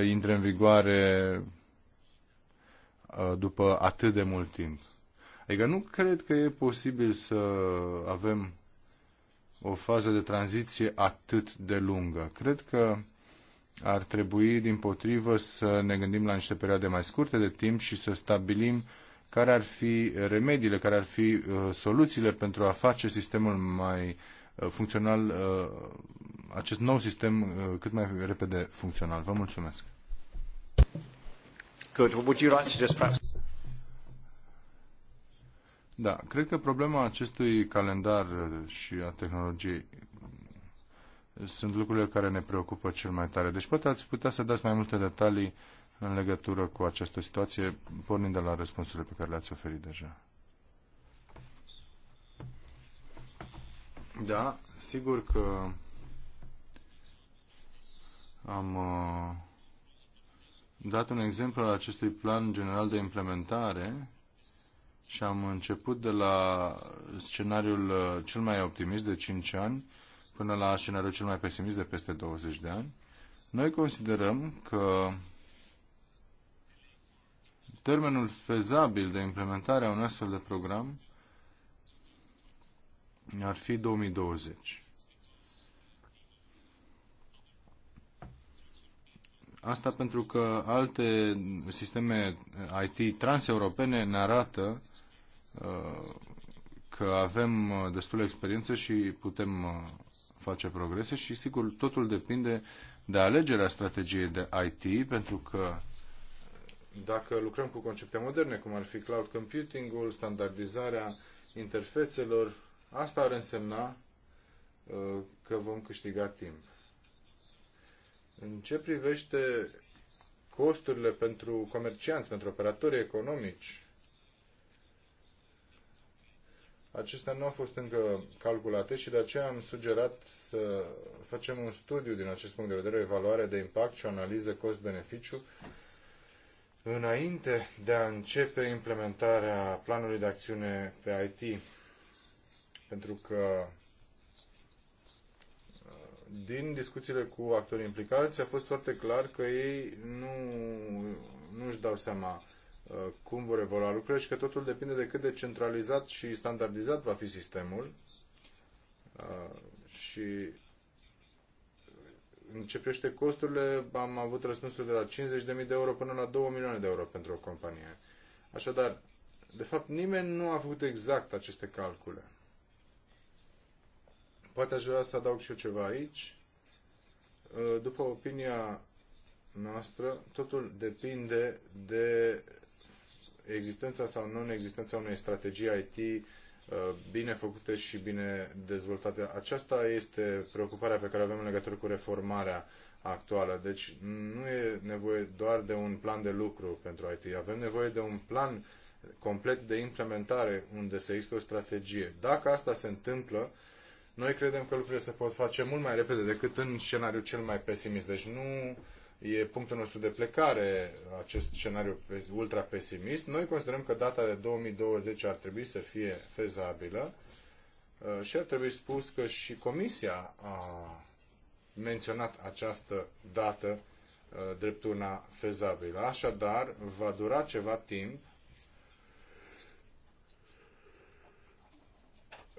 S1: intre în vigoare uh, după atât de mult timp. Adică nu cred că e posibil să avem o fază de tranziție atât de lungă. Cred că ar trebui, din potrivă, să ne gândim la niște perioade mai scurte de timp și să stabilim uh, care ar fi remediile, care ar fi uh, soluțiile pentru a face sistemul mai uh, funcțional, uh, acest nou sistem cât mai repede funcțional. Vă mulțumesc.
S3: Good. Would you like to just perhaps...
S1: Da, cred că problema acestui calendar și a tehnologiei sunt lucrurile care ne preocupă cel mai tare. Deci poate ați putea să dați mai multe detalii în legătură cu această situație, pornind de la răspunsurile pe care le-ați oferit deja. Da, sigur că am uh, dat un exemplu al acestui plan general de implementare și am început de la scenariul uh, cel mai optimist de 5 ani până la scenariul cel mai pesimist de peste 20 de ani. Noi considerăm că termenul fezabil de implementare a unui astfel de program ar fi 2020. Asta pentru că alte sisteme IT transeuropene ne arată uh, că avem uh, destulă experiență și putem uh, face progrese și sigur totul depinde de alegerea strategiei de IT pentru că dacă lucrăm cu concepte moderne, cum ar fi cloud computing-ul, standardizarea interfețelor, asta ar însemna uh, că vom câștiga timp. În ce privește costurile pentru comercianți, pentru operatorii economici, acestea nu au fost încă calculate și de aceea am sugerat să facem un studiu din acest punct de vedere, o evaluare de impact și o analiză cost-beneficiu înainte de a începe implementarea planului de acțiune pe IT, pentru că uh, din discuțiile cu actorii implicați a fost foarte clar că ei nu, nu își dau seama uh, cum vor evolua lucrurile și că totul depinde de cât de centralizat și standardizat va fi sistemul uh, și începește costurile, am avut răspunsuri de la 50.000 de euro până la 2 milioane de euro pentru o companie. Așadar, de fapt, nimeni nu a făcut exact aceste calcule. Poate aș vrea să adaug și eu ceva aici. Uh, după opinia noastră, totul depinde de existența sau non-existența unei strategii IT Uh, bine făcute și bine dezvoltate. Aceasta este preocuparea pe care o avem în legătură cu reformarea actuală. Deci nu e nevoie doar de un plan de lucru pentru IT. Avem nevoie de un plan complet de implementare unde să există o strategie. Dacă asta se întâmplă, noi credem că lucrurile se pot face mult mai repede decât în scenariul cel mai pesimist. Deci nu e punctul nostru de plecare, acest scenariu ultra pesimist. Noi considerăm că data de 2020 ar trebui să fie fezabilă uh, și ar trebui spus că și Comisia a menționat această dată uh, drept una fezabilă. Așadar, va dura ceva timp,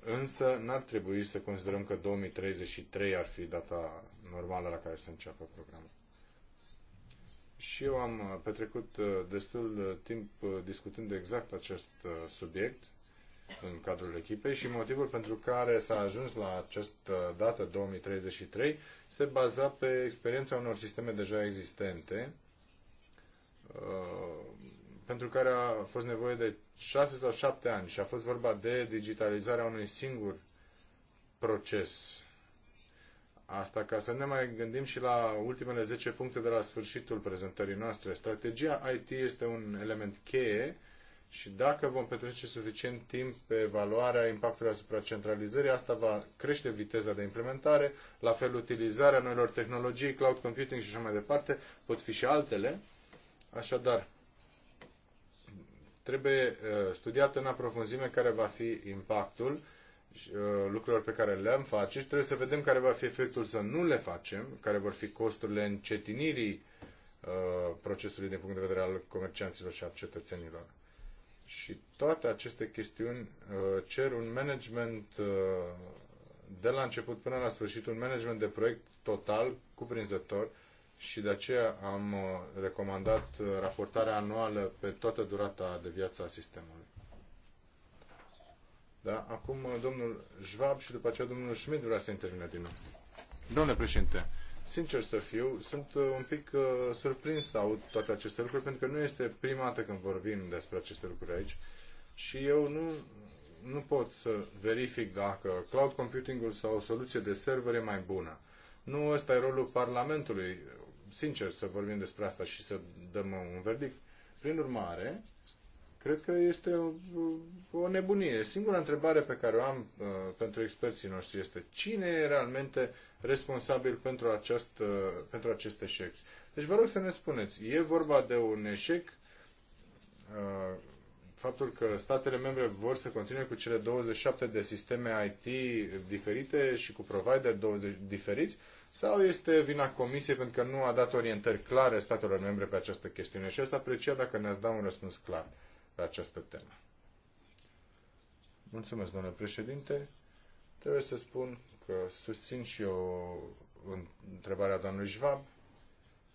S1: însă n-ar trebui să considerăm că 2033 ar fi data normală la care să înceapă programul. Și eu am uh, petrecut uh, destul uh, timp discutând exact acest subiect în cadrul echipei și motivul pentru care s-a ajuns la această dată 2033 se baza pe experiența unor sisteme deja existente pentru care a fost nevoie de 6 sau 7 ani și a fost vorba de digitalizarea unui singur proces asta ca să ne mai gândim și la ultimele 10 puncte de la sfârșitul prezentării noastre. Strategia IT este un element cheie și dacă vom petrece suficient timp pe evaluarea impactului asupra centralizării, asta va crește viteza de implementare, la fel utilizarea noilor tehnologii, cloud computing și așa mai departe, pot fi și altele. Așadar, trebuie uh, studiată în aprofunzime care va fi impactul Uh, lucrurilor pe care le-am face și trebuie să vedem care va fi efectul să nu le facem, care vor fi costurile încetinirii uh, procesului din punct de vedere al comercianților și al cetățenilor. Și toate aceste chestiuni uh, cer un management de la început până la sfârșit, un management de proiect total, cuprinzător și de aceea am recomandat raportarea anuală pe toată durata de viață a sistemului. Da? Acum uh, domnul Schwab și după aceea domnul Schmidt vrea să intervină din nou. Domnule președinte, sincer să fiu, sunt uh, un pic uh, surprins să aud toate aceste lucruri, pentru că nu este prima dată când vorbim despre aceste lucruri aici și eu nu, nu pot să verific dacă cloud computing-ul sau o soluție de server e mai bună. Nu ăsta e rolul Parlamentului, sincer, să vorbim despre asta și să dăm uh, un verdict. Prin urmare, Cred că este o, o nebunie. Singura întrebare pe care o am uh, pentru experții noștri este cine e realmente responsabil pentru, acest, uh, pentru acest eșec. Deci vă rog să ne spuneți, e vorba de un eșec uh, faptul că statele membre vor să continue cu cele 27 de sisteme IT diferite și cu provider 20 diferiți sau este vina Comisiei pentru că nu a dat orientări clare statelor membre pe această chestiune și ați aprecia dacă ne-ați da un răspuns clar pe această temă. Mulțumesc, domnule președinte. Trebuie să spun că susțin și eu întrebarea doamnului Schwab,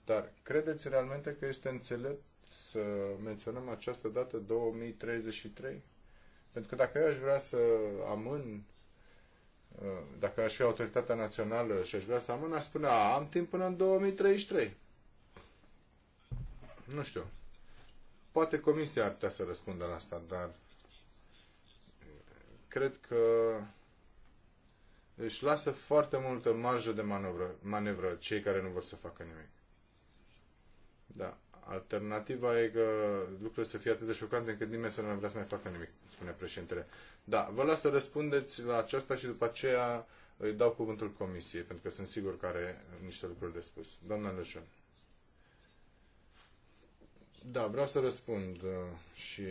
S1: dar credeți realmente că este înțelept să menționăm această dată 2033? Pentru că dacă eu aș vrea să amân, dacă aș fi autoritatea națională și aș vrea să amân, aș spune, a, am timp până în 2033. Nu știu. Poate Comisia ar putea să răspundă la asta, dar eh, cred că își lasă foarte multă marjă de manevră, manevră cei care nu vor să facă nimic. Da. Alternativa e că lucrurile să fie atât de șocante încât nimeni să nu mai vrea să mai facă nimic, spune președintele. Da, vă las să răspundeți la aceasta și după aceea îi dau cuvântul comisiei, pentru că sunt sigur că are niște lucruri de spus. Doamna Lejeune. Da, vreau să răspund uh, și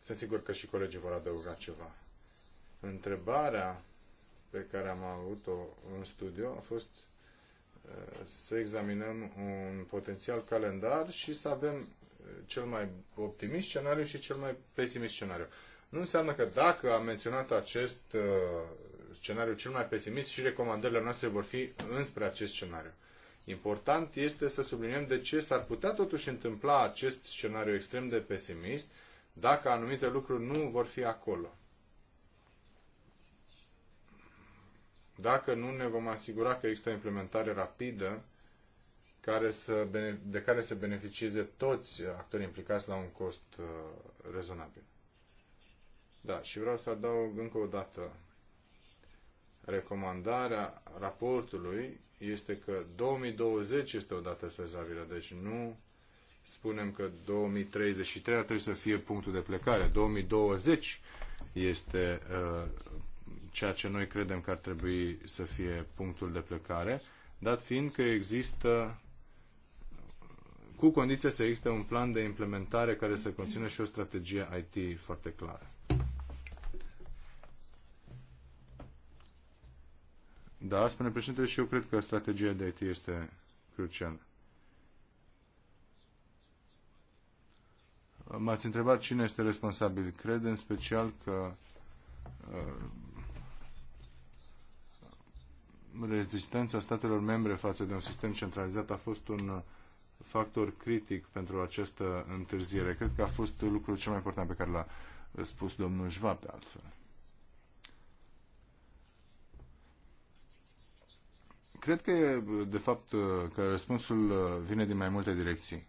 S1: sunt sigur că și colegii vor adăuga ceva. Întrebarea pe care am avut-o în studiu a fost uh, să examinăm un potențial calendar și să avem uh, cel mai optimist scenariu și cel mai pesimist scenariu. Nu înseamnă că dacă am menționat acest scenariu cel mai pesimist și recomandările noastre vor fi înspre acest scenariu. Important este să subliniem de ce s-ar putea totuși întâmpla acest scenariu extrem de pesimist dacă anumite lucruri nu vor fi acolo. Dacă nu ne vom asigura că există o implementare rapidă care să, de care să beneficieze toți actorii implicați la un cost uh, rezonabil. Da, și vreau să adaug încă o dată recomandarea raportului este că 2020 este o dată fezabilă, deci nu spunem că 2033 ar trebui să fie punctul de plecare. 2020 este uh, ceea ce noi credem că ar trebui să fie punctul de plecare, dat fiind că există cu condiția să existe un plan de implementare care să conțină și o strategie IT foarte clară. Da, spune președintele, și eu cred că strategia de IT este crucială. M-ați întrebat cine este responsabil. Cred în special că uh, rezistența statelor membre față de un sistem centralizat a fost un uh, factor critic pentru această întârziere. Cred că a fost lucrul cel mai important pe care l-a uh, spus domnul Schwab de altfel. Cred că, de fapt, că răspunsul vine din mai multe direcții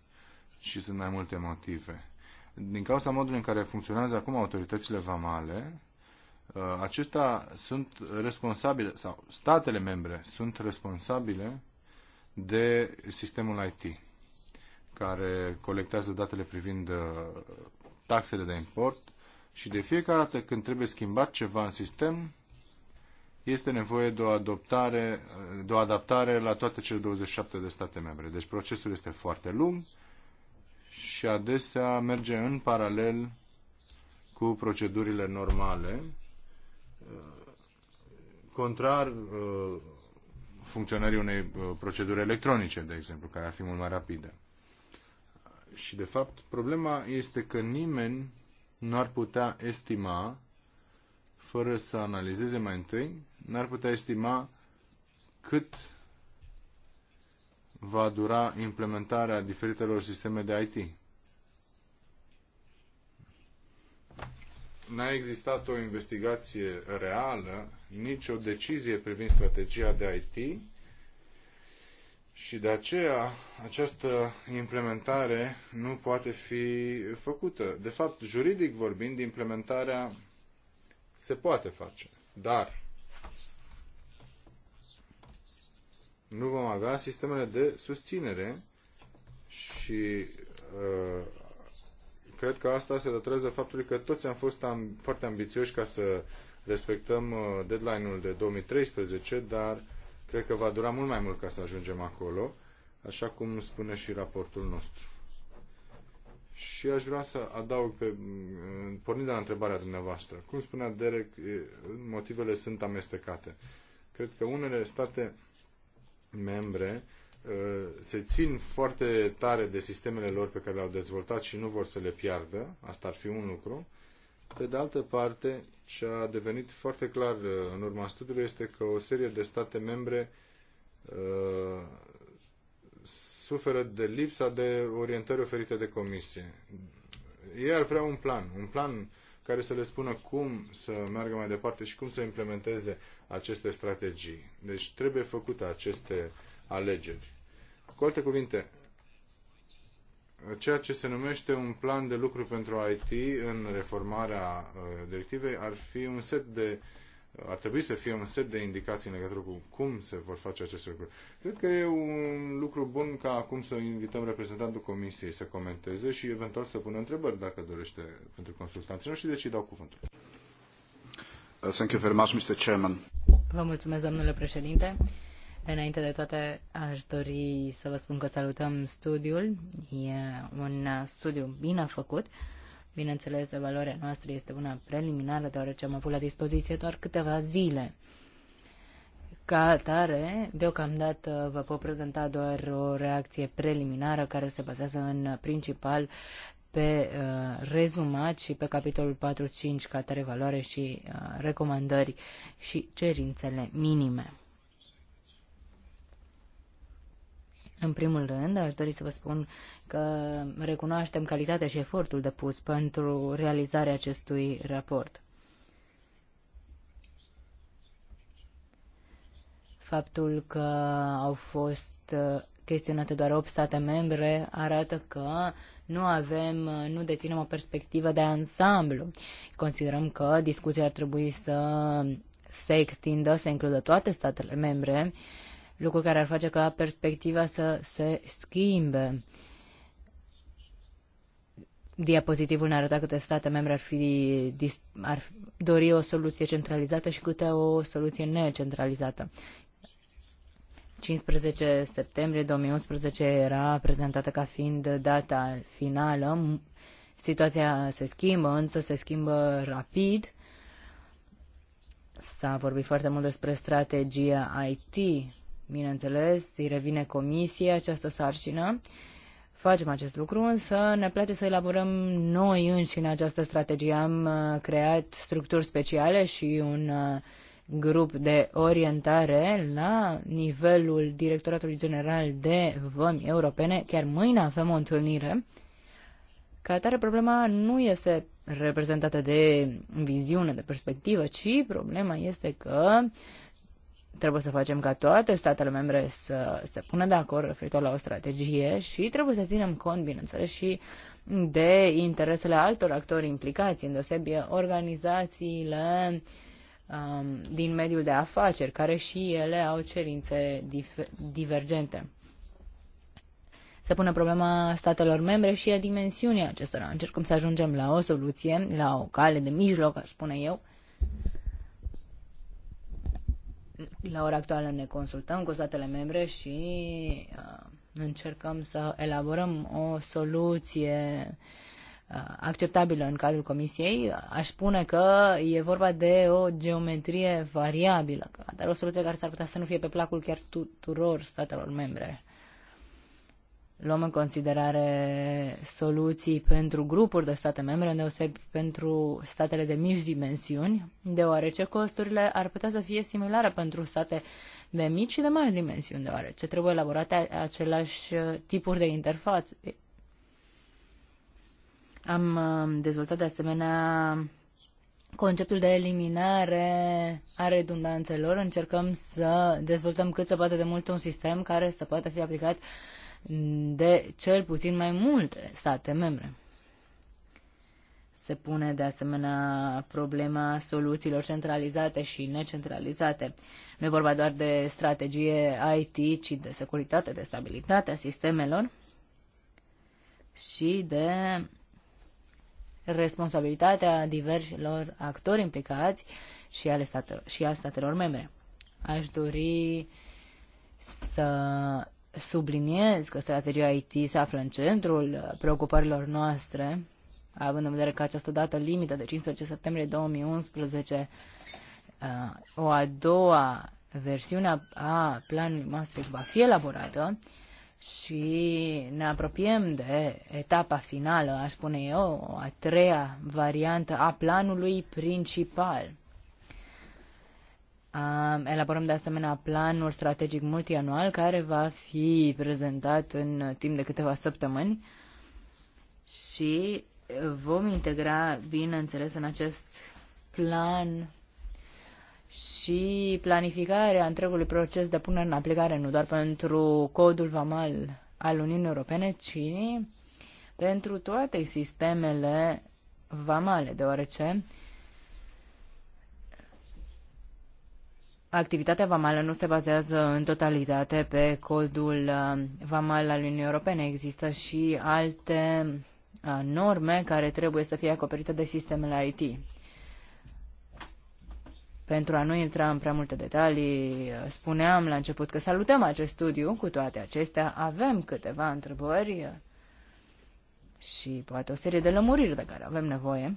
S1: și sunt mai multe motive. Din cauza modului în care funcționează acum autoritățile vamale, acestea sunt responsabile, sau statele membre sunt responsabile de sistemul IT, care colectează datele privind uh, taxele de import și de fiecare dată când trebuie schimbat ceva în sistem, este nevoie de o, adoptare, de o adaptare la toate cele 27 de state membre. Deci procesul este foarte lung și adesea merge în paralel cu procedurile normale, uh, contrar uh, funcționării unei uh, proceduri electronice, de exemplu, care ar fi mult mai rapide. Și, de fapt, problema este că nimeni nu ar putea estima, fără să analizeze mai întâi, n-ar putea estima cât va dura implementarea diferitelor sisteme de IT. N-a existat o investigație reală, nici o decizie privind strategia de IT și de aceea această implementare nu poate fi făcută. De fapt, juridic vorbind, implementarea se poate face, dar nu vom avea sistemele de susținere și uh, cred că asta se datorează faptului că toți am fost am, foarte ambițioși ca să respectăm uh, deadline-ul de 2013, dar cred că va dura mult mai mult ca să ajungem acolo, așa cum spune și raportul nostru. Și aș vrea să adaug, pe, mm, pornind de la întrebarea dumneavoastră, cum spunea Derek, motivele sunt amestecate. Cred că unele state membre uh, se țin foarte tare de sistemele lor pe care le-au dezvoltat și nu vor să le piardă, asta ar fi un lucru. Pe de altă parte, ce a devenit foarte clar uh, în urma studiului este că o serie de state membre uh, suferă de lipsa de orientări oferite de comisie. Ei ar vrea un plan, un plan care să le spună cum să meargă mai departe și cum să implementeze aceste strategii. Deci trebuie făcute aceste alegeri. Cu alte cuvinte, ceea ce se numește un plan de lucru pentru IT în reformarea uh, directivei ar fi un set de uh, ar trebui să fie un set de indicații în legătură cu cum se vor face aceste lucruri. Cred că e un lucru bun ca acum să invităm reprezentantul Comisiei să comenteze și eventual să pună întrebări dacă dorește pentru consultanții noștri, deci îi dau cuvântul. Uh, thank you very much, Mr. Chairman.
S2: Vă mulțumesc, domnule președinte. Înainte de toate, aș dori să vă spun că salutăm studiul. E un studiu bine făcut. Uh, Bineînțeles, evaluarea noastră este una preliminară, deoarece am avut la dispoziție doar câteva zile. Ca atare, deocamdată vă pot prezenta doar o reacție preliminară care se bazează în principal pe uh, rezumat și pe capitolul 4.5 ca atare valoare și uh, recomandări și cerințele minime. În primul rând, aș dori să vă spun că recunoaștem calitatea și efortul depus pentru realizarea acestui raport. Faptul că au fost uh, chestionate doar 8 state membre arată că nu avem, uh, nu deținem o perspectivă de ansamblu. Considerăm că discuția ar trebui să se extindă, să includă toate statele membre, uh, lucru care ar face ca perspectiva să se schimbe. Diapozitivul ne arăta câte state membre ar, fi, ar dori o soluție centralizată și câte o soluție necentralizată. 15 septembrie 2011 era prezentată ca fiind data finală. Situația se schimbă, însă se schimbă rapid. S-a vorbit foarte mult despre strategia IT Bineînțeles, îi revine comisie această sarcină. Facem acest lucru, însă ne place să elaborăm noi înșine această strategie. Am uh, creat structuri speciale și un uh, grup de orientare la nivelul Directoratului General de Vămi Europene. Chiar mâine avem o întâlnire. Ca atare, problema nu este reprezentată de viziune, de perspectivă, ci problema este că uh, Trebuie să facem ca toate statele membre să se pună de acord referitor la o strategie și trebuie să ținem cont, bineînțeles, și de interesele altor actori implicați, în îndeosebie organizațiile um, din mediul de afaceri, care și ele au cerințe divergente. Se pune problema statelor membre și a dimensiunii acestora. Încercăm să ajungem la o soluție, la o cale de mijloc, aș spune eu, la ora actuală ne consultăm cu statele membre și uh, încercăm să elaborăm o soluție uh, acceptabilă în cadrul comisiei. Aș spune că e vorba de o geometrie variabilă, dar o soluție care s-ar putea să nu fie pe placul chiar tuturor statelor membre luăm în considerare soluții pentru grupuri de state membre, îndeosebi pentru statele de mici dimensiuni, deoarece costurile ar putea să fie similare pentru state de mici și de mari dimensiuni, deoarece trebuie elaborate aceleași uh, tipuri de interfațe. Am uh, dezvoltat de asemenea conceptul de eliminare a redundanțelor. Încercăm să dezvoltăm cât se poate de mult un sistem care să poată fi aplicat uh, de cel puțin mai multe state membre. Se pune de asemenea problema soluțiilor centralizate și necentralizate. Nu e vorba doar de strategie IT, ci de securitate, de stabilitate a sistemelor și de responsabilitatea diversilor actori implicați și, ale statelor, și al statelor membre. Aș dori să subliniez că strategia IT se află în centrul uh, preocupărilor noastre, având în vedere că această dată limită de 15 septembrie 2011, uh, o a doua versiune a planului Maastricht va fi elaborată și ne apropiem de etapa finală, aș spune eu, a treia variantă a planului principal. Elaborăm de asemenea planul strategic multianual care va fi prezentat în timp de câteva săptămâni și vom integra, bineînțeles, în acest plan și planificarea întregului proces de punere în aplicare, nu doar pentru codul VAMAL al Uniunii Europene, ci pentru toate sistemele VAMALE, deoarece activitatea vamală nu se bazează în totalitate pe codul uh, vamal al Uniunii Europene. Există și alte uh, norme care trebuie să fie acoperite de sistemele IT. Pentru a nu intra în prea multe detalii, uh, spuneam la început că salutăm acest studiu. Cu toate acestea, avem câteva întrebări și poate o serie de lămuriri de care avem nevoie.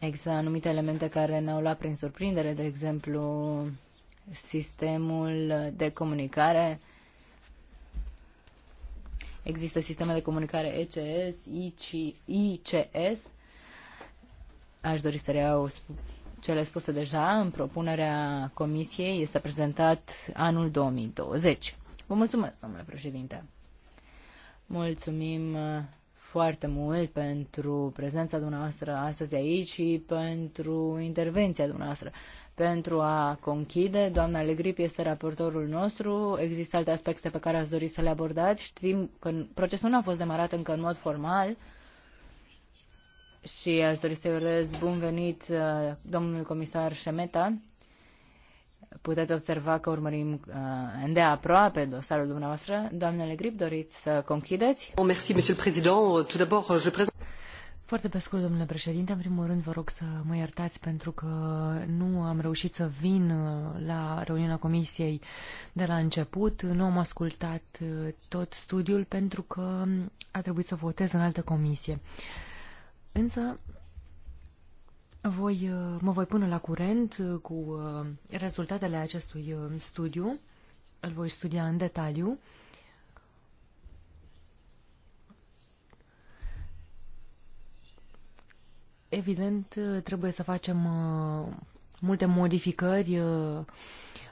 S2: Există anumite elemente care ne-au luat prin surprindere, de exemplu, sistemul de comunicare. Există sisteme de comunicare ECS, ICS. Aș dori să reiau cele spuse deja în propunerea comisiei. Este prezentat anul 2020. Vă mulțumesc, domnule președinte. Mulțumim foarte mult pentru prezența dumneavoastră astăzi aici și pentru intervenția dumneavoastră. Pentru a conchide, doamna Legrip este raportorul nostru, există alte aspecte pe care ați dori să le abordați. Știm că procesul nu a fost demarat încă în mod formal și aș dori să-i urez bun venit uh, domnului comisar Șemeta puteți observa că urmărim uh, îndeaproape dosarul dumneavoastră. Doamnele Grip, doriți să conchideți? Oh, merci,
S3: monsieur le président. Euh, tout d'abord, euh, je présente... Foarte pe scurt, domnule președinte, în primul rând vă rog să mă iertați pentru că nu am reușit să vin uh, la reuniunea comisiei de la început. Nu am ascultat uh, tot studiul pentru că a trebuit să votez în altă comisie. Însă voi, uh, mă voi pune la curent uh, cu uh, rezultatele acestui studiu. Îl voi studia în detaliu. Evident, trebuie să facem multe modificări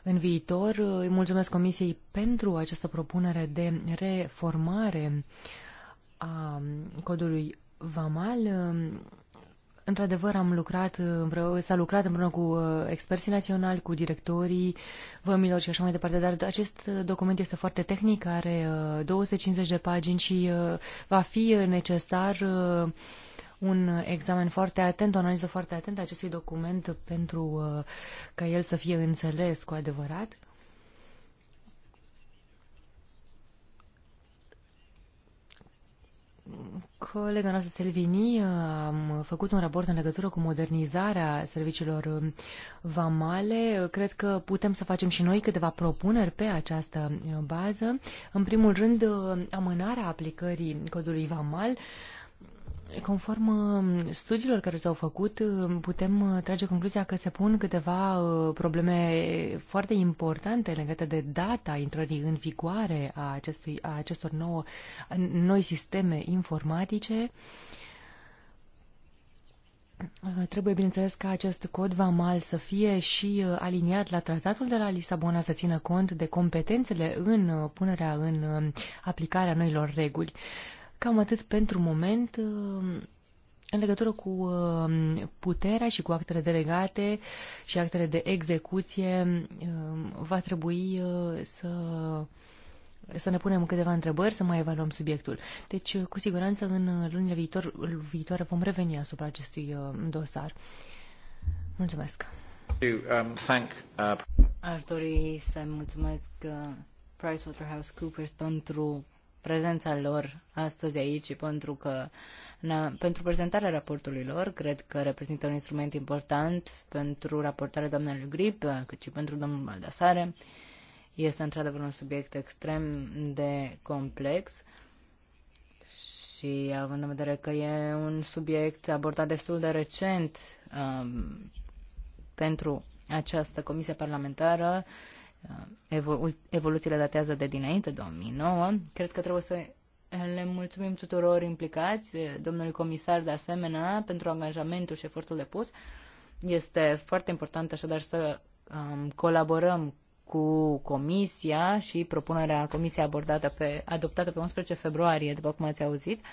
S3: în viitor. Îi mulțumesc Comisiei pentru această propunere de reformare a codului VAMAL Într-adevăr, am lucrat, s-a lucrat împreună cu uh, experții naționali, cu directorii vămilor și așa mai departe, dar acest document este foarte tehnic, are 250 uh, de pagini și uh, va fi necesar un examen foarte atent, o analiză foarte atentă acestui document pentru ca el să fie înțeles cu adevărat. colega noastră Selvini, am făcut un raport în legătură cu modernizarea serviciilor um, vamale. Cred că putem să facem și noi câteva propuneri pe această uh, bază. În primul rând, uh, amânarea aplicării codului vamal Conform uh, studiilor care s-au făcut, uh, putem uh, trage concluzia că se pun câteva probleme foarte importante legate de data intrării în vigoare a, acestui, a acestor nouă, noi sisteme informatice. Trebuie, bineînțeles, ca acest cod vamal să fie și aliniat la tratatul de la Lisabona, să țină cont de competențele în punerea în aplicarea noilor reguli. Cam atât pentru moment. Uh, în legătură cu uh, puterea și cu actele delegate și actele de execuție, uh, va trebui să să ne punem câteva întrebări, să mai evaluăm subiectul. Deci, cu siguranță, în lunile viitor, viitoare vom reveni asupra acestui dosar. Mulțumesc!
S2: Um, Aș dori să mulțumesc PricewaterhouseCoopers pentru prezența lor astăzi aici pentru că pentru prezentarea raportului lor, cred că reprezintă un instrument important pentru raportarea doamnelui Grip, cât și pentru domnul Maldasare, Este într-adevăr un subiect extrem de complex și având în vedere că e un subiect abordat destul de recent um, pentru această comisie parlamentară, uh, Uh, evolu- evoluțiile datează de dinainte, 2009. Cred că trebuie să le mulțumim tuturor implicați, uh, domnului comisar de asemenea, pentru angajamentul și efortul depus. Este foarte important așadar să um, colaborăm cu comisia și propunerea comisiei abordată pe, adoptată pe 11 februarie, după cum ați auzit. Uh,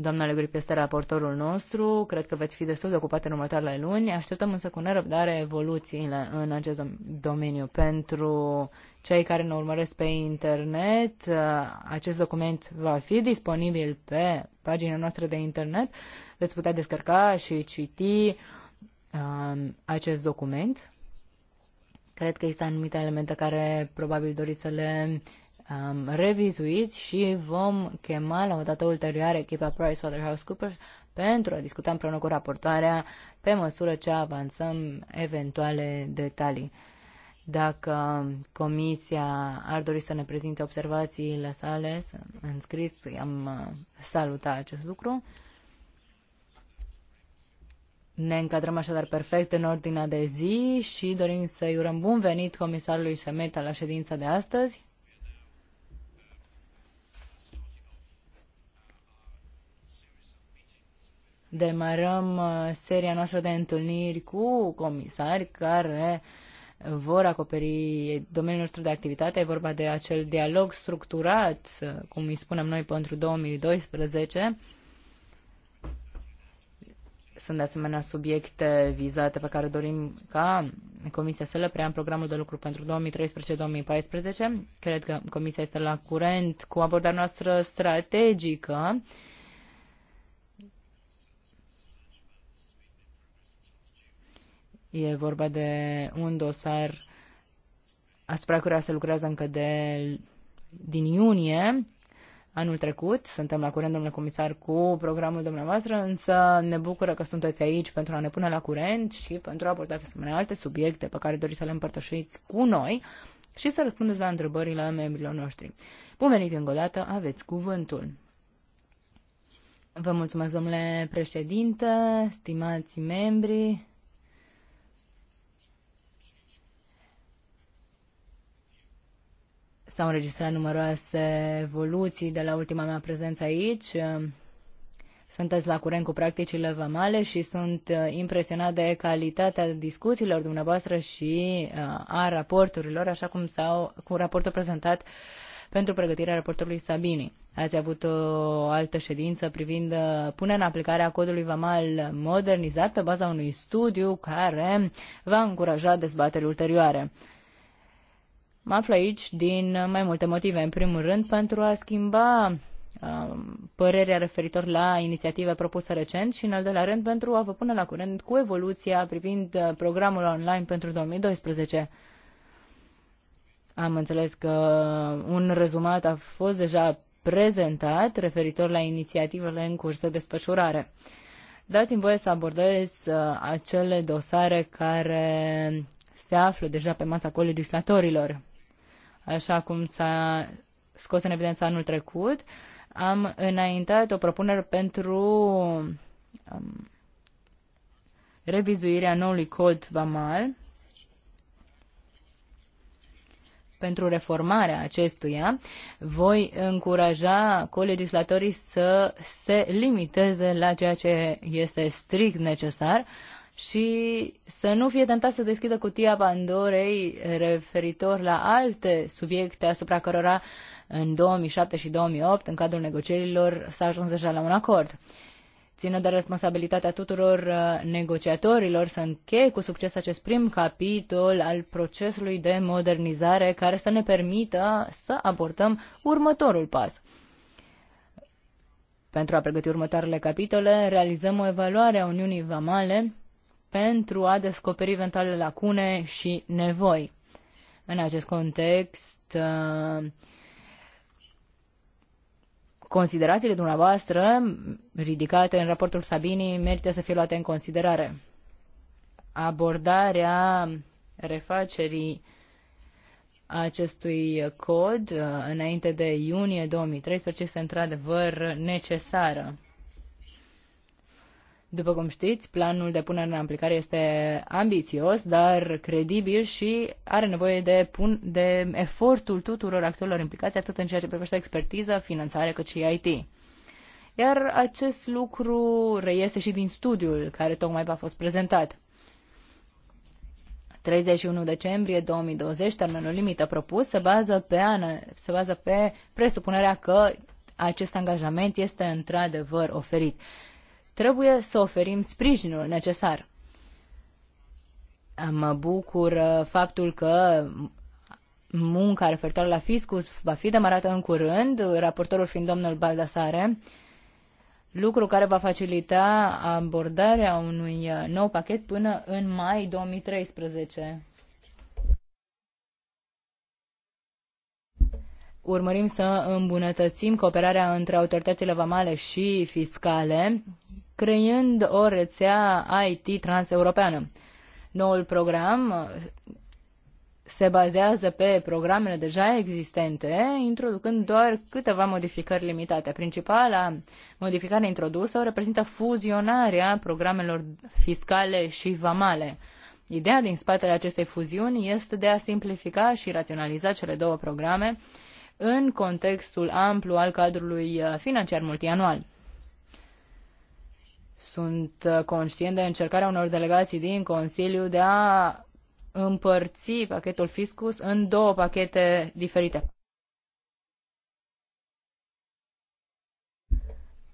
S2: Doamna Legrip este raportorul nostru, cred că veți fi destul de ocupat în următoarele luni. Așteptăm însă cu nerăbdare evoluțiile în acest domeniu. Pentru cei care ne urmăresc pe internet, uh, acest document va fi disponibil pe pagina noastră de internet. Veți putea descărca și citi um, acest document. Cred că există anumite elemente care probabil doriți să le um, revizuit și vom chema la o dată ulterioară echipa PricewaterhouseCoopers pentru a discuta împreună cu raportoarea pe măsură ce avansăm eventuale detalii. Dacă comisia ar dori să ne prezinte observațiile sale în scris, am salutat acest lucru. Ne încadrăm așadar perfect în ordinea de zi și dorim să-i urăm bun venit comisarului Semeta la ședința de astăzi. demarăm uh, seria noastră de întâlniri cu comisari care vor acoperi domeniul nostru de activitate. E vorba de acel dialog structurat, uh, cum îi spunem noi, pentru 2012. Sunt de asemenea subiecte vizate pe care dorim ca Comisia să le preia în programul de lucru pentru 2013-2014. Cred că Comisia este la curent cu abordarea noastră strategică uh, E vorba de un dosar asupra căruia se lucrează încă de din iunie anul trecut. Suntem la curent, domnule comisar, cu programul dumneavoastră, însă ne bucură că sunteți aici pentru a ne pune la curent și pentru a aborda asemenea alte subiecte pe care doriți să le împărtășiți cu noi și să răspundeți la întrebările membrilor noștri. Bun venit încă o dată, aveți cuvântul. Vă mulțumesc, domnule președinte, stimați membri, S-au înregistrat numeroase evoluții de la ultima mea prezență aici. Sunteți la curent cu practicile vamale și sunt uh, impresionat de calitatea discuțiilor dumneavoastră și uh, a raporturilor, așa cum s-au cu raportul prezentat pentru pregătirea raportului Sabini. Ați avut o altă ședință privind uh, punerea în aplicare a codului VAMAL modernizat pe baza unui studiu care va încuraja dezbateri ulterioare. Mă aflu aici din mai multe motive. În primul rând, pentru a schimba uh, părerea referitor la inițiativa propusă recent și, în al doilea rând, pentru a vă pune la curent cu evoluția privind uh, programul online pentru 2012. Am înțeles că un rezumat a fost deja prezentat referitor la inițiativele în curs de desfășurare. Dați-mi voie să abordez uh, acele dosare care se află deja pe masa colegislatorilor așa cum s-a scos în evidență anul trecut, am înaintat o propunere pentru um, revizuirea noului cod VAMAL, pentru reformarea acestuia, voi încuraja colegislatorii să se limiteze la ceea ce este strict necesar și să nu fie tentat să deschidă cutia Pandorei referitor la alte subiecte asupra cărora în 2007 și 2008, în cadrul negocierilor, s-a ajuns deja la un acord. Ține de responsabilitatea tuturor uh, negociatorilor să încheie cu succes acest prim capitol al procesului de modernizare care să ne permită să abordăm următorul pas. Pentru a pregăti următoarele capitole, realizăm o evaluare a Uniunii Vamale pentru a descoperi eventuale lacune și nevoi. În acest context, uh, considerațiile dumneavoastră ridicate în raportul Sabini merită să fie luate în considerare. Abordarea refacerii acestui cod uh, înainte de iunie 2013 este într-adevăr necesară. După cum știți, planul de punere în aplicare este ambițios, dar credibil și are nevoie de, pun- de efortul tuturor actorilor implicați, atât în ceea ce privește expertiză, finanțare, cât și IT. Iar acest lucru reiese și din studiul care tocmai a fost prezentat. 31 decembrie 2020, termenul limită propus, se bază pe, ană, se bază pe presupunerea că acest angajament este într-adevăr oferit trebuie să oferim sprijinul necesar. Mă bucur uh, faptul că munca referitoare la fiscus va fi demarată în curând, raportorul fiind domnul Baldasare, lucru care va facilita abordarea unui uh, nou pachet până în mai 2013. Urmărim să îmbunătățim cooperarea între autoritățile vamale și fiscale creând o rețea IT transeuropeană. Noul program uh, se bazează pe programele deja existente, introducând doar câteva modificări limitate. Principala modificare introdusă o reprezintă fuzionarea programelor fiscale și vamale. Ideea din spatele acestei fuziuni este de a simplifica și raționaliza cele două programe în contextul amplu al cadrului uh, financiar multianual. Sunt uh, conștient de încercarea unor delegații din Consiliu de a împărți pachetul fiscus în două pachete diferite.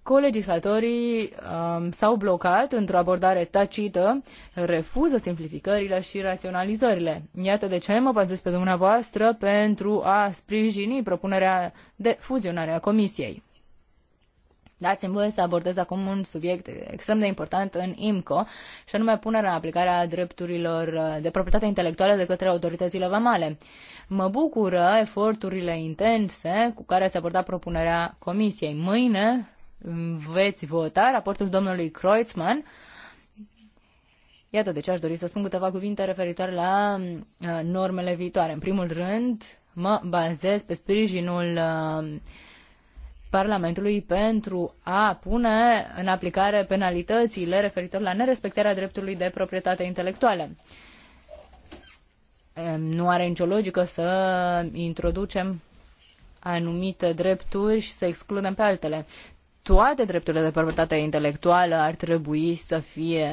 S2: colegislatorii um, s-au blocat într-o abordare tacită, refuză simplificările și raționalizările. Iată de ce mă bazez pe dumneavoastră pentru a sprijini propunerea de fuzionare a Comisiei. Dați-mi voie să abordez acum un subiect extrem de important în IMCO, și anume punerea în aplicare a drepturilor uh, de proprietate intelectuală de către autoritățile vamale. Mă bucură eforturile intense cu care s-a abordat propunerea Comisiei. Mâine mm, veți vota raportul domnului Kreutzmann. Iată de ce aș dori să spun câteva cuvinte referitoare la mm, uh, normele viitoare. În primul rând, mă bazez pe sprijinul uh, Parlamentului pentru a pune în aplicare penalitățile referitor la nerespectarea dreptului de proprietate intelectuală. Nu are nicio logică să introducem anumite drepturi și să excludem pe altele. Toate drepturile de proprietate intelectuală ar trebui să fie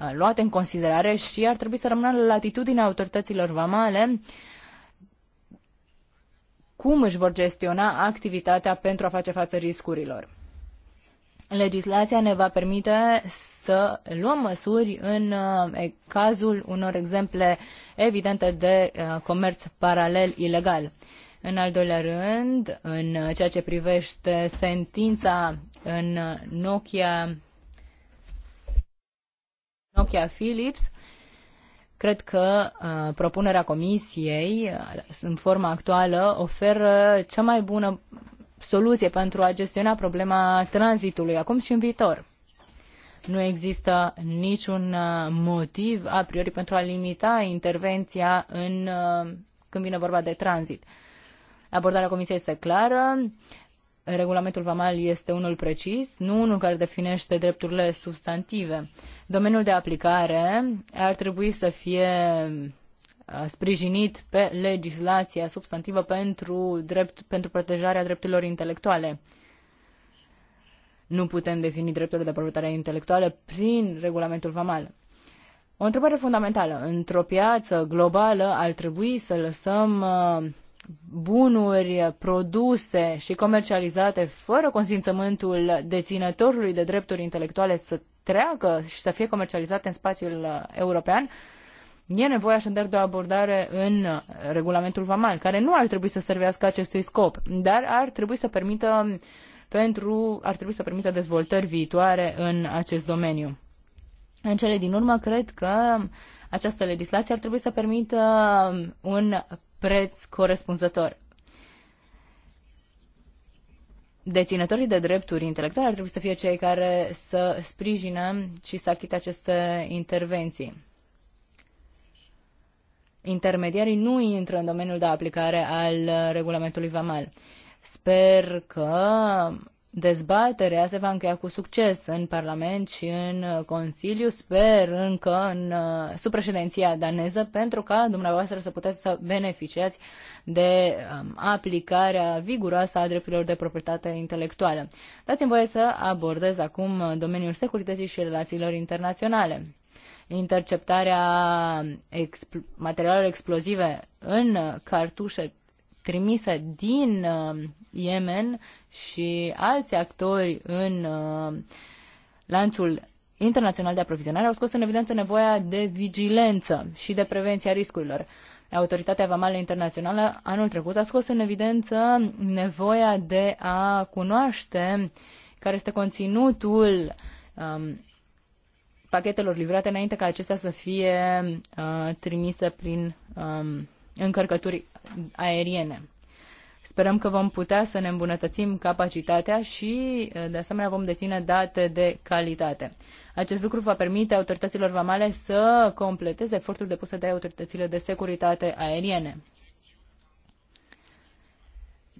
S2: uh, luate în considerare și ar trebui să rămână la latitudinea autorităților vamale uh, cum își vor gestiona activitatea pentru a face față riscurilor. Legislația ne va permite să luăm măsuri în uh, cazul unor exemple evidente de uh, comerț paralel ilegal. În al doilea rând, în ceea ce privește sentința în Nokia Nokia Philips, Cred că uh, propunerea comisiei, uh, în forma actuală, oferă cea mai bună soluție pentru a gestiona problema tranzitului acum și în viitor. Nu există niciun uh, motiv a priori pentru a limita intervenția în, uh, când vine vorba de tranzit. Abordarea comisiei este clară, regulamentul VAMAL este unul precis, nu unul care definește drepturile substantive. Domeniul de aplicare ar trebui să fie sprijinit pe legislația substantivă pentru, drept, pentru protejarea drepturilor intelectuale. Nu putem defini drepturile de proprietate intelectuală prin regulamentul VAMAL. O întrebare fundamentală. Într-o piață globală ar trebui să lăsăm uh, bunuri produse și comercializate fără consimțământul deținătorului de drepturi intelectuale să treacă și să fie comercializate în spațiul uh, european, e nevoie așadar de o abordare în uh, regulamentul VAMAL, care nu ar trebui să servească acestui scop, dar ar trebui să permită pentru, ar trebui să permită dezvoltări viitoare în acest domeniu. În cele din urmă, cred că această legislație ar trebui să permită um, un preț corespunzător. Deținătorii de drepturi intelectuale ar trebui să fie cei care să sprijină și să achite aceste intervenții. Intermediarii nu intră în domeniul de aplicare al regulamentului VAMAL. Sper că dezbaterea se va încheia cu succes în Parlament și în uh, Consiliu, sper încă în uh, sub președinția daneză, pentru ca dumneavoastră să puteți să beneficiați de um, aplicarea viguroasă a drepturilor de proprietate intelectuală. Dați-mi voie să abordez acum domeniul securității și relațiilor internaționale. Interceptarea exp- materialelor explozive în cartușe trimisă din uh, Yemen și alți actori în uh, lanțul internațional de aprovizionare au scos în evidență nevoia de vigilență și de prevenția riscurilor. Autoritatea Vamală Internațională anul trecut a scos în evidență nevoia de a cunoaște care este conținutul um, pachetelor livrate înainte ca acestea să fie uh, trimise prin um, încărcături aeriene. Sperăm că vom putea să ne îmbunătățim capacitatea și, eh, de asemenea, vom deține date de calitate. Acest lucru va permite autorităților vamale să completeze efortul depuse de autoritățile de securitate aeriene.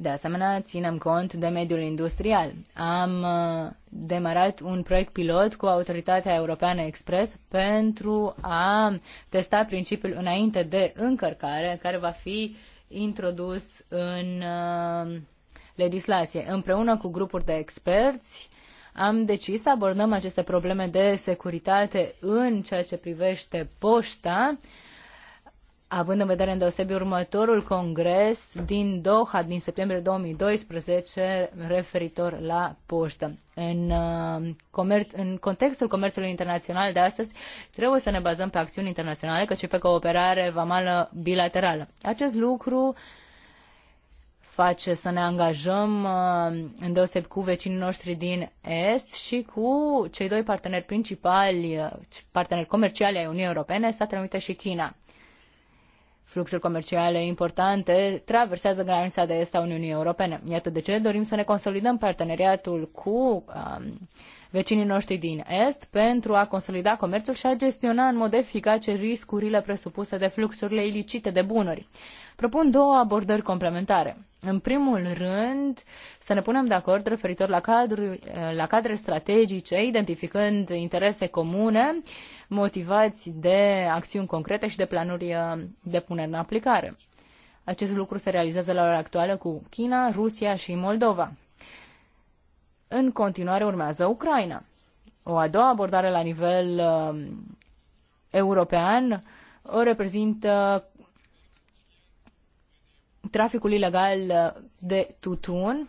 S2: De asemenea, ținem cont de mediul industrial. Am uh, demarat un proiect pilot cu Autoritatea Europeană Express pentru a testa principiul înainte de încărcare, care va fi introdus în uh, legislație. Împreună cu grupuri de experți, am decis să abordăm aceste probleme de securitate în ceea ce privește poșta, având în vedere îndeosebi următorul congres din Doha din septembrie 2012 referitor la poștă. În, uh, comer- în contextul comerțului internațional de astăzi trebuie să ne bazăm pe acțiuni internaționale, căci pe cooperare vamală bilaterală. Acest lucru face să ne angajăm uh, îndeoseb cu vecinii noștri din Est și cu cei doi parteneri principali, uh, parteneri comerciali ai Uniunii Europene, Statele Unite și China. Fluxuri comerciale importante traversează granița de est a Uniunii Europene. Iată de ce dorim să ne consolidăm parteneriatul cu um, vecinii noștri din Est pentru a consolida comerțul și a gestiona în mod eficace riscurile presupuse de fluxurile ilicite de bunuri. Propun două abordări complementare. În primul rând, să ne punem de acord referitor la, cadru, la cadre strategice, identificând interese comune, uh, motivați de acțiuni concrete și de planuri uh, de punere în aplicare. Acest lucru se realizează la ora actuală cu China, Rusia și Moldova. În continuare urmează Ucraina. O a doua abordare la nivel uh, european o reprezintă traficul ilegal uh, de tutun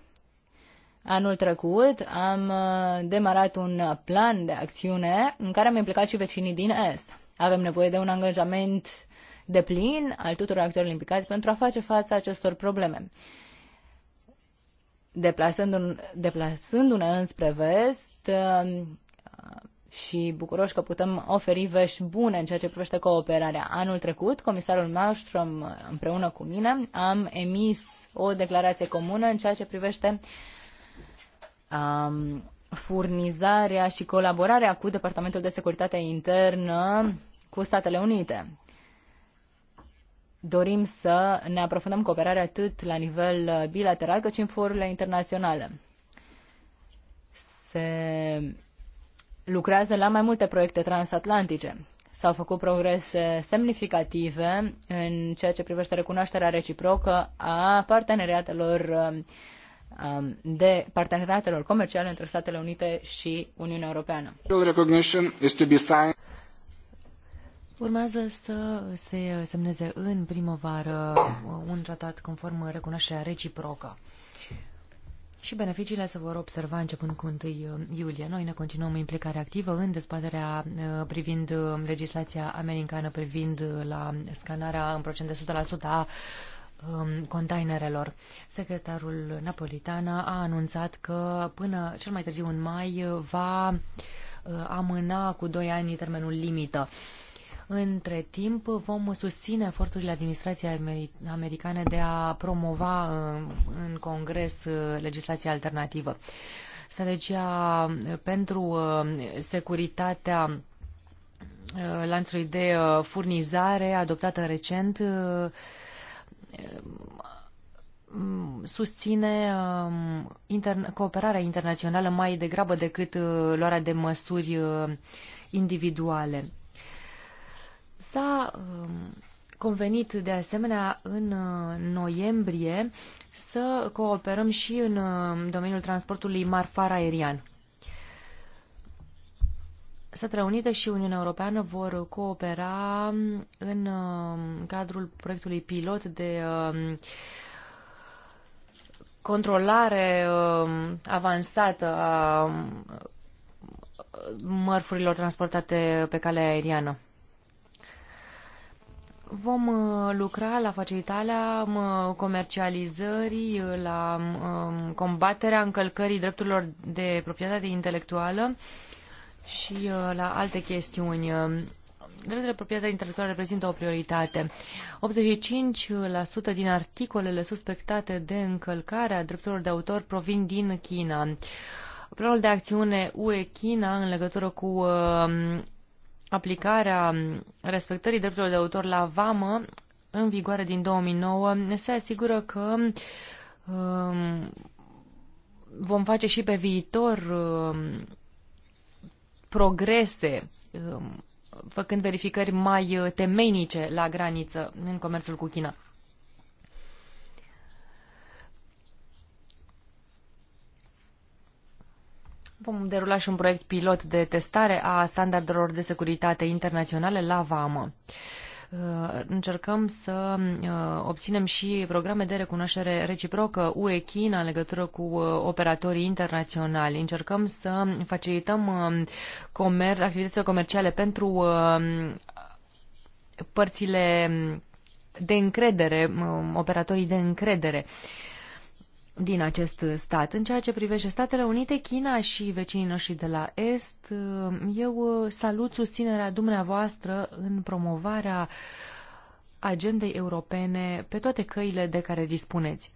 S2: Anul trecut am uh, demarat un plan de acțiune în care am implicat și vecinii din Est. Avem nevoie de un angajament de plin al tuturor actorilor implicați pentru a face față acestor probleme. Deplasându-ne, deplasându-ne înspre vest uh, și bucuroși că putem oferi vești bune în ceea ce privește cooperarea. Anul trecut, comisarul Malmström împreună cu mine am emis o declarație comună în ceea ce privește uh, um, furnizarea și colaborarea cu Departamentul de Securitate Internă cu Statele Unite. Dorim să ne aprofundăm cooperarea atât la nivel bilateral cât și în forurile internaționale. Se lucrează la mai multe proiecte transatlantice. S-au făcut progrese semnificative în ceea ce privește recunoașterea reciprocă a parteneriatelor uh, Um, de parteneriatelor comerciale între Statele Unite și Uniunea Europeană.
S3: Urmează să se semneze în primăvară un tratat conform recunoașterea reciprocă. Și beneficiile se vor observa începând cu 1 uh, iulie. Noi ne continuăm implicarea activă în dezbaterea uh, privind uh, legislația americană privind la scanarea în procent de 100% a Um, containerelor. Secretarul Napolitana a anunțat că până cel mai târziu în mai va uh, amâna cu doi ani termenul limită. Între timp vom susține eforturile administrației americane de a promova uh, în Congres uh, legislația alternativă. Strategia pentru securitatea lanțului de furnizare adoptată recent Um, susține um, cooperarea internațională mai degrabă decât uh, luarea de măsuri uh, individuale. S-a um, convenit de asemenea în uh, noiembrie să cooperăm și în domeniul transportului marfar aerian. Statele Unite și Uniunea Europeană vor coopera în uh, cadrul proiectului pilot de uh, controlare uh, avansată a mărfurilor transportate pe calea aeriană. Vom lucra la facilitarea um, comercializării, la um, combaterea încălcării drepturilor de proprietate intelectuală, și uh, la alte chestiuni. Uh, Dreptul de proprietate intelectuală reprezintă o prioritate. 85% din articolele suspectate de încălcare a drepturilor de autor provin din China. Planul de acțiune UE-China în legătură cu um, aplicarea respectării drepturilor de autor la vamă în vigoare din 2009 se asigură că uh, vom face și pe viitor uh, progrese um, făcând verificări mai uh, temenice la graniță în comerțul cu China. Vom derula și un proiect pilot de testare a standardelor de securitate internaționale la VAMă. Uh, încercăm să uh, obținem și programe de recunoaștere reciprocă UE-China în legătură cu uh, operatorii internaționali. Încercăm să facilităm comer- activitățile comerciale pentru părțile de încredere, um, operatorii de încredere. Uh, din acest stat. În ceea ce privește Statele Unite, China și vecinii noștri de la Est, eu uh, salut susținerea dumneavoastră în promovarea agendei europene pe toate căile de care dispuneți.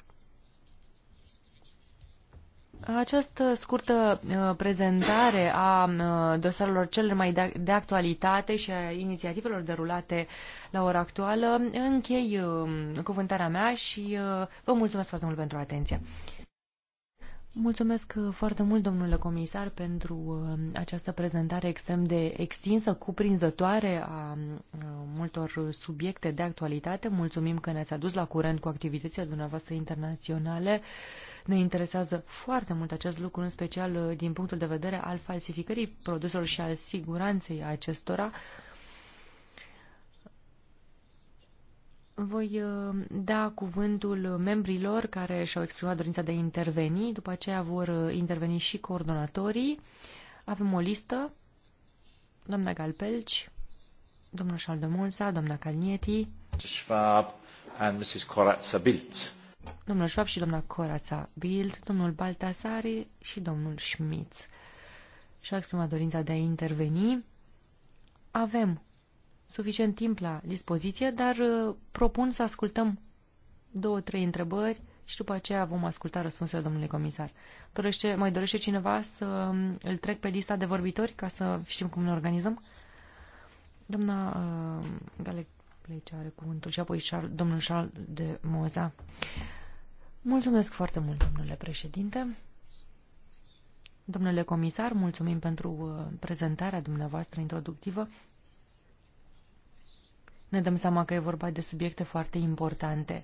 S3: Această scurtă uh, prezentare a uh, dosarelor cele mai de actualitate și a inițiativelor derulate la ora actuală închei uh, cuvântarea mea și vă mulțumesc foarte mult pentru atenție. Mulțumesc foarte mult, domnule comisar, pentru această prezentare extrem de extinsă, cuprinzătoare a multor subiecte de actualitate. Mulțumim că ne-ați adus la curent cu activitățile dumneavoastră internaționale. Ne interesează foarte mult acest lucru, în special uh, din punctul de vedere al falsificării produselor și al siguranței acestora. Voi uh, da cuvântul membrilor care și-au exprimat dorința de a interveni, după aceea vor uh, interveni și coordonatorii. Avem o listă. Doamna Galpelci, domnul Șaldemulsa, doamna Calnieti,
S1: Schwab and Mrs. Corazza Bildt
S3: domnul Schwab și doamna Corața Bild, domnul Baltasari și domnul Schmitz. Și-a exprimat dorința de a interveni. Avem suficient timp la dispoziție, dar uh, propun să ascultăm două, trei întrebări și după aceea vom asculta răspunsul domnului comisar. Dorește, mai dorește cineva să um, îl trec pe lista de vorbitori ca să știm cum ne organizăm? Doamna uh, Galec Plece are cuvântul și apoi domnul Charles de Moza. Mulțumesc foarte mult, domnule președinte. Domnule comisar, mulțumim pentru uh, prezentarea dumneavoastră introductivă. Ne dăm seama că e vorba de subiecte foarte importante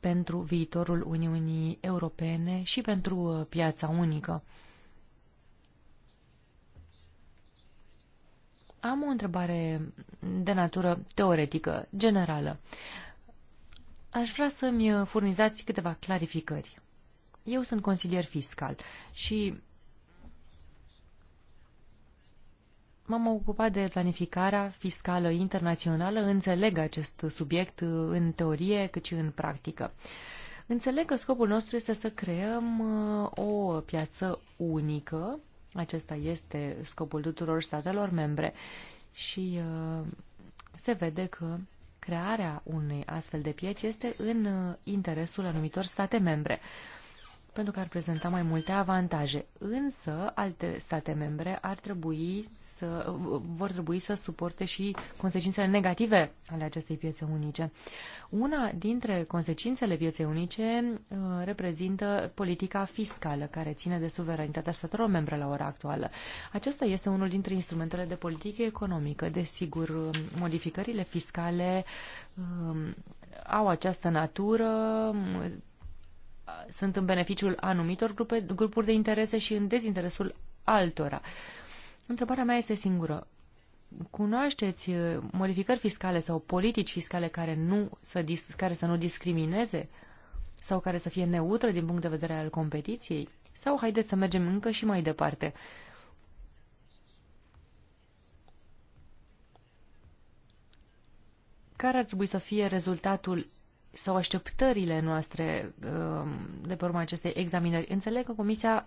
S3: pentru viitorul Uniunii Europene și pentru uh, piața unică. Am o întrebare de natură teoretică, generală. Aș vrea să-mi furnizați câteva clarificări. Eu sunt consilier fiscal și m-am ocupat de planificarea fiscală internațională, înțeleg acest subiect în teorie cât și în practică. Înțeleg că scopul nostru este să creăm uh, o piață unică acesta este scopul tuturor statelor membre și uh, se vede că crearea unei astfel de pieți este în uh, interesul anumitor state membre pentru că ar prezenta mai multe avantaje. Însă, alte state membre ar trebui să, vor trebui să suporte și consecințele negative ale acestei piețe unice. Una dintre consecințele pieței unice uh, reprezintă politica fiscală, care ține de suveranitatea statelor membre la ora actuală. Acesta este unul dintre instrumentele de politică economică. Desigur, modificările fiscale um, au această natură Uh, sunt în beneficiul anumitor grupe, grupuri de interese și în dezinteresul altora. Întrebarea mea este singură. Cunoașteți uh, modificări fiscale sau politici fiscale care, nu să, care să nu discrimineze sau care să fie neutre din punct de vedere al competiției? Sau haideți să mergem încă și mai departe? Care ar trebui să fie rezultatul sau așteptările noastre um, de pe urma acestei examinări. Înțeleg că Comisia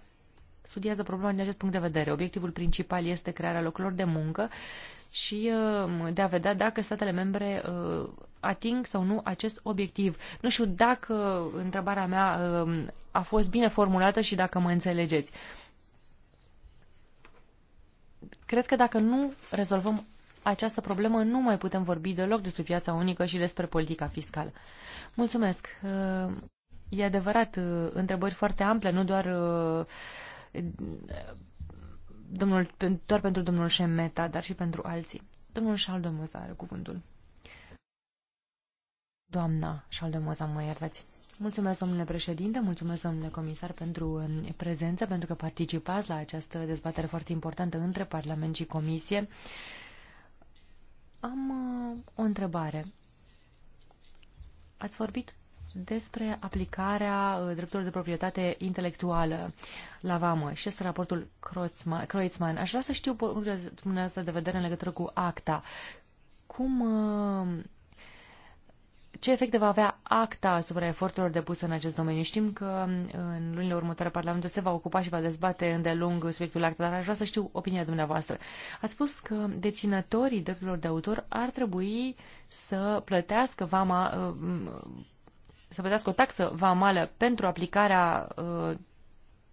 S3: studiază problema din acest punct de vedere. Obiectivul principal este crearea locurilor de muncă și um, de a vedea dacă statele membre uh, ating sau nu acest obiectiv. Nu știu dacă întrebarea mea um, a fost bine formulată și dacă mă înțelegeți. Cred că dacă nu rezolvăm această problemă nu mai putem vorbi deloc despre piața unică și despre politica fiscală. Mulțumesc! E adevărat, întrebări foarte ample, nu doar domnul, doar pentru domnul Șemeta, dar și pentru alții. Domnul Șaldomoza are cuvântul. Doamna Șaldomoza, mă iertați. Mulțumesc, domnule președinte, mulțumesc, domnule comisar, pentru um, prezență, pentru că participați la această dezbatere foarte importantă între Parlament și Comisie am uh, o întrebare. Ați vorbit despre aplicarea uh, drepturilor de proprietate intelectuală la vamă și este raportul Kreutzmann. Aș vrea să știu punctul dumneavoastră de vedere în legătură cu acta. Cum uh, ce efecte va avea acta asupra eforturilor depuse în acest domeniu? Știm că în lunile următoare Parlamentul se va ocupa și va dezbate îndelung subiectul acta, dar aș vrea să știu opinia dumneavoastră. Ați spus că deținătorii drepturilor de autor ar trebui să plătească vama, uh, să plătească o taxă vamală pentru aplicarea uh,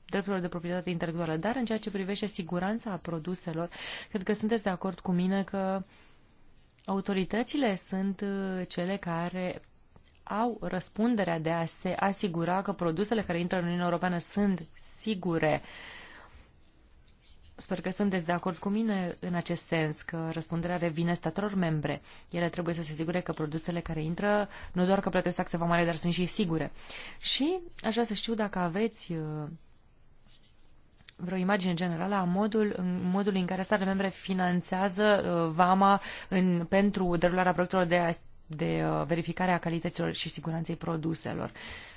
S3: drepturilor de proprietate intelectuală, dar în ceea ce privește siguranța produselor, cred că sunteți de acord cu mine că Autoritățile sunt uh, cele care au răspunderea de a se asigura că produsele care intră în Uniunea Europeană sunt sigure. Sper că sunteți de acord cu mine în acest sens, că răspunderea revine statelor membre. Ele trebuie să se asigure că produsele care intră nu doar că plătesc taxe mare, dar sunt și sigure. Și aș vrea să știu dacă aveți uh, vreo imagine generală a modul, modului în care statele membre finanțează uh, VAMA în, pentru derularea proiectelor de, de uh, verificare a calităților și siguranței produselor.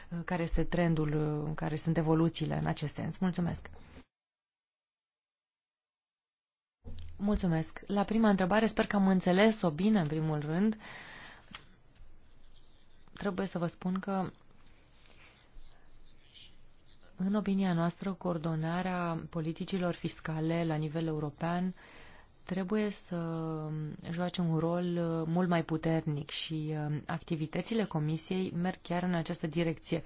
S3: Uh, care este trendul, uh, care sunt evoluțiile în acest sens? Mulțumesc! Mulțumesc! La prima întrebare sper că am înțeles-o bine în primul rând. Trebuie să vă spun că în opinia noastră, coordonarea politicilor fiscale la nivel european trebuie să joace un rol uh, mult mai puternic și uh, activitățile Comisiei merg chiar în această direcție.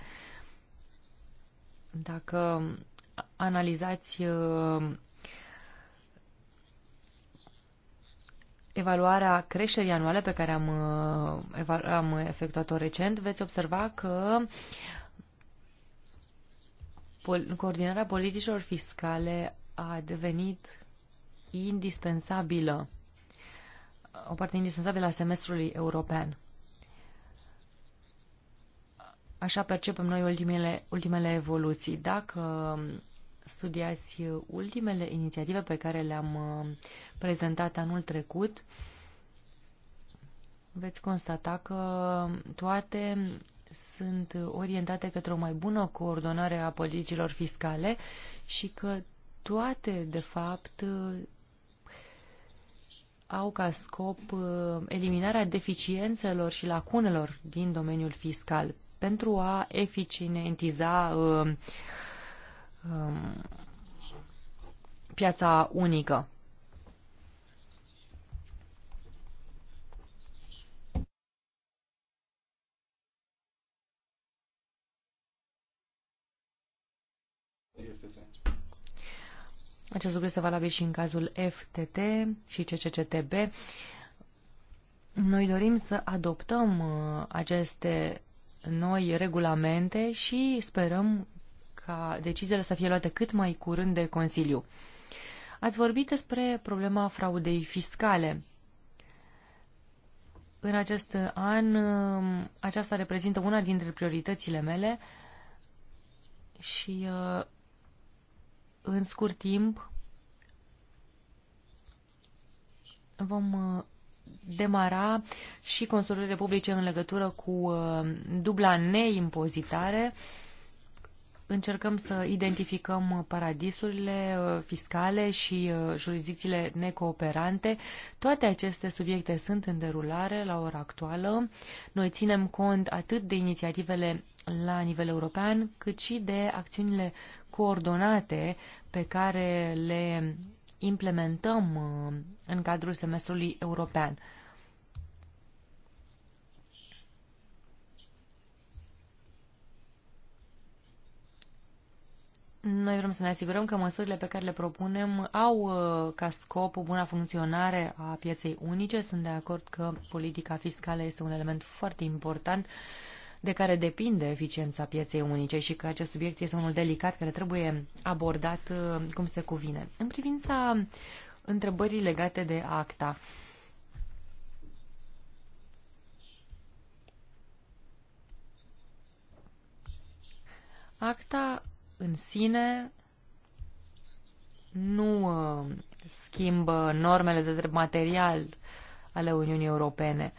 S3: Dacă analizați uh, evaluarea creșterii anuale pe care am, am efectuat-o recent, veți observa că pol coordinarea politicilor fiscale a devenit indispensabilă, o parte indispensabilă a semestrului european. Așa percepem noi ultimele, ultimele evoluții. Dacă studiați ultimele inițiative pe care le-am uh, prezentat anul trecut, veți constata că toate sunt orientate către o mai bună coordonare a politicilor fiscale și că toate, de fapt, au ca scop uh, eliminarea deficiențelor și lacunelor din domeniul fiscal pentru a eficientiza uh, um, piața unică. Acest lucru este valabil și în cazul FTT și CCCTB. Noi dorim să adoptăm uh, aceste noi regulamente și sperăm ca deciziile să fie luate cât mai curând de Consiliu. Ați vorbit despre problema fraudei fiscale. În acest an, uh, aceasta reprezintă una dintre prioritățile mele și uh, în scurt timp vom uh, demara și consultările publice în legătură cu uh, dubla neimpozitare. Încercăm să identificăm paradisurile uh, fiscale și jurisdicțiile necooperante. Toate aceste subiecte sunt în derulare la ora actuală. Noi ținem cont atât de inițiativele la nivel european, cât și de acțiunile coordonate pe care le implementăm uh, în cadrul semestrului european. Noi vrem să ne asigurăm că măsurile pe care le propunem au uh, ca scop o bună funcționare a pieței unice. Sunt de acord că politica fiscală este un element foarte important de care depinde eficiența pieței unice și că acest subiect este unul delicat care trebuie abordat uh, cum se cuvine. În privința întrebării legate de acta, acta în sine nu uh, schimbă normele de material ale Uniunii Europene.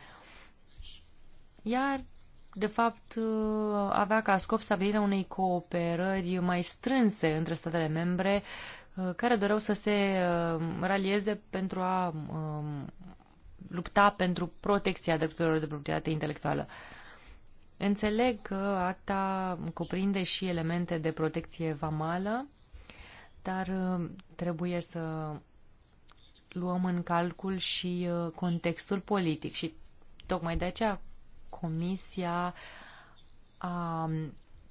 S3: Iar de fapt, uh, avea ca scop stabilirea unei cooperări mai strânse între statele membre uh, care doreau să se uh, ralieze pentru a um, lupta pentru protecția drepturilor de proprietate intelectuală. Înțeleg că acta cuprinde și elemente de protecție vamală, dar trebuie să luăm în calcul și contextul politic și tocmai de aceea Comisia a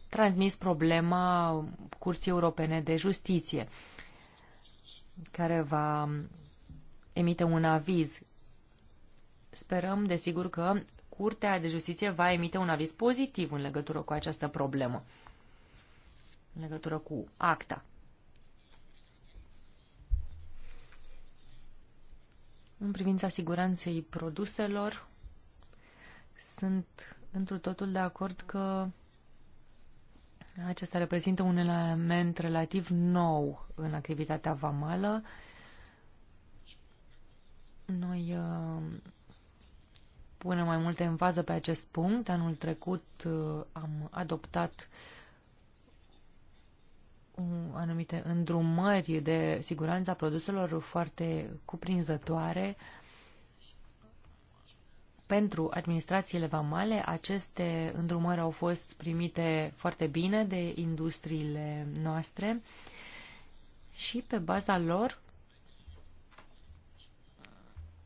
S3: transmis problema Curții Europene de Justiție, care va emite un aviz. Sperăm, desigur, că Curtea de Justiție va emite un aviz pozitiv în legătură cu această problemă, în legătură cu acta. În privința siguranței produselor, sunt întru totul de acord că acesta reprezintă un element relativ nou în activitatea vamală. Noi uh, punem mai multe în fază pe acest punct. Anul trecut uh, am adoptat anumite îndrumări de siguranță a produselor foarte cuprinzătoare pentru administrațiile vamale, aceste îndrumări au fost primite foarte bine de industriile noastre și pe baza lor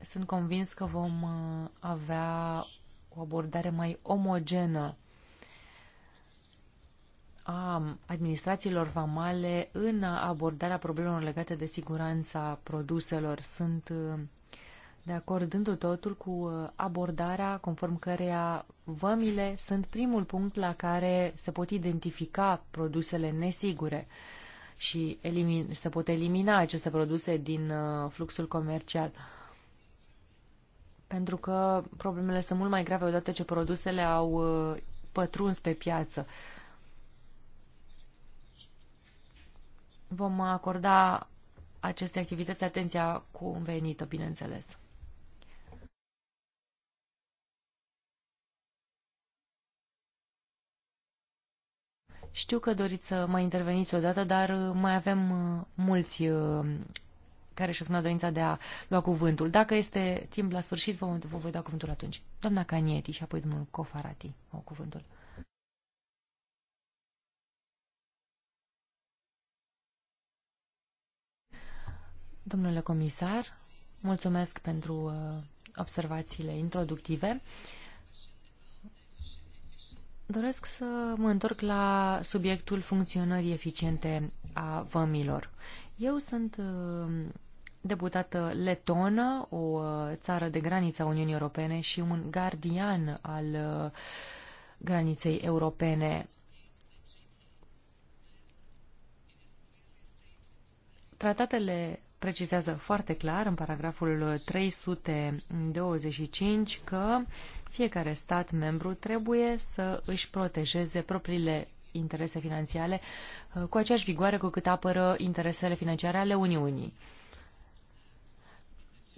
S3: sunt convins că vom uh, avea o abordare mai omogenă a administrațiilor vamale în abordarea problemelor legate de siguranța produselor. Sunt uh, de acord dându totul cu uh, abordarea conform căreia vămile sunt primul punct la care se pot identifica produsele nesigure și elimin, se pot elimina aceste produse din uh, fluxul comercial. Pentru că problemele sunt mult mai grave odată ce produsele au uh, pătruns pe piață. Vom acorda aceste activități atenția venită, bineînțeles. Știu că doriți să mai interveniți odată, dar uh, mai avem uh, mulți uh, care și-au făcut dorința de a lua cuvântul. Dacă este timp la sfârșit, vă, vă voi da cuvântul atunci. Doamna Canieti și apoi domnul Cofarati au cuvântul. Domnule comisar, mulțumesc pentru observațiile introductive. Uh, Doresc să mă întorc la subiectul funcționării eficiente a vămilor. Eu sunt uh, deputată letonă, o uh, țară de granița Uniunii Europene și un gardian al uh, graniței europene. Tratatele precizează foarte clar în paragraful 325 că fiecare stat membru trebuie să își protejeze propriile interese financiare uh, cu aceeași vigoare cu cât apără interesele financiare ale Uniunii.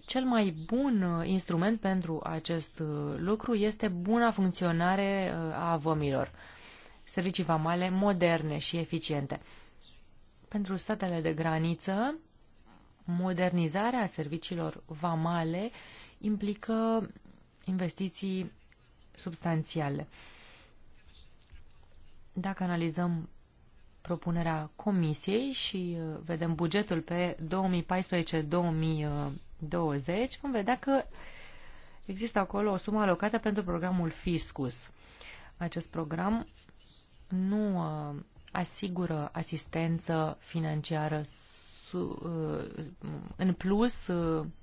S3: Cel mai bun uh, instrument pentru acest uh, lucru este buna funcționare a vămilor, servicii vamale moderne și eficiente. Pentru statele de graniță, modernizarea serviciilor vamale implică investiții substanțiale. Dacă analizăm propunerea Comisiei și uh, vedem bugetul pe 2014-2020, uh, vom vedea că există acolo o sumă alocată pentru programul Fiscus. Acest program nu uh, asigură asistență financiară în plus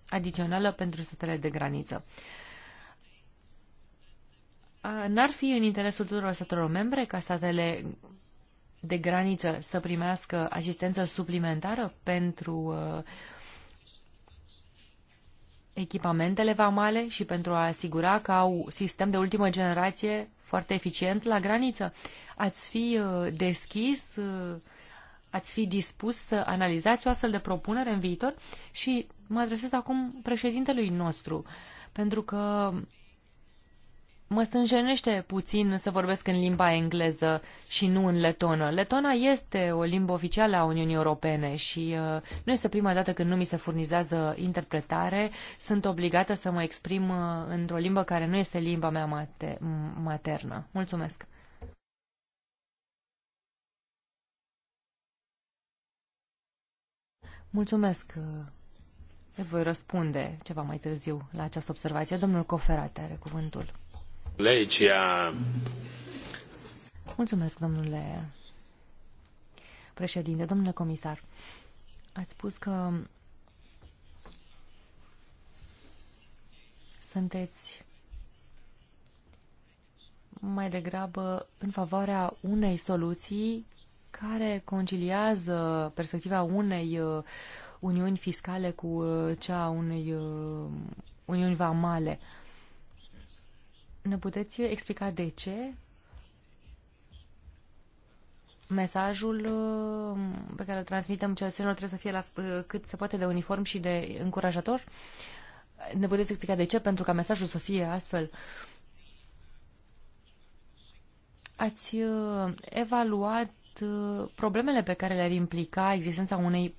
S3: adițională pentru statele de graniță n-ar fi în interesul tuturor statelor membre ca statele de graniță să primească asistență suplimentară pentru echipamentele vamale și pentru a asigura că au sistem de ultimă generație foarte eficient la graniță. Ați fi deschis, ați fi dispus să analizați o astfel de propunere în viitor și mă adresez acum președintelui nostru, pentru că mă stânjenește puțin să vorbesc în limba engleză și nu în letonă. Letona este o limbă oficială a Uniunii Europene și uh, nu este prima dată când nu mi se furnizează interpretare. Sunt obligată să mă exprim uh, într-o limbă care nu este limba mea mate- maternă. Mulțumesc! Mulțumesc! Uh, îți voi răspunde ceva mai târziu la această observație. Domnul Coferate are cuvântul.
S1: Legea.
S3: Mulțumesc, domnule președinte, domnule comisar. Ați spus că sunteți mai degrabă în favoarea unei soluții care conciliază perspectiva unei uh, uniuni fiscale cu uh, cea a unei uh, uniuni vamale. Uh, ne puteți explica de ce mesajul uh, pe care îl transmitem cetățenilor trebuie să fie la, uh, cât se poate de uniform și de încurajator? Ne puteți explica de ce? Pentru ca mesajul să fie astfel. Ați uh, evaluat problemele pe care le-ar implica existența unei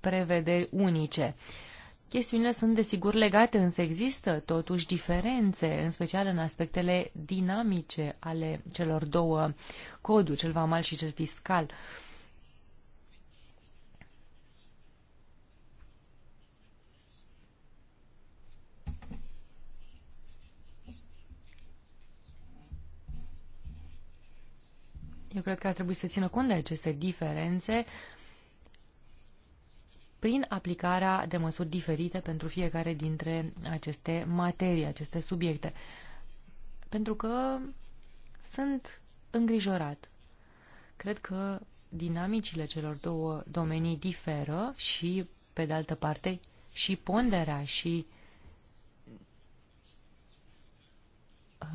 S3: prevederi unice. Uh, Chestiunile sunt desigur legate, însă există totuși diferențe, în special în aspectele dinamice ale celor două coduri, cel vamal și cel fiscal. Eu cred că ar trebui să țină cont de aceste diferențe prin aplicarea de măsuri diferite pentru fiecare dintre aceste materii, aceste subiecte. Pentru că sunt îngrijorat. Cred că dinamicile celor două domenii diferă și, pe de altă parte, și ponderea și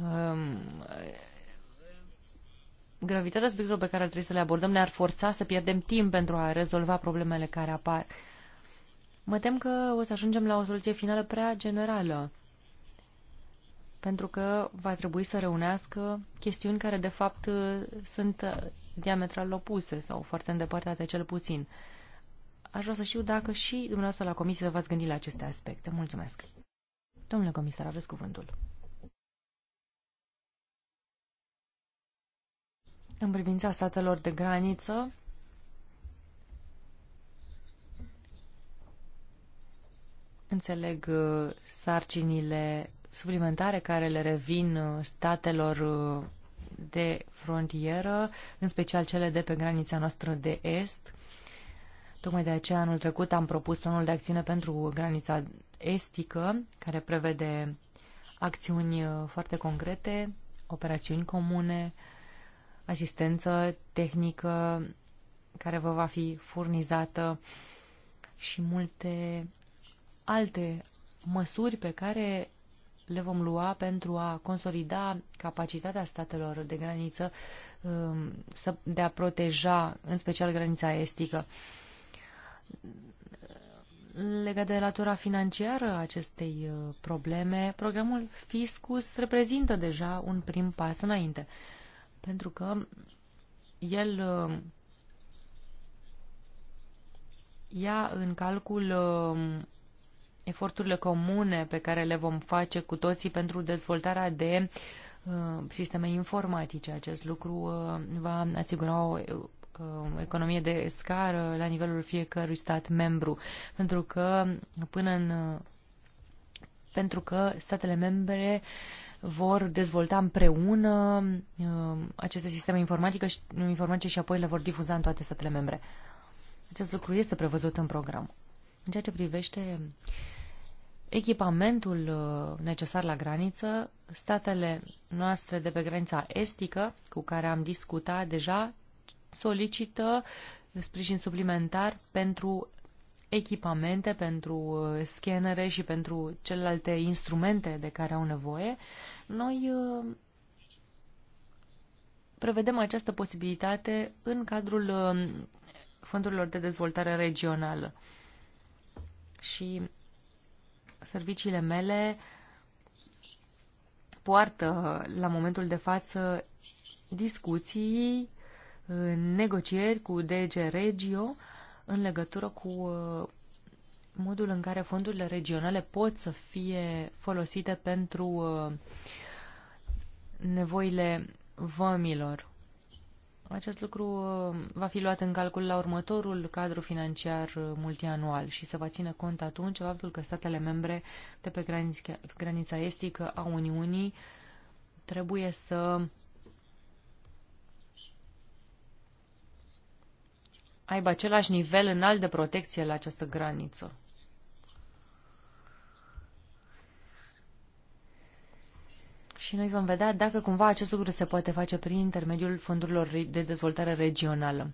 S3: um, gravitatea subiectelor pe care ar trebui să le abordăm ne-ar forța să pierdem timp pentru a rezolva problemele care apar. Uh, Mă tem că o să ajungem la o soluție finală prea generală, pentru că va trebui să reunească chestiuni care, de fapt, sunt diametral opuse sau foarte îndepărtate, cel puțin. Aș vrea să știu dacă și dumneavoastră la comisie v-ați gândit la aceste aspecte. Mulțumesc. Domnule comisar, aveți cuvântul. În privința statelor de graniță, Înțeleg uh, sarcinile suplimentare care le revin uh, statelor uh, de frontieră, în special cele de pe granița noastră de est. Tocmai de aceea anul trecut am propus planul de acțiune pentru granița estică, care prevede acțiuni foarte concrete, operațiuni comune, asistență tehnică care vă va fi furnizată și multe alte măsuri pe care le vom lua pentru a consolida capacitatea statelor de graniță um, de a proteja, în special, granița estică. Legat de latura financiară acestei uh, probleme, programul Fiscus reprezintă deja un prim pas înainte, pentru că el um, ia în calcul um, eforturile comune pe care le vom face cu toții pentru dezvoltarea de uh, sisteme informatice. Acest lucru uh, va asigura o uh, economie de scară la nivelul fiecărui stat membru, pentru că până în pentru că statele membre vor dezvolta împreună aceste sisteme informatică și, informatice și apoi le vor difuza în toate statele membre. Acest lucru este prevăzut în program. În ceea ce privește echipamentul uh, necesar la graniță, statele noastre de pe granița estică, cu care am discutat deja, solicită sprijin suplimentar pentru echipamente, pentru uh, scanere și pentru celelalte instrumente de care au nevoie. Noi uh, prevedem această posibilitate în cadrul fondurilor de dezvoltare regională și serviciile mele poartă la momentul de față discuții, uh, negocieri cu DG Regio în legătură cu uh, modul în care fondurile regionale pot să fie folosite pentru uh, nevoile vămilor. Acest lucru uh, va fi luat în calcul la următorul cadru financiar uh, multianual și se va ține cont atunci faptul că statele membre de pe granița, estică a Uniunii trebuie să aibă același nivel înalt de protecție la această graniță. și noi vom vedea dacă cumva acest lucru se poate face prin intermediul fondurilor de dezvoltare regională.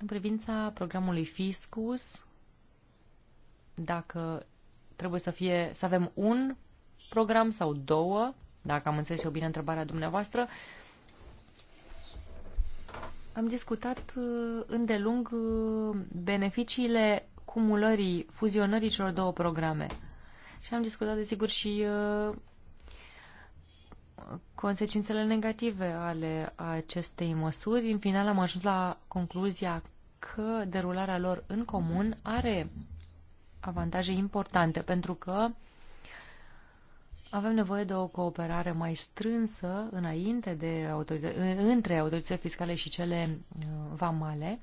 S3: În privința programului Fiscus, dacă trebuie să, fie, să avem un program sau două, dacă am înțeles eu bine întrebarea dumneavoastră, am discutat uh, îndelung uh, beneficiile cumulării, fuzionării celor două programe – și am discutat, desigur, și uh, consecințele negative ale acestei măsuri. În final am ajuns la concluzia că derularea lor în comun are avantaje importante, pentru că avem nevoie de o cooperare mai strânsă înainte de autorită- între autoritățile fiscale și cele uh, vamale.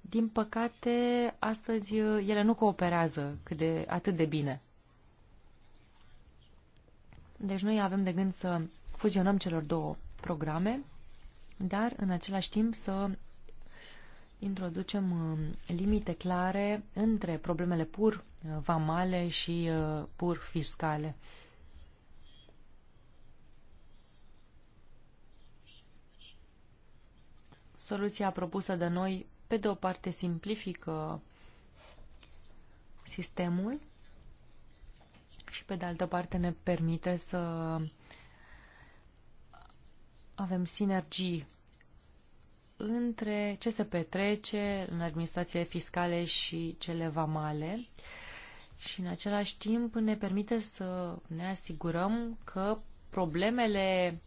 S3: Din păcate, astăzi uh, ele nu cooperează cât de, atât de bine. Deci noi avem de gând să fuzionăm celor două programe, dar în același timp să introducem uh, limite clare între problemele pur uh, vamale și uh, pur fiscale. Soluția propusă de noi, pe de o parte, simplifică sistemul, și pe de altă parte ne permite să avem sinergii între ce se petrece în administrațiile fiscale și cele vamale și în același timp ne permite să ne asigurăm că problemele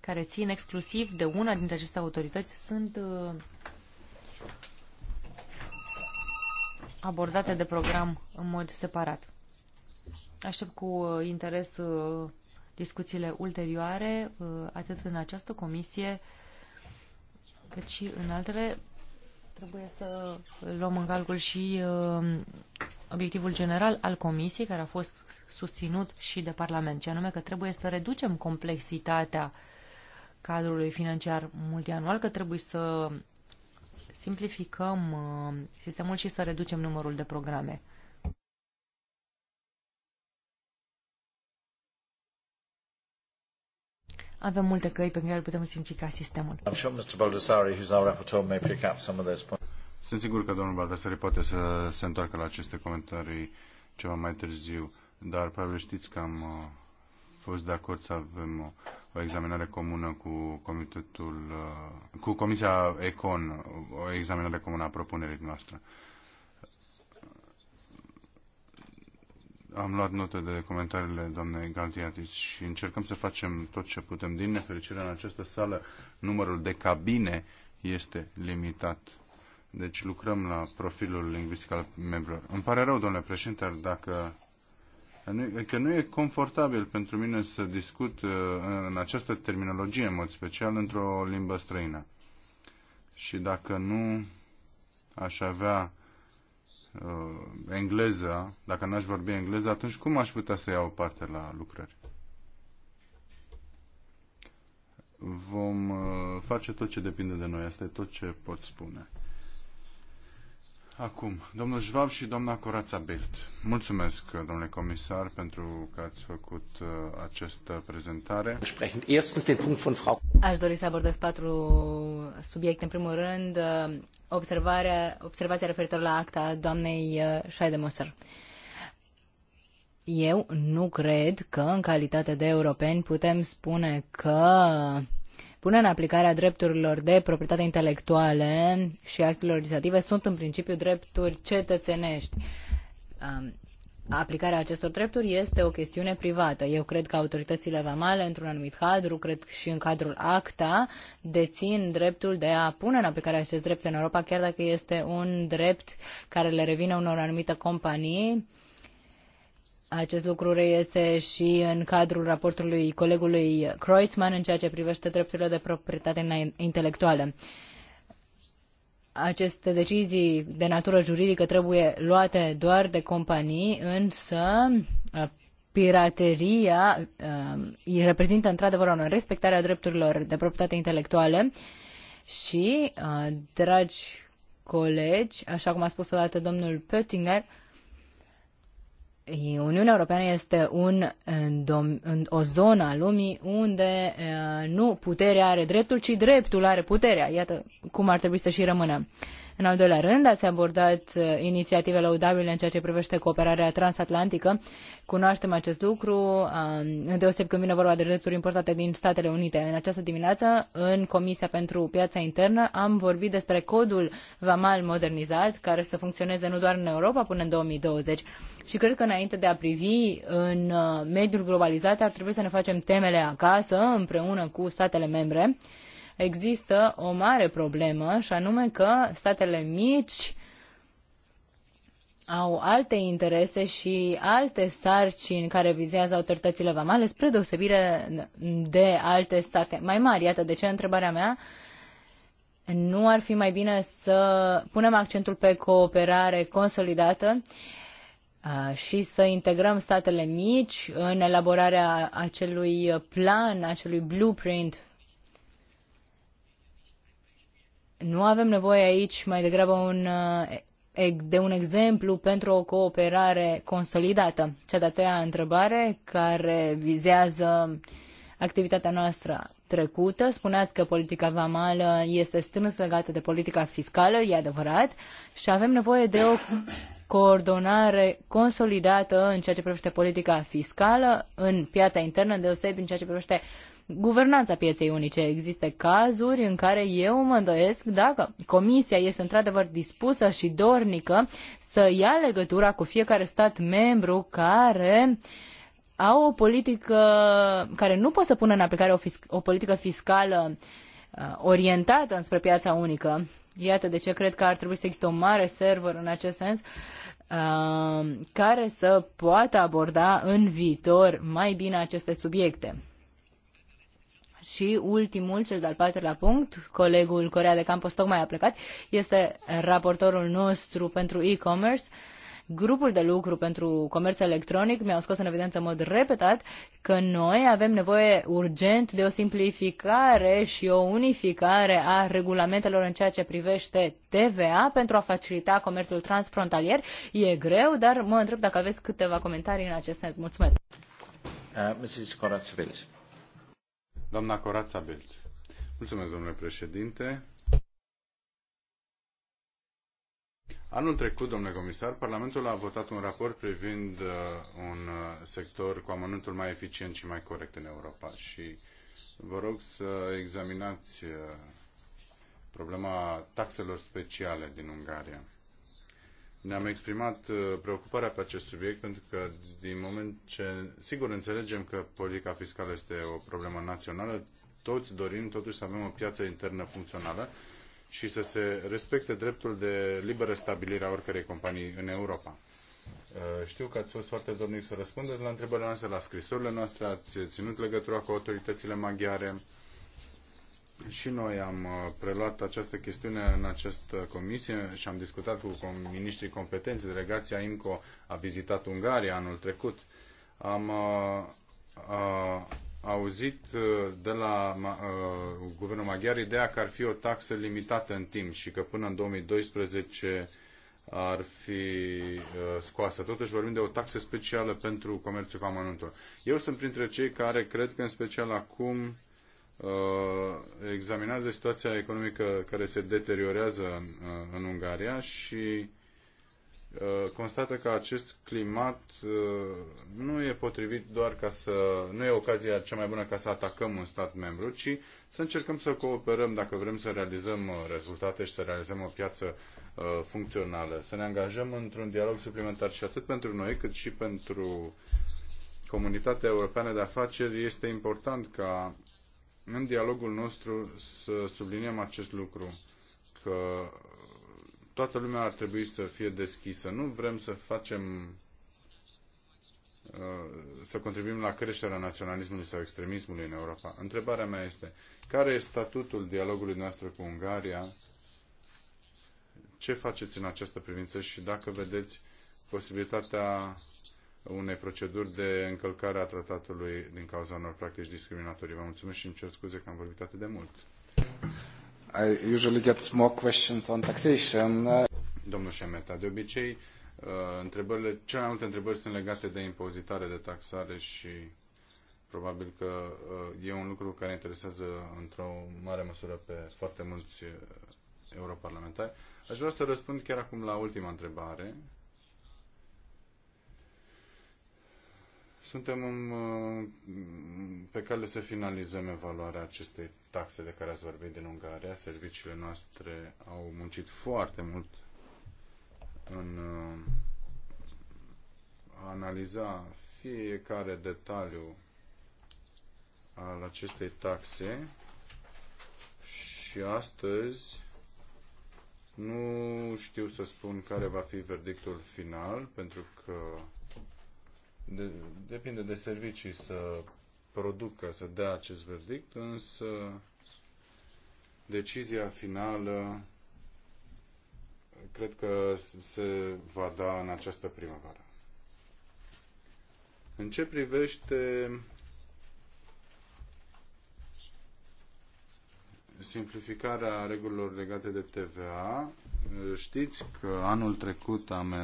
S3: care țin exclusiv de una dintre aceste autorități sunt uh, abordate de program în mod separat. Aștept cu uh, interes uh, discuțiile ulterioare, uh, atât în această comisie, cât și în altele. Trebuie să luăm în calcul și obiectivul general al comisiei, care a fost susținut și de Parlament, ce anume că trebuie să reducem complexitatea cadrului financiar multianual, că trebuie să simplificăm sistemul și să reducem numărul de programe. avem multe căi pe care le putem simplifica sistemul.
S1: Sunt sigur că domnul Baldassare poate să se întoarcă la aceste comentarii ceva mai târziu, dar probabil știți că am uh, fost de acord să avem o, o examinare comună cu comitetul, uh, cu Comisia Econ, o examinare comună a propunerii noastre. Am luat note de comentariile doamnei Galtiatis și încercăm să facem tot ce putem. Din nefericire, în această sală, numărul de cabine este limitat. Deci lucrăm la profilul lingvistic al membrilor. Îmi pare rău, domnule președinte, dacă că nu e confortabil pentru mine să discut uh, în această terminologie, în mod special, într-o limbă străină. Și dacă nu aș avea uh, engleza, dacă n-aș vorbi engleză, atunci cum aș putea să iau parte la lucrări? Vom uh, face tot ce depinde de noi, asta e tot ce pot spune. Acum, domnul Schwab și doamna Corața Bild. Mulțumesc, domnule comisar, pentru că ați făcut uh, această prezentare.
S2: Aș dori să abordez patru subiecte. În primul rând, uh, observarea, observația referitor la acta doamnei uh, Scheidemoser. Eu nu cred că, în calitate de europeni, putem spune că Pune în aplicarea drepturilor de proprietate intelectuale și actelor legislative sunt în principiu drepturi cetățenești. Aplicarea acestor drepturi este o chestiune privată. Eu cred că autoritățile vamale, într-un anumit cadru, cred și în cadrul ACTA, dețin dreptul de a pune în aplicare acest drept în Europa, chiar dacă este un drept care le revine unor anumite companii acest lucru reiese și în cadrul raportului colegului Kreutzmann în ceea ce privește drepturile de proprietate intelectuală. Aceste decizii de natură juridică trebuie luate doar de companii, însă uh, pirateria uh, reprezintă într-adevăr o respectare a drepturilor de proprietate intelectuală și, uh, dragi colegi, așa cum a spus odată domnul Pöttinger, Uniunea Europeană este un, în o zonă a lumii unde nu puterea are dreptul, ci dreptul are puterea. Iată cum ar trebui să și rămână. În al doilea rând, ați abordat uh, inițiative laudabile în ceea ce privește cooperarea transatlantică. Cunoaștem acest lucru, um, deoseb când vine vorba de drepturi importate din Statele Unite. În această dimineață, în Comisia pentru Piața Internă, am vorbit despre codul VAMAL modernizat, care să funcționeze nu doar în Europa până în 2020. Și cred că înainte de a privi în uh, mediul globalizat, ar trebui să ne facem temele acasă, împreună cu statele membre există o mare problemă și anume că statele mici au alte interese și alte sarcini care vizează autoritățile vamale, spre deosebire de alte state mai mari. Iată de ce întrebarea mea nu ar fi mai bine să punem accentul pe cooperare consolidată și să integrăm statele mici în elaborarea acelui plan, acelui blueprint Nu avem nevoie aici mai degrabă un, uh, de un exemplu pentru o cooperare consolidată. Cea de-a treia întrebare care vizează activitatea noastră trecută. Spuneați că politica vamală este strâns legată de politica fiscală, e adevărat, și avem nevoie de o coordonare consolidată în ceea ce privește politica fiscală, în piața internă, deosebi în ceea ce privește guvernanța pieței unice. Există cazuri în care eu mă îndoiesc dacă Comisia este într-adevăr dispusă și dornică să ia legătura cu fiecare stat membru care au o politică care nu pot să pună în aplicare o, fisc- o politică fiscală uh, orientată înspre piața unică. Iată de ce cred că ar trebui să existe un mare server în acest sens uh, care să poată aborda în viitor mai bine aceste subiecte. Și ultimul, cel de-al patrulea punct, colegul Corea de Campos tocmai a plecat, este raportorul nostru pentru e-commerce. Grupul de lucru pentru comerț electronic mi-au scos în evidență în mod repetat că noi avem nevoie urgent de o simplificare și o unificare a regulamentelor în ceea ce privește TVA pentru a facilita comerțul transfrontalier. E greu, dar mă întreb dacă aveți câteva comentarii în acest sens. Mulțumesc.
S1: Uh, Mrs. Doamna Corața Belț. Mulțumesc, domnule președinte. Anul trecut, domnule comisar, Parlamentul a votat un raport privind uh, un uh, sector cu amănuntul mai eficient și mai corect în Europa. Și vă rog să examinați uh, problema taxelor speciale din Ungaria ne-am exprimat uh, preocuparea pe acest subiect pentru că din moment ce, sigur, înțelegem că politica fiscală este o problemă națională, toți dorim totuși să avem o piață internă funcțională și să se respecte dreptul de liberă stabilire a oricărei companii în Europa. Uh, știu că ați fost foarte zornic să răspundeți la întrebările noastre, la scrisorile noastre, ați ținut legătura cu autoritățile maghiare și noi am uh, preluat această chestiune în această comisie și am discutat cu ministrii competenți. Delegația IMCO a vizitat Ungaria anul trecut. Am a, uh, a, uh, auzit de la a, guvernul maghiar ideea că ar fi o taxă limitată în timp și că până în 2012 ar fi scoasă. Totuși vorbim de o taxă specială pentru comerțul cu amănuntul. Eu sunt printre cei care cred că în special acum Uh, examinează situația economică care se deteriorează în, uh, în Ungaria și uh, constată că acest climat nu e potrivit doar ca să... nu e ocazia cea mai bună ca să atacăm un stat membru, ci să încercăm să cooperăm dacă vrem să realizăm rezultate și să realizăm o piață funcțională, să ne angajăm într-un dialog suplimentar și atât pentru noi cât și pentru comunitatea europeană de afaceri este important ca în dialogul nostru să subliniem acest lucru, că toată lumea ar trebui să fie deschisă. Nu vrem să facem uh, să contribuim la creșterea naționalismului sau extremismului în Europa. Întrebarea mea este, care este statutul dialogului noastră cu Ungaria? Ce faceți în această privință și dacă vedeți posibilitatea unei proceduri de încălcare a tratatului din cauza unor practici discriminatorii. Vă mulțumesc și îmi cer scuze că am vorbit atât de mult. I usually get more questions on taxation. Domnul Șemeta, de obicei, uh, întrebările, cele mai multe întrebări sunt legate de impozitare, de taxare și probabil că uh, e un lucru care interesează într-o mare măsură pe foarte mulți uh, europarlamentari. Aș vrea să răspund chiar acum la ultima întrebare, Suntem uh, pe cale să finalizăm evaluarea acestei taxe de care ați vorbit din Ungaria. Serviciile noastre au muncit foarte mult în uh, a analiza fiecare detaliu al acestei taxe și astăzi nu știu să spun care va fi verdictul final, pentru că de, depinde de servicii să producă, să dea acest verdict, însă decizia finală cred că se va da în această primăvară. În ce privește simplificarea regulilor legate de TVA, știți că anul trecut am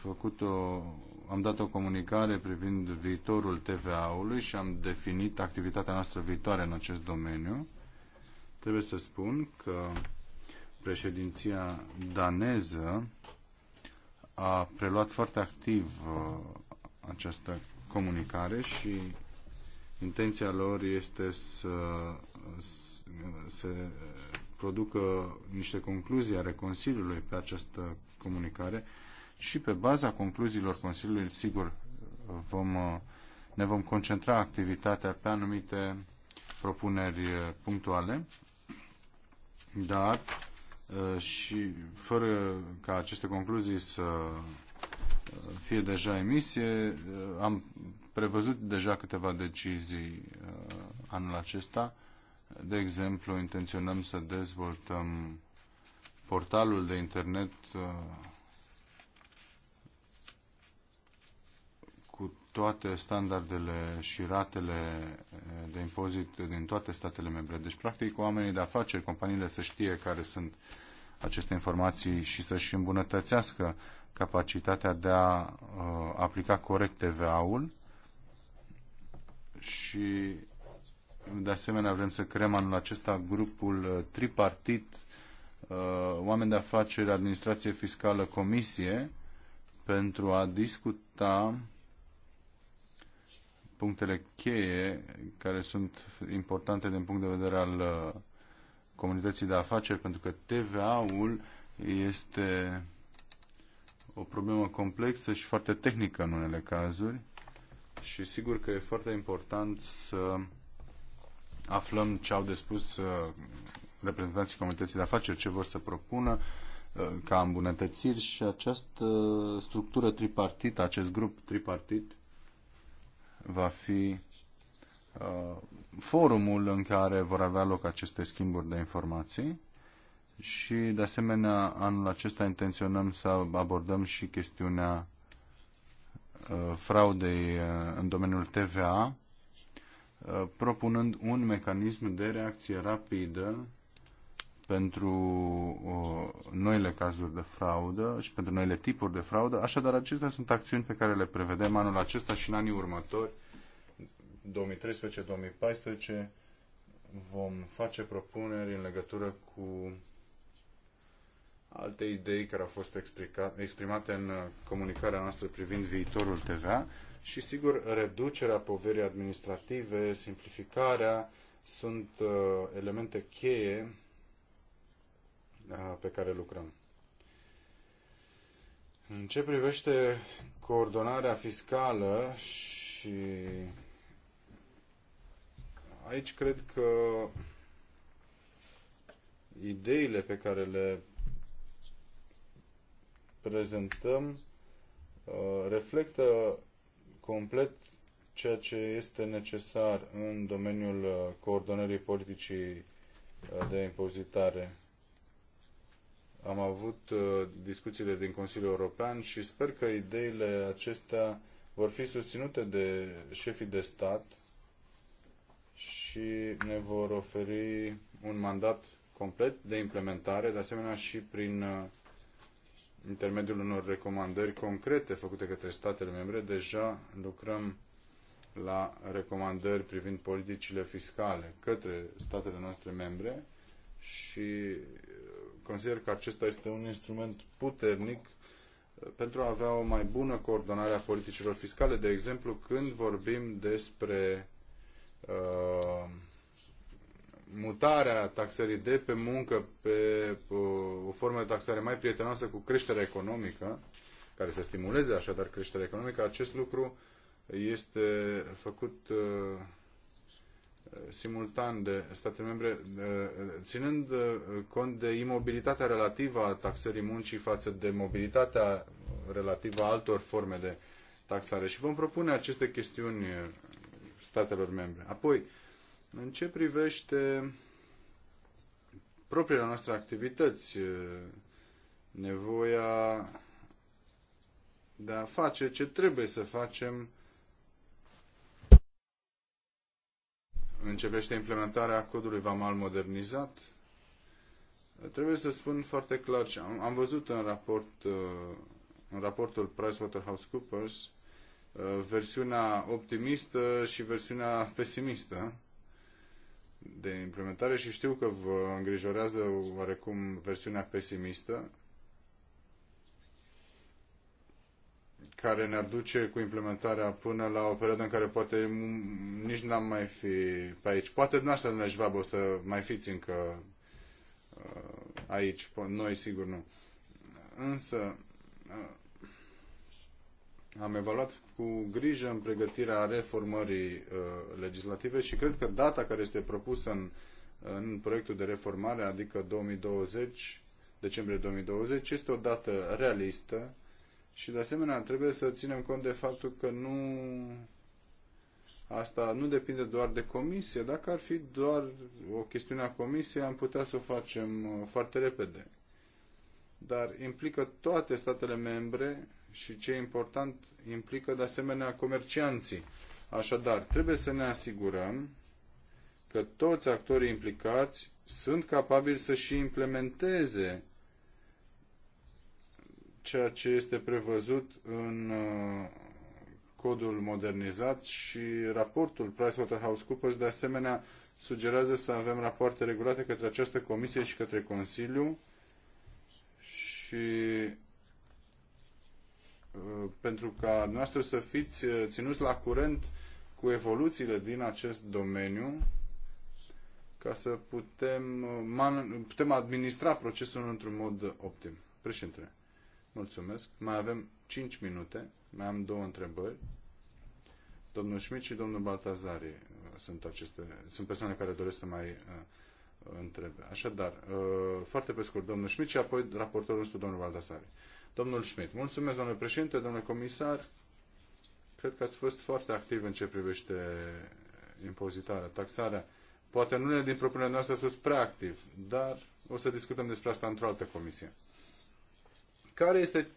S1: făcut o, am dat o comunicare privind viitorul TVA-ului și am definit activitatea noastră viitoare în acest domeniu. Trebuie să spun că președinția daneză a preluat foarte activ uh, această comunicare și intenția lor este să se producă niște concluzii ale Consiliului pe această comunicare și pe baza concluziilor Consiliului, sigur, vom, uh, ne vom concentra activitatea pe anumite propuneri uh, punctuale, dar uh, și fără ca aceste concluzii să fie deja emisie, am prevăzut deja câteva decizii anul acesta. De exemplu, intenționăm să dezvoltăm portalul de internet toate standardele și ratele eh, de impozit din toate statele membre. Deci, practic, oamenii de afaceri, companiile să știe care sunt aceste informații și să-și îmbunătățească capacitatea de a uh, aplica corect TVA-ul și de asemenea vrem să creăm anul acesta grupul eh, tripartit uh, oameni de afaceri, administrație fiscală, comisie pentru a discuta uh, punctele cheie care sunt importante din punct de vedere al uh, comunității de afaceri, pentru că TVA-ul este o problemă complexă și foarte tehnică în unele cazuri și sigur că e foarte important să aflăm ce au de spus uh, reprezentanții comunității de afaceri, ce vor să propună uh, ca îmbunătățiri și această structură tripartită, acest grup tripartit va fi uh, forumul în care vor avea loc aceste schimburi de informații și, de asemenea, anul acesta intenționăm să abordăm și chestiunea uh, fraudei uh, în domeniul TVA, uh, propunând un mecanism de reacție rapidă pentru uh, noile cazuri de fraudă și pentru noile tipuri de fraudă. Așadar, acestea sunt acțiuni pe care le prevedem anul acesta și în anii următori, 2013-2014, vom face propuneri în legătură cu alte idei care au fost exprimate în comunicarea noastră privind viitorul TVA și, sigur, reducerea poverii administrative, simplificarea sunt uh, elemente cheie pe care lucrăm. În ce privește coordonarea fiscală și aici cred că ideile pe care le prezentăm reflectă complet ceea ce este necesar în domeniul coordonării politicii de impozitare am avut uh, discuțiile din Consiliul European și sper că ideile acestea vor fi susținute de șefii de stat și ne vor oferi un mandat complet de implementare, de asemenea și prin uh, intermediul unor recomandări concrete făcute către statele membre. Deja lucrăm la recomandări privind politicile fiscale către statele noastre membre și consider că acesta este un instrument puternic uh, pentru a avea o mai bună coordonare a politicilor fiscale, de exemplu, când vorbim despre uh, mutarea taxării de pe muncă pe uh, o formă de taxare mai prietenoasă cu creșterea economică, care să stimuleze așadar creșterea economică, acest lucru este făcut uh, simultan de state membre, ținând uh, cont de imobilitatea relativă a taxării muncii față de mobilitatea relativă a altor forme de taxare. Și vom propune aceste chestiuni uh, statelor membre. Apoi, în ce privește propriile noastre activități, uh, nevoia de a face ce trebuie să facem începește implementarea codului VAMAL modernizat, trebuie să spun foarte clar ce am, am văzut în, raport, uh, în raportul PricewaterhouseCoopers uh, versiunea optimistă și versiunea pesimistă de implementare și știu că vă îngrijorează oarecum versiunea pesimistă care ne-ar duce cu implementarea până la o perioadă în care poate nici n-am mai fi pe aici. Poate dumneavoastră, domnule Schwab, o să mai fiți încă uh, aici, noi sigur nu. Însă uh, am evaluat cu grijă în pregătirea reformării uh, legislative și cred că data care este propusă în, în proiectul de reformare, adică 2020, decembrie 2020, este o dată realistă și de asemenea trebuie să ținem cont de faptul că nu asta nu depinde doar de comisie. Dacă ar fi doar o chestiune a comisiei, am putea să o facem uh, foarte repede. Dar implică toate statele membre și ce e important, implică de asemenea comercianții. Așadar, trebuie să ne asigurăm că toți actorii implicați sunt capabili să și implementeze ceea ce este prevăzut în uh, codul modernizat și raportul PricewaterhouseCoopers de asemenea sugerează să avem rapoarte regulate către această comisie și către Consiliu și uh, pentru ca noastră să fiți uh, ținuți la curent cu evoluțiile din acest domeniu ca să putem, putem administra procesul într-un mod optim. Președintele. Mulțumesc. Mai avem 5 minute. Mai am două întrebări. Domnul Schmidt și domnul Baltazari uh, sunt, aceste, sunt persoane care doresc să mai uh, întrebe. Așadar, uh, foarte pe scurt, domnul Schmidt și apoi raportorul nostru, domnul Baltazari. Domnul Schmidt, mulțumesc, domnule președinte, domnule comisar. Cred că ați fost foarte activ în ce privește impozitarea, taxarea. Poate nu ne din propunerea noastră să fost prea activ, dar o să discutăm despre asta într-o altă comisie. Care este uh,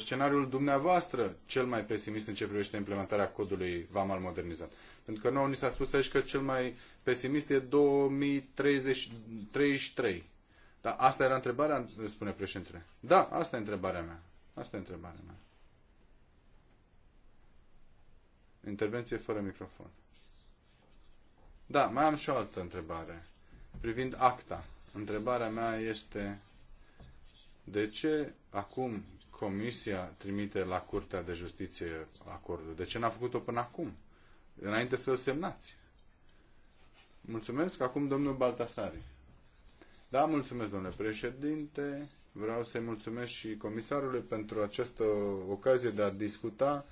S1: scenariul dumneavoastră cel mai pesimist în ce privește implementarea codului VAMAL modernizat? Pentru că nouă ni s-a spus aici că cel mai pesimist e 2033. Dar asta era întrebarea, spune președintele. Da, asta e întrebarea mea. Asta e întrebarea mea. Intervenție fără microfon. Da, mai am și o altă întrebare. Privind acta. Întrebarea mea este de ce acum Comisia trimite la Curtea de Justiție acordul? De ce n-a făcut-o până acum? Înainte să-l semnați. Mulțumesc. Acum domnul Baltasari. Da, mulțumesc, domnule președinte. Vreau să-i mulțumesc și comisarului pentru această ocazie de a discuta,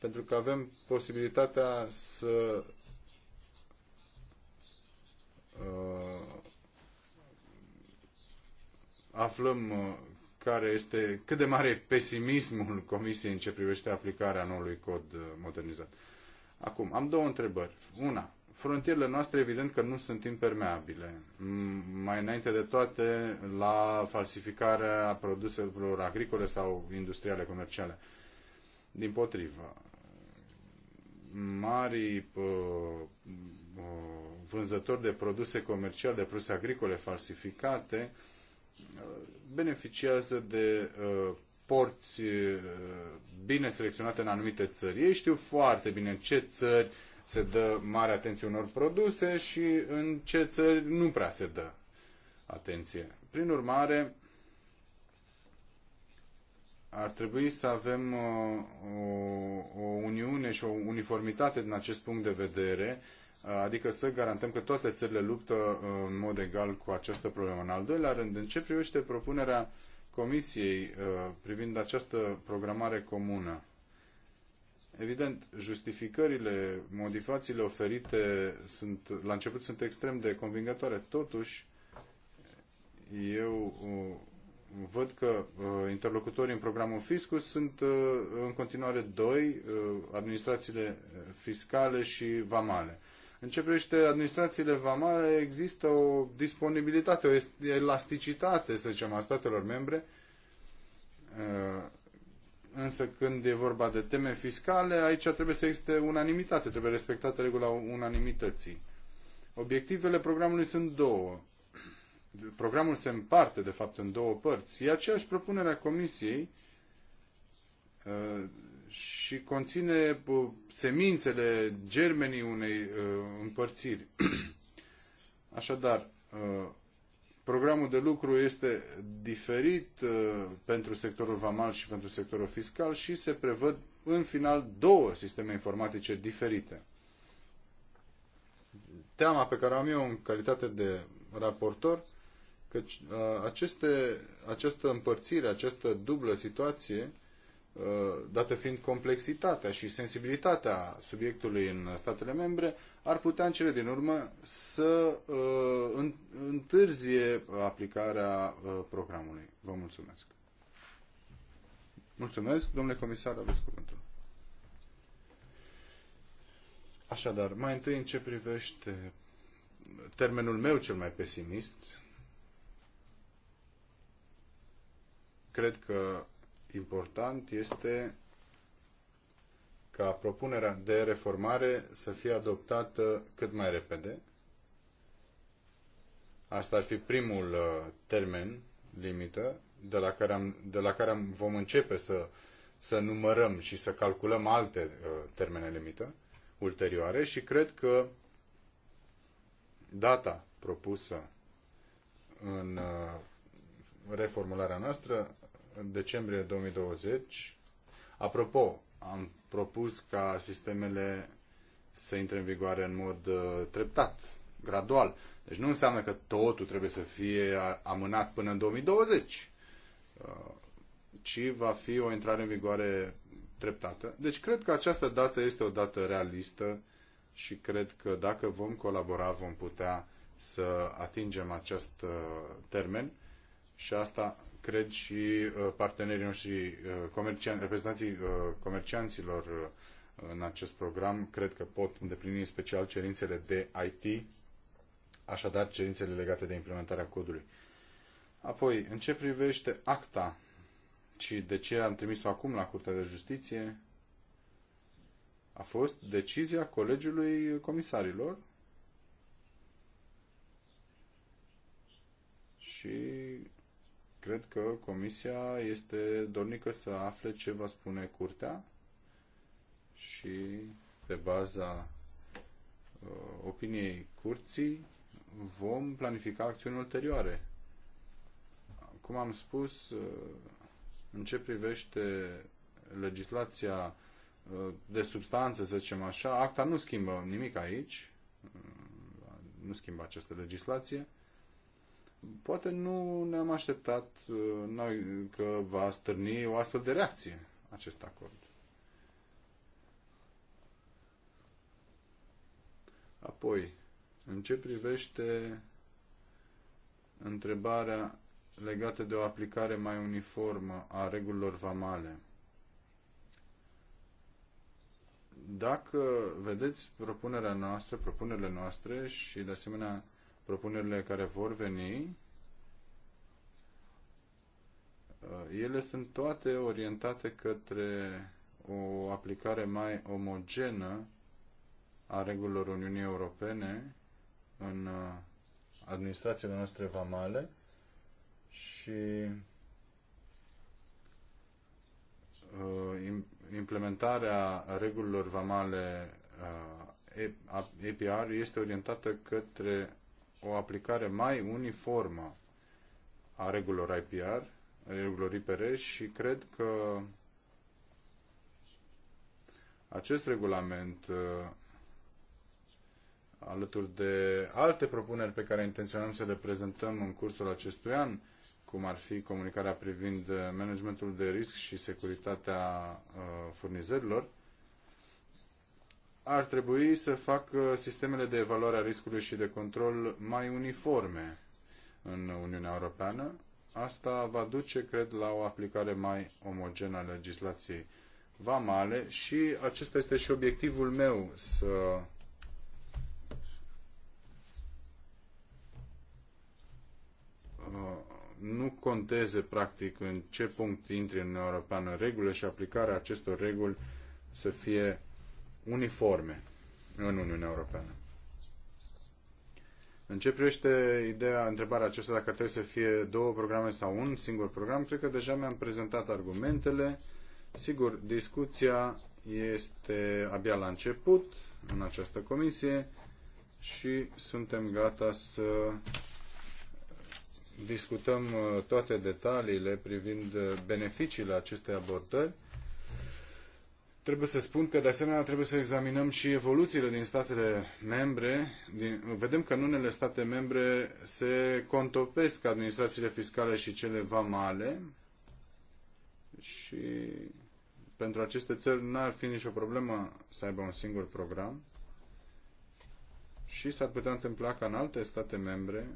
S1: pentru că avem posibilitatea să uh, aflăm uh, care este cât de mare e pesimismul Comisiei în ce privește aplicarea noului cod uh, modernizat. Acum, am două întrebări. Una, frontierele noastre evident că nu sunt impermeabile. Mai înainte de toate la falsificarea produselor agricole sau industriale comerciale. Din potrivă, mari uh, uh, vânzători de produse comerciale, de produse agricole falsificate, uh, beneficiază de uh, porți uh, bine selecționate în anumite țări. Ei știu foarte bine în ce țări se dă mare atenție unor produse și în ce țări nu prea se dă atenție. Prin urmare, ar trebui să avem uh, o, o uniune și o uniformitate din acest punct de vedere uh, adică să garantăm că toate țările luptă uh, în mod egal cu această problemă. În al doilea rând, în ce privește propunerea Comisiei uh, privind această programare comună, Evident, justificările, modificațiile oferite sunt, la început sunt extrem de convingătoare. Totuși, eu uh, văd că interlocutorii în programul Fiscus sunt în continuare doi, administrațiile fiscale și vamale. În ce privește administrațiile vamale, există o disponibilitate, o elasticitate, să zicem, a statelor membre, uh, însă când e vorba de teme fiscale, aici trebuie să existe unanimitate, trebuie respectată regula unanimității. Obiectivele programului sunt două. Programul se împarte, de fapt, în două părți. E aceeași propunere a Comisiei uh, și conține semințele, germenii unei ă, împărțiri. Așadar, ă, programul de lucru este diferit ă, pentru sectorul vamal și pentru sectorul fiscal și se prevăd în final două sisteme informatice diferite. Teama pe care am eu în calitate de raportor, că aceste, această împărțire, această dublă situație, Uh, dată fiind complexitatea și sensibilitatea subiectului în statele membre, ar putea în cele din urmă să uh, întârzie aplicarea uh, programului. Vă mulțumesc. Mulțumesc, domnule comisar, aveți cuvântul. Așadar, mai întâi în ce privește termenul meu cel mai pesimist, cred că important este ca propunerea de reformare să fie adoptată cât mai repede. Asta ar fi primul uh, termen limită de la care, am, de la care am, vom începe să, să numărăm și să calculăm alte uh, termene limită ulterioare și cred că data propusă în uh, reformularea noastră în decembrie 2020. Apropo, am propus ca sistemele să intre în vigoare în mod uh, treptat, gradual. Deci nu înseamnă că totul trebuie să fie amânat până în 2020, uh, ci va fi o intrare în vigoare treptată. Deci cred că această dată este o dată realistă și cred că dacă vom colabora vom putea să atingem acest uh, termen și asta cred și uh, partenerii noștri, uh, comercian, reprezentanții uh, comercianților în acest program, cred că pot îndeplini în special cerințele de IT, așadar cerințele legate de implementarea codului. Apoi, în ce privește acta și de ce am trimis-o acum la Curtea de Justiție, a fost decizia Colegiului Comisarilor și cred că Comisia este dornică să afle ce va spune Curtea și pe baza uh, opiniei Curții vom planifica acțiuni ulterioare. Cum am spus, uh, în ce privește legislația uh, de substanță, să zicem așa, acta nu schimbă nimic aici, uh, nu schimbă această legislație, poate nu ne-am așteptat uh, noi că va stârni o astfel de reacție acest acord. Apoi, în ce privește întrebarea legată de o aplicare mai uniformă a regulilor vamale. Dacă vedeți propunerea noastră, propunerile noastre și de asemenea propunerile care vor veni, uh, ele sunt toate orientate către o aplicare mai omogenă a regulilor Uniunii Europene în uh, administrațiile noastre vamale și uh, implementarea regulilor vamale APR este orientată către o aplicare mai uniformă a regulilor IPR, regulilor IPR și cred că acest regulament uh, alături de alte propuneri pe care intenționăm să le prezentăm în cursul acestui an, cum ar fi comunicarea privind managementul de risc și securitatea uh, furnizărilor, ar trebui să fac sistemele de evaluare a riscului și de control mai uniforme în Uniunea Europeană. Asta va duce, cred, la o aplicare mai omogenă a legislației vamale și acesta este și obiectivul meu să nu conteze practic în ce punct intri în Europeană regulile și aplicarea acestor reguli să fie uniforme în Uniunea Europeană. În ce privește ideea, întrebarea aceasta, dacă trebuie să fie două programe sau un singur program, cred că deja mi-am prezentat argumentele. Sigur, discuția este abia la început în această comisie și suntem gata să discutăm uh, toate detaliile privind uh, beneficiile acestei abordări Trebuie să spun că, de asemenea, trebuie să examinăm și evoluțiile din statele membre. Din, vedem că în unele state membre se contopesc administrațiile fiscale și cele vamale și pentru aceste țări n-ar fi nicio problemă să aibă un singur program și s-ar putea întâmpla ca în alte state membre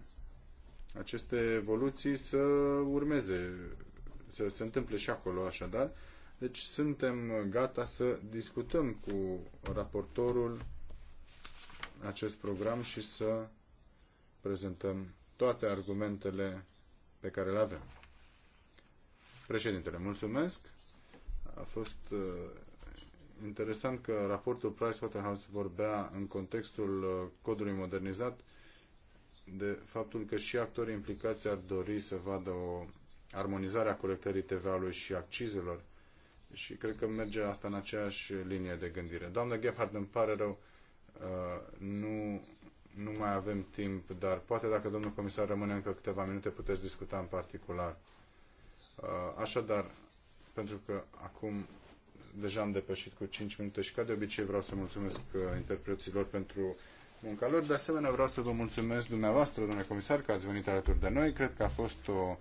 S1: aceste evoluții să urmeze, să se întâmple și acolo așadar deci suntem gata să discutăm cu raportorul acest program și să prezentăm toate argumentele pe care le avem. Președintele, mulțumesc. A fost uh, interesant că raportul Pricewaterhouse vorbea în contextul uh, codului modernizat de faptul că și actorii implicați ar dori să vadă o armonizare a colectării TVA-ului și accizelor și cred că merge asta în aceeași linie de gândire. Doamnă Gephardt, îmi pare rău, uh, nu, nu mai avem timp, dar poate dacă domnul comisar rămâne încă câteva minute, puteți discuta în particular. Uh, așadar, pentru că acum deja am depășit cu 5 minute și ca de obicei vreau să mulțumesc uh, interpreților pentru munca lor. De asemenea, vreau să vă mulțumesc dumneavoastră, domnule comisar, că ați venit alături de noi. Cred că a fost o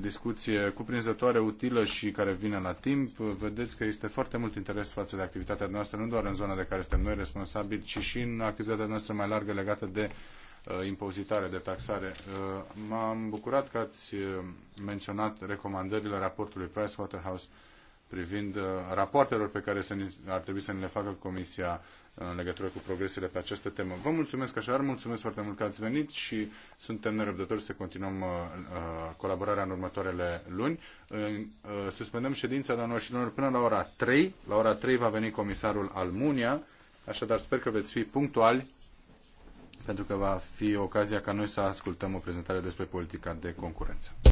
S1: discuție cuprinzătoare, utilă și care vine la timp. Vedeți că este foarte mult interes față de activitatea noastră, nu doar în zona de care suntem noi responsabili, ci și în activitatea noastră mai largă legată de uh, impozitare, de taxare. Uh, m-am bucurat că ați uh, menționat recomandările raportului Pricewaterhouse uh, privind uh, rapoartelor pe care ar trebui să ne le facă Comisia uh, în legătură cu progresele pe această temă. Vă mulțumesc așadar, mulțumesc foarte mult că ați venit și suntem nerăbdători să continuăm uh, colaborarea în următoarele luni. Suspendăm ședința doamnelor și domnilor până la ora 3. La ora 3 va veni comisarul Almunia, așadar sper că veți fi punctuali pentru că va fi ocazia ca noi să ascultăm o prezentare despre politica de concurență.